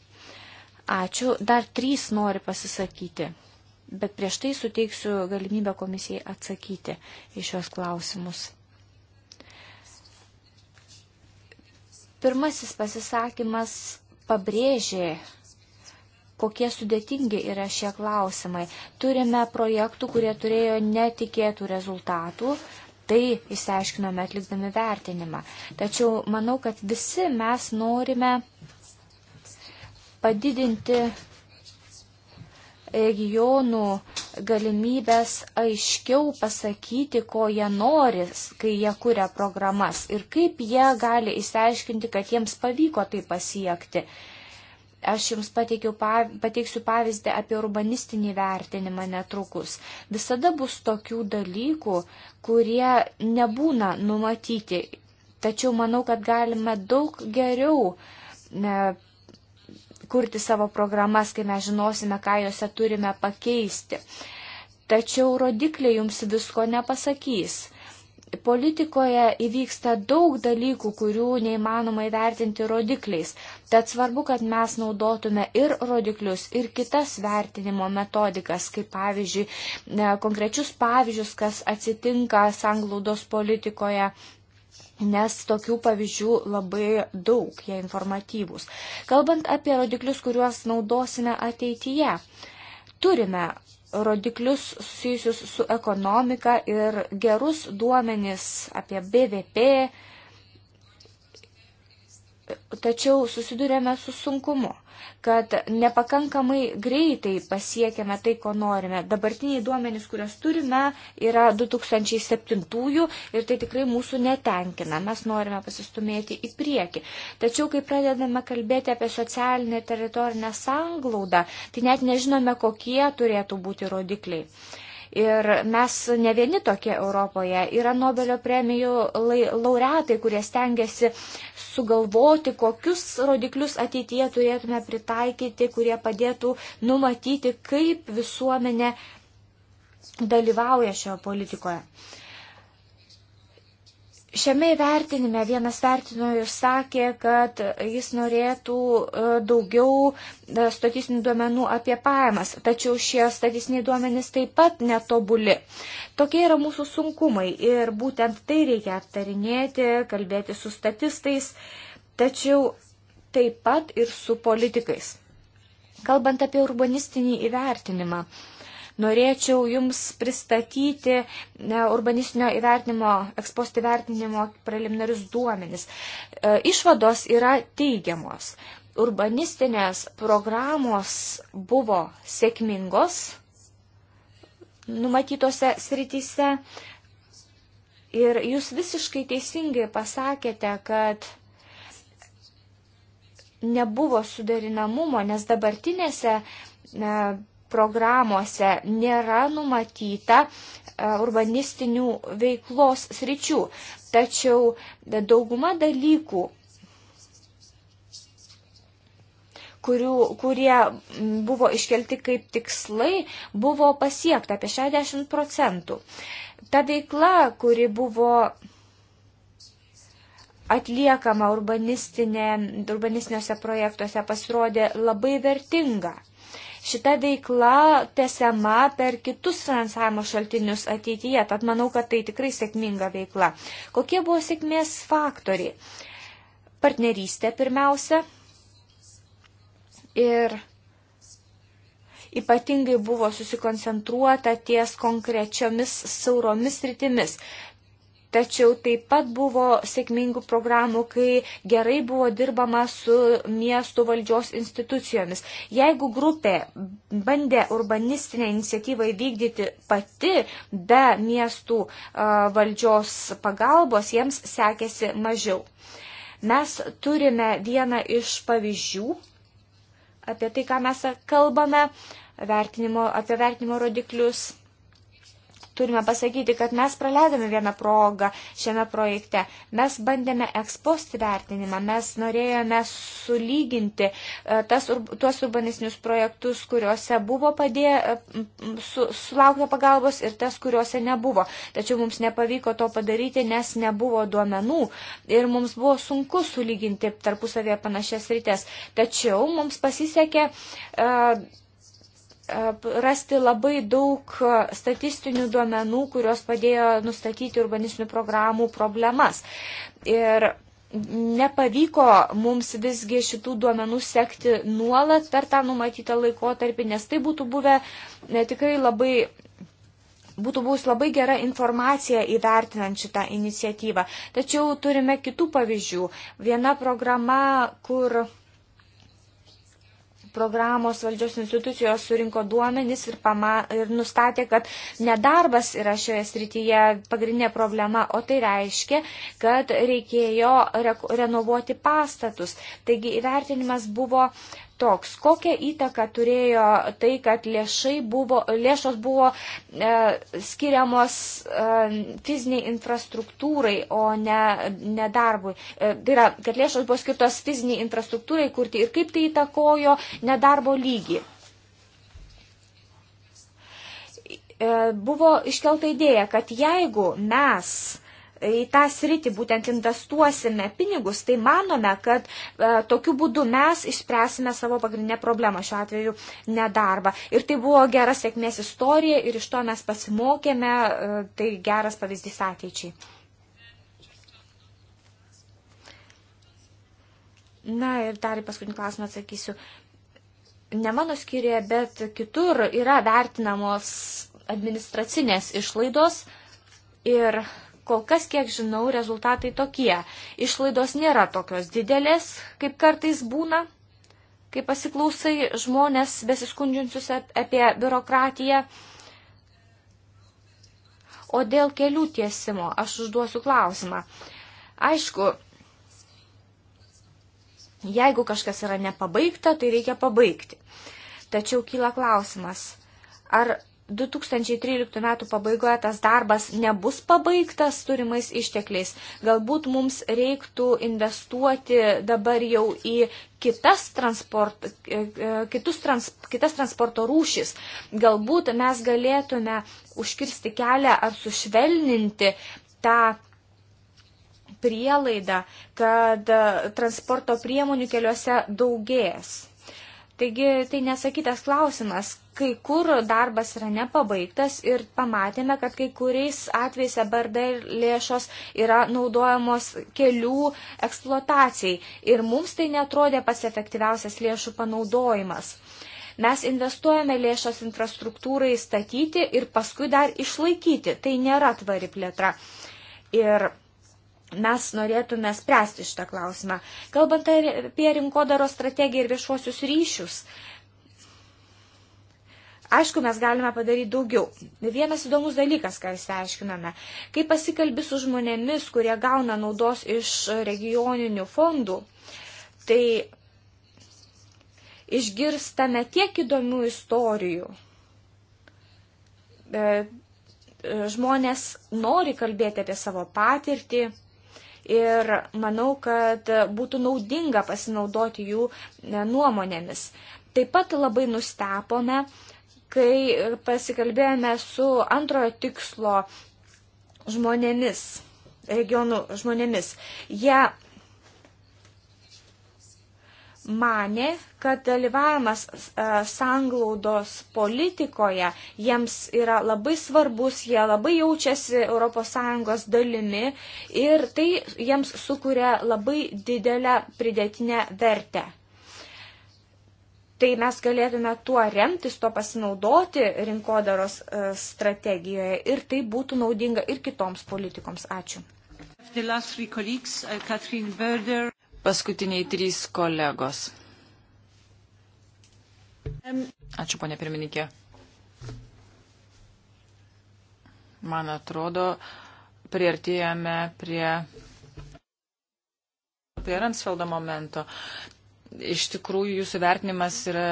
Ačiū, dar trys nori pasisakyti, bet prieš tai suteiksiu galimybę komisijai atsakyti į šios klausimus. Pirmasis pasisakymas pabrėžė, kokie sudėtingi yra šie klausimai. Turime projektų, kurie turėjo netikėtų rezultatų, Tai išsiaiškinome atlikdami vertinimą. Tačiau manau, kad visi mes norime padidinti regionų galimybės aiškiau pasakyti, ko jie nori, kai jie kuria programas ir kaip jie gali įsiaiškinti, kad jiems pavyko tai pasiekti. Aš Jums pateiksiu pavyzdį apie urbanistinį vertinimą netrukus. Visada bus tokių dalykų, kurie nebūna numatyti, tačiau manau, kad galime daug geriau kurti savo programas, kai mes žinosime, ką juose turime pakeisti. Tačiau rodikliai jums visko nepasakys. Politikoje įvyksta daug dalykų, kurių neįmanoma įvertinti rodikliais, tad svarbu, kad mes naudotume ir rodiklius, ir kitas vertinimo metodikas, kaip pavyzdžiui, e, konkrečius pavyzdžius, kas atsitinka sanglaudos politikoje Nes tokių pavyzdžių labai daug, jie informatyvūs. Kalbant apie rodiklius, kuriuos naudosime ateityje, turime rodiklius susijusius su ekonomika ir gerus duomenis apie BVP, tačiau susidurėme su sunkumu kad nepakankamai greitai pasiekėme tai, ko norime. Dabartiniai duomenys, kuriuos turime, yra 2007 ir tai tikrai mūsų netenkina. Mes norime pasistumėti į priekį. Tačiau, kai pradedame kalbėti apie socialinę ir teritorinę sanglaudą, tai net nežinome, kokie turėtų būti rodikliai. Ir mes ne vieni tokie Europoje. Yra Nobelio premijų laureatai, kurie stengiasi sugalvoti, kokius rodiklius ateityje turėtume pritaikyti, kurie padėtų numatyti, kaip visuomenė dalyvauja šioje politikoje. Uh, Šiame įvertinime vienas vertinojas sakė, kad jis norėtų e, daugiau e, statistinių duomenų apie pajamas, tačiau šie statistiniai duomenys taip pat netobuli. Tokie yra mūsų sunkumai ir būtent tai reikia aptarinėti, kalbėti su statistais, tačiau taip pat ir su politikais. Kalbant apie urbanistinį įvertinimą. Norėčiau Jums pristatyti e, urbanistinio įvertinimo, ekspost įvertinimo preliminarius duomenis. E, išvados yra teigiamos. Urbanistinės programos buvo sėkmingos numatytose srityse ir jūs visiškai teisingai pasakėte, kad nebuvo sudarinamumo, nes dabartinėse e, programuose nėra numatyta e, urbanistinių veiklos sričių, tačiau dauguma dalykų, kurių, kurie buvo iškelti kaip tikslai, buvo pasiekta apie 60 procentų. Ta veikla, kuri buvo atliekama urbanistiniuose projektuose, pasirodė labai vertinga šita veikla tesiama per kitus finansavimo šaltinius ateityje, tad manau, kad tai tikrai sėkminga veikla. Kokie buvo sėkmės faktoriai? Partnerystė pirmiausia ir ypatingai buvo susikoncentruota ties konkrečiomis sauromis rytimis tačiau taip pat buvo sėkmingų programų, kai gerai buvo dirbama su miestų valdžios institucijomis. Jeigu grupė bandė urbanistinę iniciatyvą įvykdyti pati be miestų valdžios pagalbos, jiems sekėsi mažiau. Mes turime vieną iš pavyzdžių apie tai, ką mes kalbame, vertinimo, apie vertinimo rodiklius turime pasakyti, kad mes praleidome vieną progą šiame projekte. Mes bandėme ekspost vertinimą, mes norėjome sulyginti e, tas, tuos urbanistinius projektus, kuriuose buvo padė, e, su, sulaukta pagalbos ir tas, kuriuose nebuvo. Tačiau mums nepavyko to padaryti, nes nebuvo duomenų ir mums buvo sunku sulyginti tarpusavėje panašias rytes. Tačiau mums pasisekė uh, E, rasti labai daug e, statistinių duomenų, kurios padėjo nustatyti urbanistinių programų problemas. Ir nepavyko mums visgi šitų duomenų sekti nuolat per tą numatytą laikotarpį, nes tai būtų buvę e, tikrai labai būtų bus labai gera informacija įvertinant šitą iniciatyvą. Tačiau turime kitų pavyzdžių. Viena programa, kur programos valdžios institucijos surinko duomenis ir, pama, ir nustatė, kad nedarbas yra šioje srityje pagrindinė problema, o tai reiškia, kad reikėjo re renovuoti pastatus. Taigi įvertinimas buvo uh, toks. Kokią įtaką turėjo tai, kad buvo, lėšos buvo e, skiriamos e, fiziniai infrastruktūrai, o ne, ne darbui? E, tai yra, kad lėšos buvo skirtos fiziniai infrastruktūrai kurti ir kaip tai įtakojo nedarbo lygį? E, buvo iškelta idėja, kad jeigu mes į tą sritį būtent investuosime pinigus, tai manome, kad e, tokiu būdu mes išspręsime savo pagrindinę problemą, šiuo atveju nedarbą. Ir tai buvo gera sėkmės istorija ir iš to mes pasimokėme, e, tai geras pavyzdys ateičiai. Na ir dar į paskutinį klausimą atsakysiu. Ne mano skirėje, bet kitur yra vertinamos administracinės išlaidos ir kol kas, kiek žinau, rezultatai tokie. Išlaidos nėra tokios didelės, kaip kartais būna, kai pasiklausai žmonės besiskundžiančius apie biurokratiją. O dėl kelių tiesimo aš užduosiu klausimą. Aišku, jeigu kažkas yra nepabaigta, tai reikia pabaigti. Tačiau kyla klausimas, ar 2013 metų pabaigoje tas darbas nebus pabaigtas turimais ištekliais. Galbūt mums reiktų investuoti dabar jau į kitas, transport, e, e, kitus, trans, kitas transporto rūšis. Galbūt mes galėtume užkirsti kelią ar sušvelninti tą prielaidą, kad transporto priemonių keliuose daugės. Taigi tai nesakytas klausimas, kai kur darbas yra nepabaigtas ir pamatėme, kad kai kuriais atvejais abarda ir lėšos yra naudojamos kelių eksploatacijai ir mums tai netrodė pats efektyviausias lėšų panaudojimas. Mes investuojame lėšas infrastruktūrai statyti ir paskui dar išlaikyti. Tai nėra tvari plėtra. Ir mes norėtume spręsti šitą klausimą. Kalbant apie rinkodaro strategiją ir viešuosius ryšius, aišku, mes galime padaryti daugiau. Vienas įdomus dalykas, ką įsiaiškiname, kai pasikalbi su žmonėmis, kurie gauna naudos iš regioninių fondų, tai išgirstame tiek įdomių istorijų. E, e, žmonės nori kalbėti apie savo patirtį, ir manau, kad būtų naudinga pasinaudoti jų e, nuomonėmis. Taip pat labai nustepome, kai pasikalbėjome su antrojo tikslo žmonėmis, regionų žmonėmis. Jie mane, kad dalyvavimas e, sanglaudos politikoje jiems yra labai svarbus, jie labai jaučiasi ES dalimi ir tai jiems sukuria labai didelę pridėtinę vertę. Tai mes galėtume tuo remtis, tuo pasinaudoti rinkodaros e, strategijoje ir tai būtų naudinga ir kitoms politikoms. Ačiū paskutiniai trys kolegos. Ačiū, ponė pirmininkė. Man atrodo, priartėjame prie, prie Ransfeldo momento. Iš tikrųjų, jūsų vertinimas yra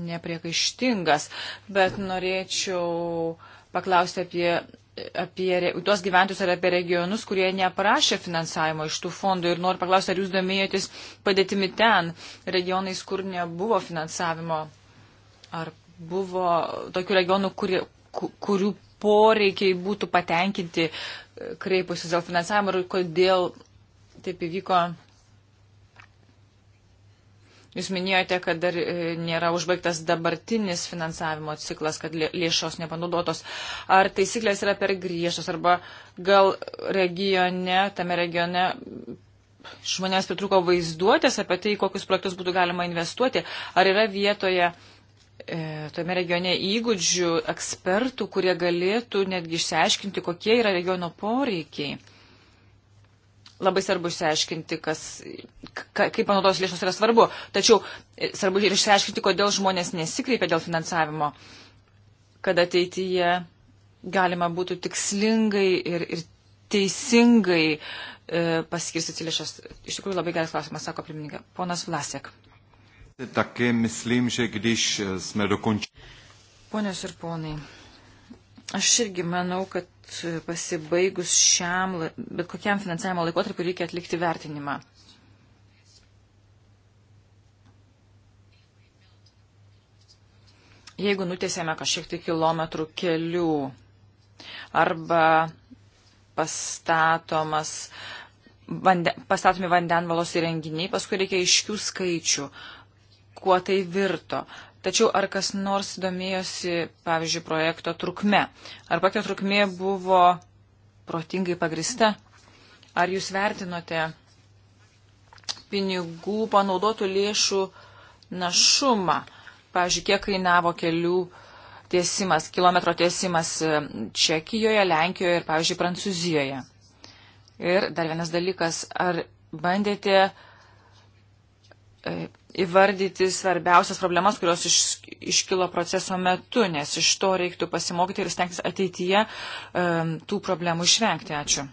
nepriekaištingas, bet norėčiau paklausti apie apie tuos gyventojus ar apie regionus, kurie neprašė finansavimo iš tų fondų. Ir noriu paklausti, ar jūs domėjotės padėtimi ten, regionais, kur nebuvo finansavimo, ar buvo tokių regionų, kurie, kurių poreikiai būtų patenkinti e, kreipusis dėl finansavimo ir kodėl taip įvyko Jūs minėjote, kad dar e, nėra užbaigtas dabartinis finansavimo ciklas, kad lėšos nepanaudotos. Ar taisyklės yra per griežtos, arba gal regione, tame regione žmonės pritruko vaizduotės apie tai, kokius projektus būtų galima investuoti. Ar yra vietoje e, tame regione įgūdžių ekspertų, kurie galėtų netgi išsiaiškinti, kokie yra regiono poreikiai labai svarbu išsiaiškinti, kas, ka, kaip panaudos lėšos yra svarbu. Tačiau e, svarbu ir išsiaiškinti, kodėl žmonės nesikreipia dėl finansavimo, kad ateityje galima būtų tikslingai ir, ir teisingai e, paskirstyti lėšas. Iš tikrųjų labai geras klausimas, sako pirmininkė. Ponas Vlasiek. Také myslím, že když e, jsme dokončili. Ponios ir ponai, aš irgi manau, kad pasibaigus šiam, bet kokiam finansavimo laikotarpiu reikia atlikti vertinimą. Jeigu nutėsėme kažkiek tai kilometrų kelių arba pastatomas, vande, pastatomi vandenvalos įrenginiai, paskui reikia iškių skaičių, kuo tai virto. Uh, Tačiau ar kas nors domėjosi, pavyzdžiui, projekto trukme? Ar pati trukmė buvo protingai pagrista? Ar jūs vertinote pinigų panaudotų lėšų našumą? Pavyzdžiui, kiek kainavo kelių tiesimas, kilometro tiesimas e, Čekijoje, Lenkijoje ir, pavyzdžiui, Prancūzijoje? Ir dar vienas dalykas, ar bandėte E, įvardyti svarbiausias problemas, kurios iš, iškilo proceso metu, nes iš to reiktų pasimokyti ir stengtis ateityje um, tų problemų išvengti. Ačiū.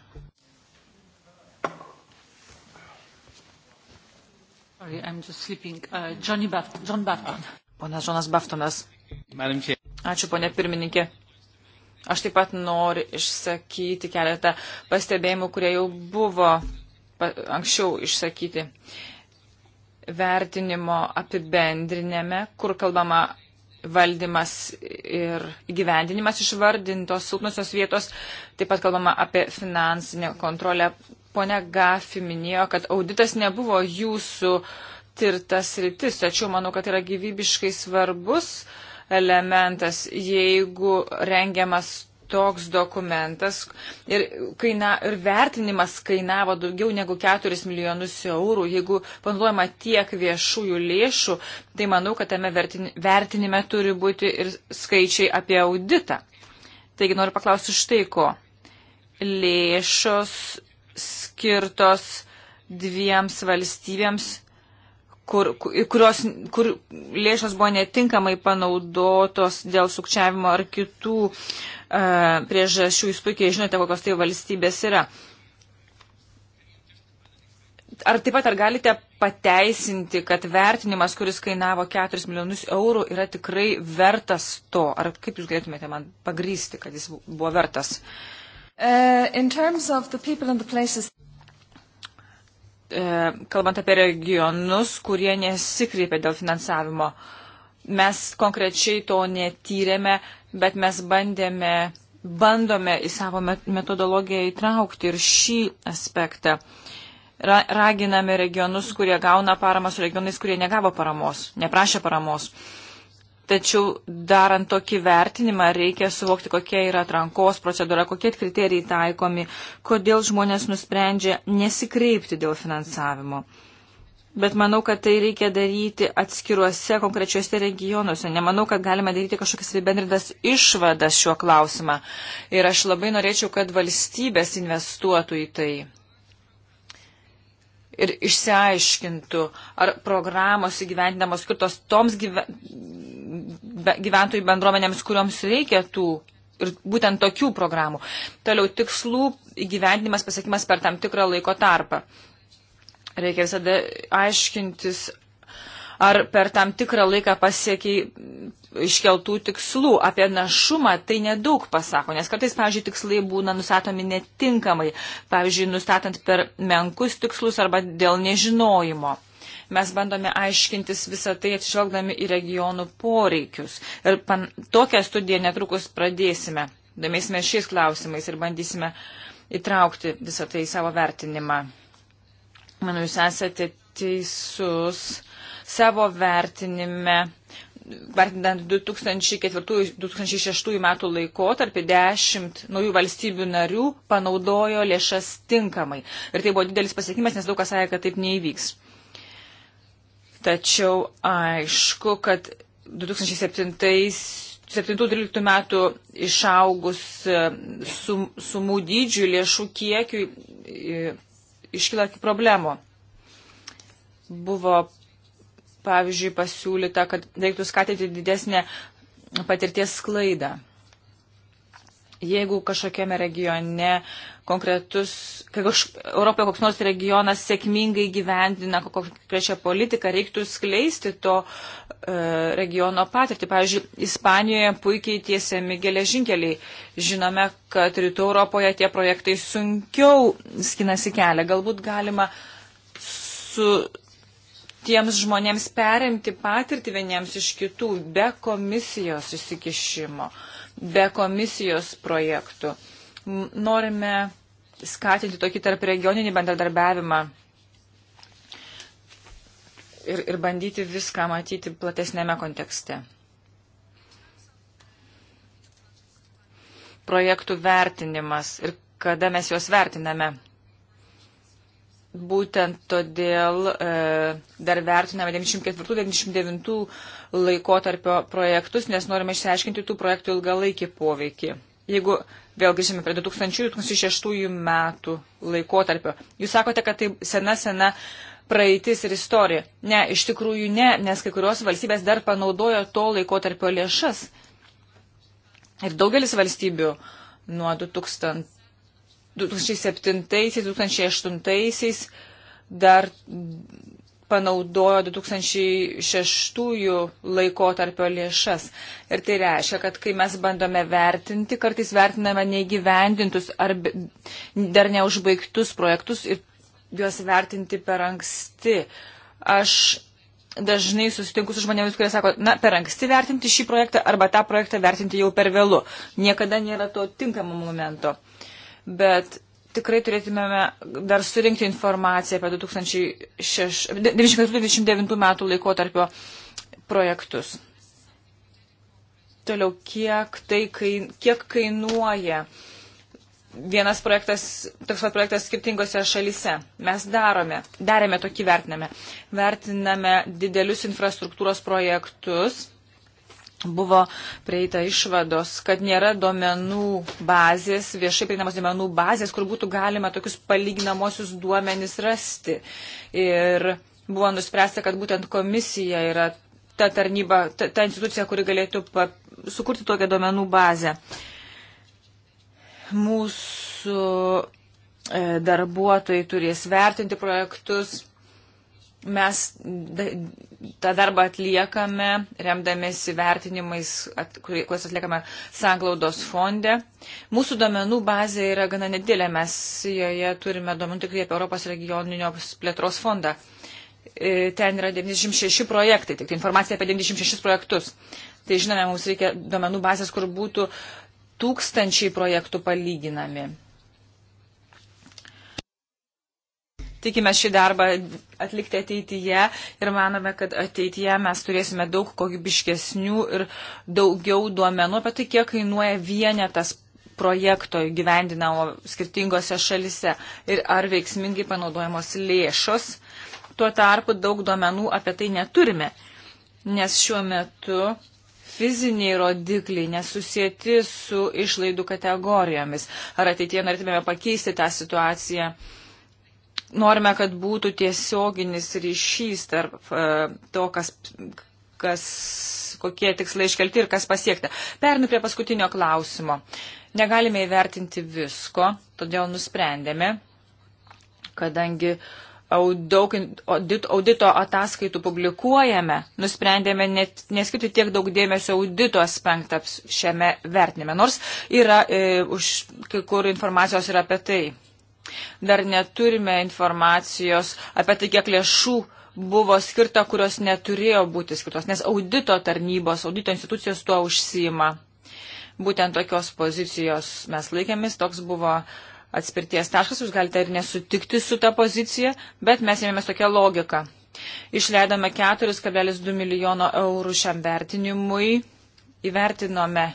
Sorry, uh, Johnny Baft, John Bafton. Ponas Žonas Baftonas. Ačiū, ponė pirmininkė. Aš taip pat noriu išsakyti keletą pastebėjimų, kurie jau buvo anksčiau išsakyti. Uh, vertinimo apibendrinėme, kur kalbama valdymas ir gyvendinimas išvardintos silpnusios vietos, taip pat kalbama apie finansinę kontrolę. Pone Gafi minėjo, kad auditas nebuvo jūsų tirtas rytis, tačiau manau, kad yra gyvybiškai svarbus elementas, jeigu rengiamas toks dokumentas ir, kaina, ir vertinimas kainavo daugiau negu 4 milijonus eurų. Jeigu panaudojama tiek viešųjų lėšų, tai manau, kad tame vertinime turi būti ir skaičiai apie auditą. Taigi noriu paklausti štai ko. Lėšos skirtos dviems valstybėms kur, kurios, kur lėšos buvo netinkamai panaudotos dėl sukčiavimo ar kitų e, priežasčių. Jūs puikiai žinote, kokios tai valstybės yra. Ar taip pat ar galite pateisinti, kad vertinimas, kuris kainavo 4 milijonus eurų, yra tikrai vertas to? Ar kaip jūs galėtumėte man pagrysti, kad jis buvo vertas? Uh, in terms of the people and the places E, kalbant apie regionus, kurie nesikreipė dėl finansavimo. Mes konkrečiai to netyrėme, bet mes bandėme, bandome į savo metodologiją įtraukti ir šį aspektą. Ra raginame regionus, kurie gauna paramą su regionais, kurie negavo paramos, neprašė paramos. Uh, Tačiau darant tokį vertinimą reikia suvokti, kokia yra atrankos procedūra, kokie kriterijai taikomi, kodėl žmonės nusprendžia nesikreipti dėl finansavimo. Bet manau, kad tai reikia daryti atskiruose konkrečiuose regionuose. Nemanau, kad galima daryti kažkokias bendridas išvadas šiuo klausimą. Ir aš labai norėčiau, kad valstybės investuotų į tai ir išsiaiškintų, ar programos įgyvendinamos skirtos toms gyve gyventojų bendruomenėms, kuriuoms reikia tų ir būtent tokių programų. Toliau tikslų įgyvendinimas pasiekimas per tam tikrą laiko tarpą. Reikia visada aiškintis, ar per tam tikrą laiką pasiekiai iškeltų tikslų. Apie našumą tai nedaug pasako, nes kartais, pavyzdžiui, tikslai būna nustatomi netinkamai, pavyzdžiui, nustatant per menkus tikslus arba dėl nežinojimo. Mes bandome aiškintis visą tai atšvelgdami į regionų poreikius. Ir pan, tokią studiją netrukus pradėsime. Domėsime šiais klausimais ir bandysime įtraukti visą tai į savo vertinimą. Manau, jūs esate teisus savo vertinime vertinant 2004-2006 metų laikotarpį 10 naujų valstybių narių panaudojo lėšas tinkamai. Ir tai buvo didelis pasiekimas, nes daug kas sakė, kad taip neįvyks. Tačiau aišku, kad 2007-2013 metų išaugus e, sum, sumų dydžių lėšų kiekiui e, iškyla problemų. Buvo, pavyzdžiui, pasiūlyta, kad reiktų skatinti didesnę patirties sklaidą jeigu kažkokiame regione konkretus, kai Europoje koks nors regionas sėkmingai gyvendina kokią politiką, reiktų skleisti to e, regiono patirtį. Pavyzdžiui, Ispanijoje puikiai tiesiami geležinkeliai. Žinome, kad rytų Europoje tie projektai sunkiau skinasi kelią. Galbūt galima su tiems žmonėms perimti patirtį vieniems iš kitų be komisijos įsikišimo. E, be komisijos projektų. Norime skatinti tokį tarp regioninį bendradarbiavimą ir, ir bandyti viską matyti platesnėme kontekste. Projektų vertinimas ir kada mes juos vertiname. Būtent todėl e, dar vertiname 94-99 laikotarpio projektus, nes norime išsiaiškinti tų projektų ilgalaikį poveikį. Jeigu vėl grįžime prie 2000-2006 metų laikotarpio, jūs sakote, kad tai sena, sena praeitis ir istorija. Ne, iš tikrųjų ne, nes kai kurios valstybės dar panaudojo to laikotarpio lėšas. Ir daugelis valstybių nuo 2007-2008 dar panaudojo 2006 laikotarpio lėšas. Ir tai reiškia, kad kai mes bandome vertinti, kartais vertiname neįgyvendintus ar dar neužbaigtus projektus ir juos vertinti per anksti. Aš dažnai susitinku su žmonėmis, kurie sako, na, per anksti vertinti šį projektą arba tą projektą vertinti jau per vėlu. Niekada nėra to tinkamo momento. Bet tikrai turėtumėme dar surinkti informaciją apie 1994-1999 metų laikotarpio projektus. Toliau, kiek tai kain, kiek kainuoja vienas projektas, toks pat projektas skirtingose šalise. Mes darome, darėme tokį vertiname. Vertiname didelius infrastruktūros projektus buvo prieita išvados, kad nėra duomenų bazės, viešai prieinamos duomenų bazės, kur būtų galima tokius palyginamosius duomenys rasti. Ir buvo nuspręsta, kad būtent komisija yra ta tarnyba, ta, ta institucija, kuri galėtų pa, sukurti tokią duomenų bazę. Mūsų e, darbuotojai turės vertinti projektus mes tą darbą atliekame, remdamėsi vertinimais, kuriuos atliekame Sanglaudos fonde. Mūsų domenų bazė yra gana nedėlė, mes joje turime domenų tik apie Europos regioninio plėtros fondą. E, ten yra 96 projektai, tik tai informacija apie 96 projektus. Tai žinome, mums reikia domenų bazės, kur būtų tūkstančiai projektų palyginami. Tikime šį darbą atlikti ateityje ir manome, kad ateityje mes turėsime daug kokybiškesnių ir daugiau duomenų apie tai, kiek kainuoja vienetas projekto gyvendinamo skirtingose šalise ir ar veiksmingai panaudojamos lėšos. Tuo tarpu daug duomenų apie tai neturime, nes šiuo metu fiziniai rodikliai nesusijęti su išlaidų kategorijomis. Ar ateitie norėtume pakeisti tą situaciją? norime, kad būtų tiesioginis ryšys tarp e, to, kas, kas, kokie tikslai iškelti ir kas pasiekta. Pernu prie paskutinio klausimo. Negalime įvertinti visko, todėl nusprendėme, kadangi daug audito ataskaitų publikuojame, nusprendėme net, neskirti tiek daug dėmesio audito aspektams šiame vertinime, nors yra e, už kai kur informacijos ir apie tai. Dar neturime informacijos apie tai, kiek lėšų buvo skirta, kurios neturėjo būti skirtos, nes audito tarnybos, audito institucijos tuo užsima. Būtent tokios pozicijos mes laikėmės, toks buvo atspirties taškas, jūs galite ir nesutikti su tą poziciją, bet mes ėmėmės tokią logiką. Išleidome 4,2 milijono eurų šiam vertinimui, įvertinome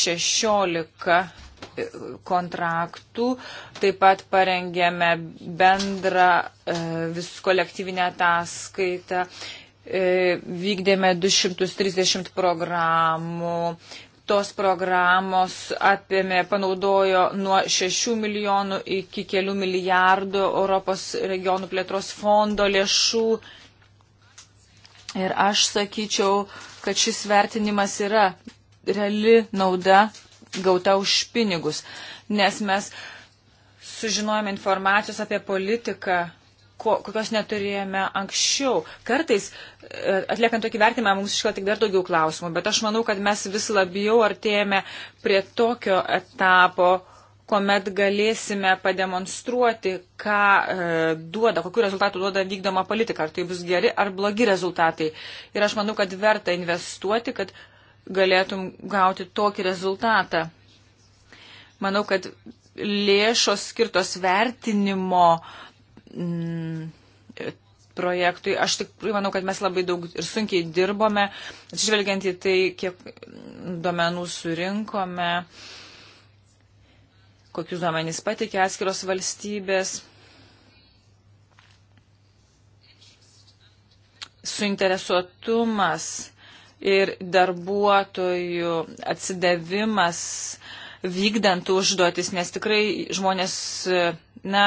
16 kontraktų, taip pat parengėme bendrą e, vis kolektyvinę ataskaitą, e, vykdėme 230 programų, tos programos apėmė, panaudojo nuo 6 milijonų iki kelių milijardų Europos regionų plėtros fondo lėšų. Ir aš sakyčiau, kad šis vertinimas yra reali nauda gauta už pinigus, nes mes sužinojame informacijos apie politiką ko, kokios neturėjome anksčiau. Kartais, e, atliekant tokį vertimą, mums iškyla tik dar daugiau klausimų, bet aš manau, kad mes vis labiau artėjame prie tokio etapo, kuomet galėsime pademonstruoti, ką e, duoda, kokiu rezultatu duoda vykdoma politika, ar tai bus geri ar blogi rezultatai. Ir aš manau, kad verta investuoti, kad galėtum gauti tokį rezultatą. Manau, kad lėšos skirtos vertinimo m, mm, projektui, aš tik manau, kad mes labai daug ir sunkiai dirbome, atsižvelgiant į tai, kiek duomenų surinkome, kokius duomenys patikė atskiros valstybės. Suinteresuotumas ir darbuotojų atsidavimas vykdant užduotis, nes tikrai žmonės na,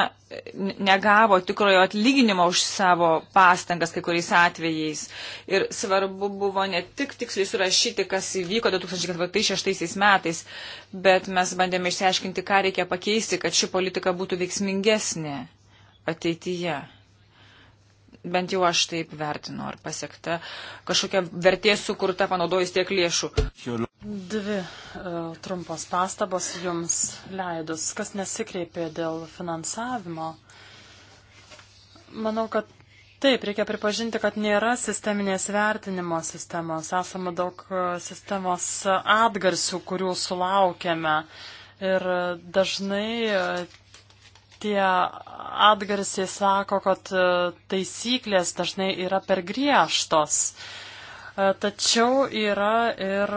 negavo tikrojo atlyginimo už savo pastangas kai kuriais atvejais. Ir svarbu buvo ne tik tiksliai surašyti, kas įvyko 2004-2006 metais, bet mes bandėme išsiaiškinti, ką reikia pakeisti, kad ši politika būtų veiksmingesnė ateityje bent jau aš taip vertinu, ar pasiekta kažkokia vertė sukurta panaudojus tiek lėšų. Dvi uh, trumpos pastabos jums leidus, kas nesikreipė dėl finansavimo. Manau, kad taip, reikia pripažinti, kad nėra sisteminės vertinimo sistemos. Esame daug e, sistemos atgarsių, kurių sulaukėme. Ir dažnai e, tie atgarsiai sako, kad e, taisyklės dažnai yra per griežtos. E, tačiau yra ir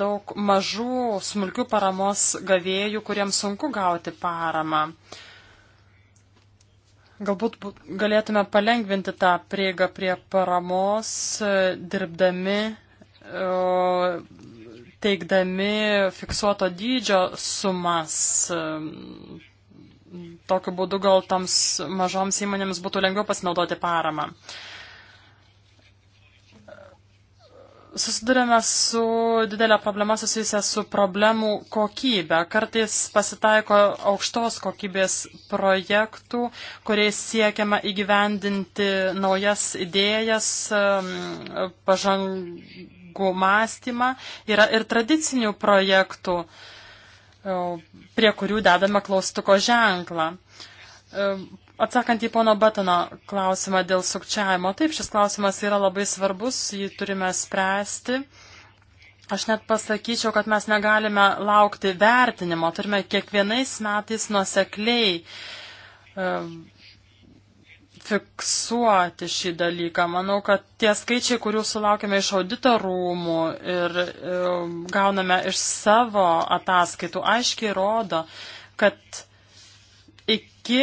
daug mažų smulkių paramos gavėjų, kuriems sunku gauti paramą. Galbūt galėtume palengvinti tą prieigą prie paramos, e, dirbdami, teikdami fiksuoto dydžio sumas tokiu būdu gal toms mažoms įmonėms būtų lengviau pasinaudoti paramą. Susidurėme su didelė problema susijusia su problemų kokybė. Kartais pasitaiko aukštos kokybės projektų, kuriais siekiama įgyvendinti naujas idėjas, pažangų mąstymą. Yra ir tradicinių projektų, uh, E, prie kurių dedame klaustuko ženklą. E, atsakant į pono Batono klausimą dėl sukčiavimo, taip, šis klausimas yra labai svarbus, jį turime spręsti. Aš net pasakyčiau, kad mes negalime laukti vertinimo, turime kiekvienais metais nusekliai e, fiksuoti šį dalyką. Manau, kad tie skaičiai, kurių sulaukime iš audito rūmų ir e, gauname iš savo ataskaitų, aiškiai rodo, kad iki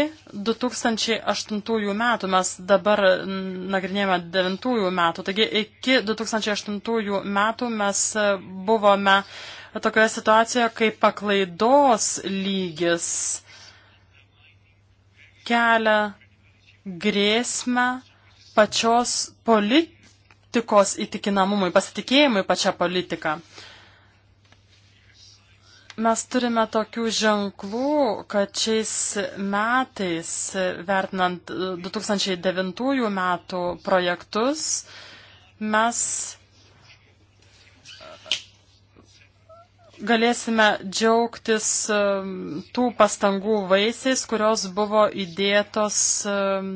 2008 metų, mes dabar nagrinėjame 2009 metų, taigi iki 2008 metų mes buvome tokioje situacijoje, kai paklaidos lygis kelia grėsmę pačios politikos įtikinamumui, pasitikėjimui pačią politiką. Mes turime tokių ženklų, kad šiais metais, vertinant 2009 metų projektus, mes galėsime džiaugtis um, tų pastangų vaisiais, kurios buvo įdėtos um,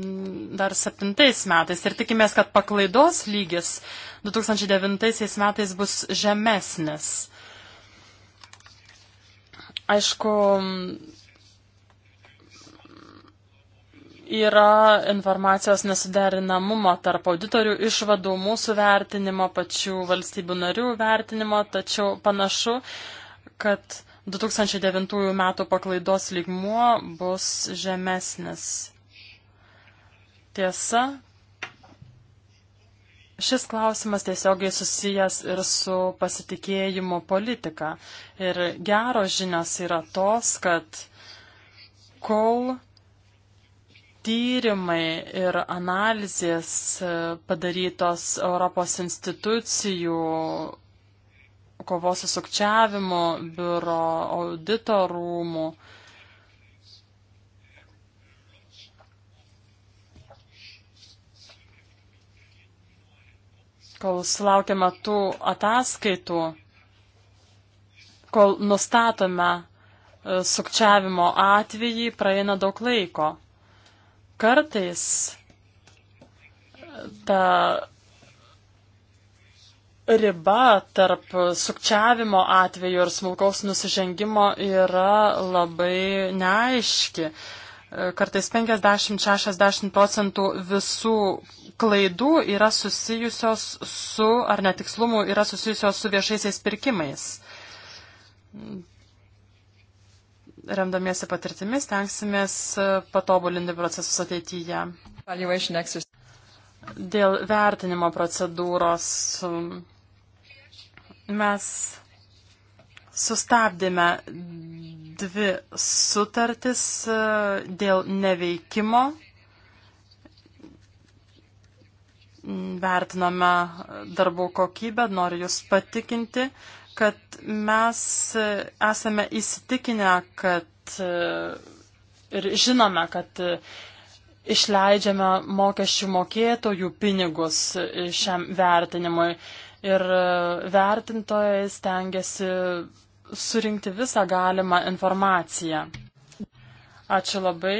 dar septintais metais. Ir tikimės, kad paklaidos lygis 2009 metais bus žemesnis. Aišku, yra informacijos nesuderinamumo tarp auditorių išvadų, mūsų vertinimo, pačių valstybių narių vertinimo, tačiau panašu, kad 2009 metų paklaidos lygmuo bus žemesnis. Tiesa, Šis klausimas tiesiogiai susijęs ir su pasitikėjimo politika. Ir geros žinios yra tos, kad kol tyrimai ir analizės e, padarytos Europos institucijų kovos su sukčiavimu, biuro audito rūmų. Kol sulaukime tų ataskaitų, kol nustatome e, sukčiavimo atvejį, praeina daug laiko kartais ta riba tarp sukčiavimo atveju ir smulkaus nusižengimo yra labai neaiški. Kartais 50-60 procentų visų klaidų yra susijusios su, ar netikslumų yra susijusios su viešaisiais pirkimais remdamiesi patirtimis, tenksimės e, patobulinti procesus ateityje. Dėl vertinimo procedūros e, mes sustabdėme dvi sutartis e, dėl neveikimo. Vertiname darbų kokybę, noriu Jūs patikinti, kad mes esame įsitikinę, kad e, ir žinome, kad e, išleidžiame mokesčių mokėtojų pinigus šiam vertinimui ir e, vertintojai stengiasi surinkti visą galimą informaciją. Ačiū labai.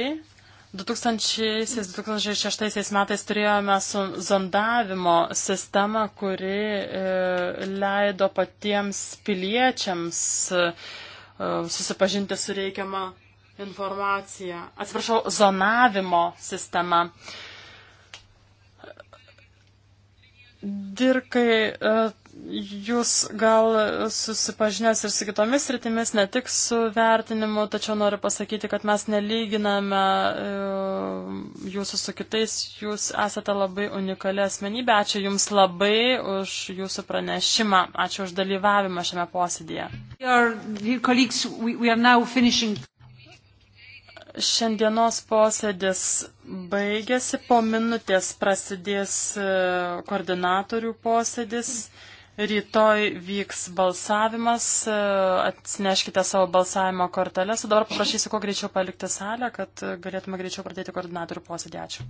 2006 metais turėjome zondavimo sistemą, kuri e, leido patiems piliečiams e, susipažinti su reikiama informacija. Atsiprašau, zonavimo sistema. Dirkai e, Jūs gal susipažinęs ir su kitomis rytimis, ne tik su vertinimu, tačiau noriu pasakyti, kad mes nelyginame e, jūsų su kitais. Jūs esate labai unikali asmenybė. Ačiū Jums labai už Jūsų pranešimą. Ačiū už dalyvavimą šiame posėdėje. Šiandienos posėdis baigėsi, po minutės prasidės e, koordinatorių posėdis. Mm. Rytoj vyks balsavimas, atsineškite savo balsavimo korteles. Dabar paprašysiu kuo greičiau palikti salę, kad galėtume greičiau pradėti koordinatorių posėdį. Ačiū.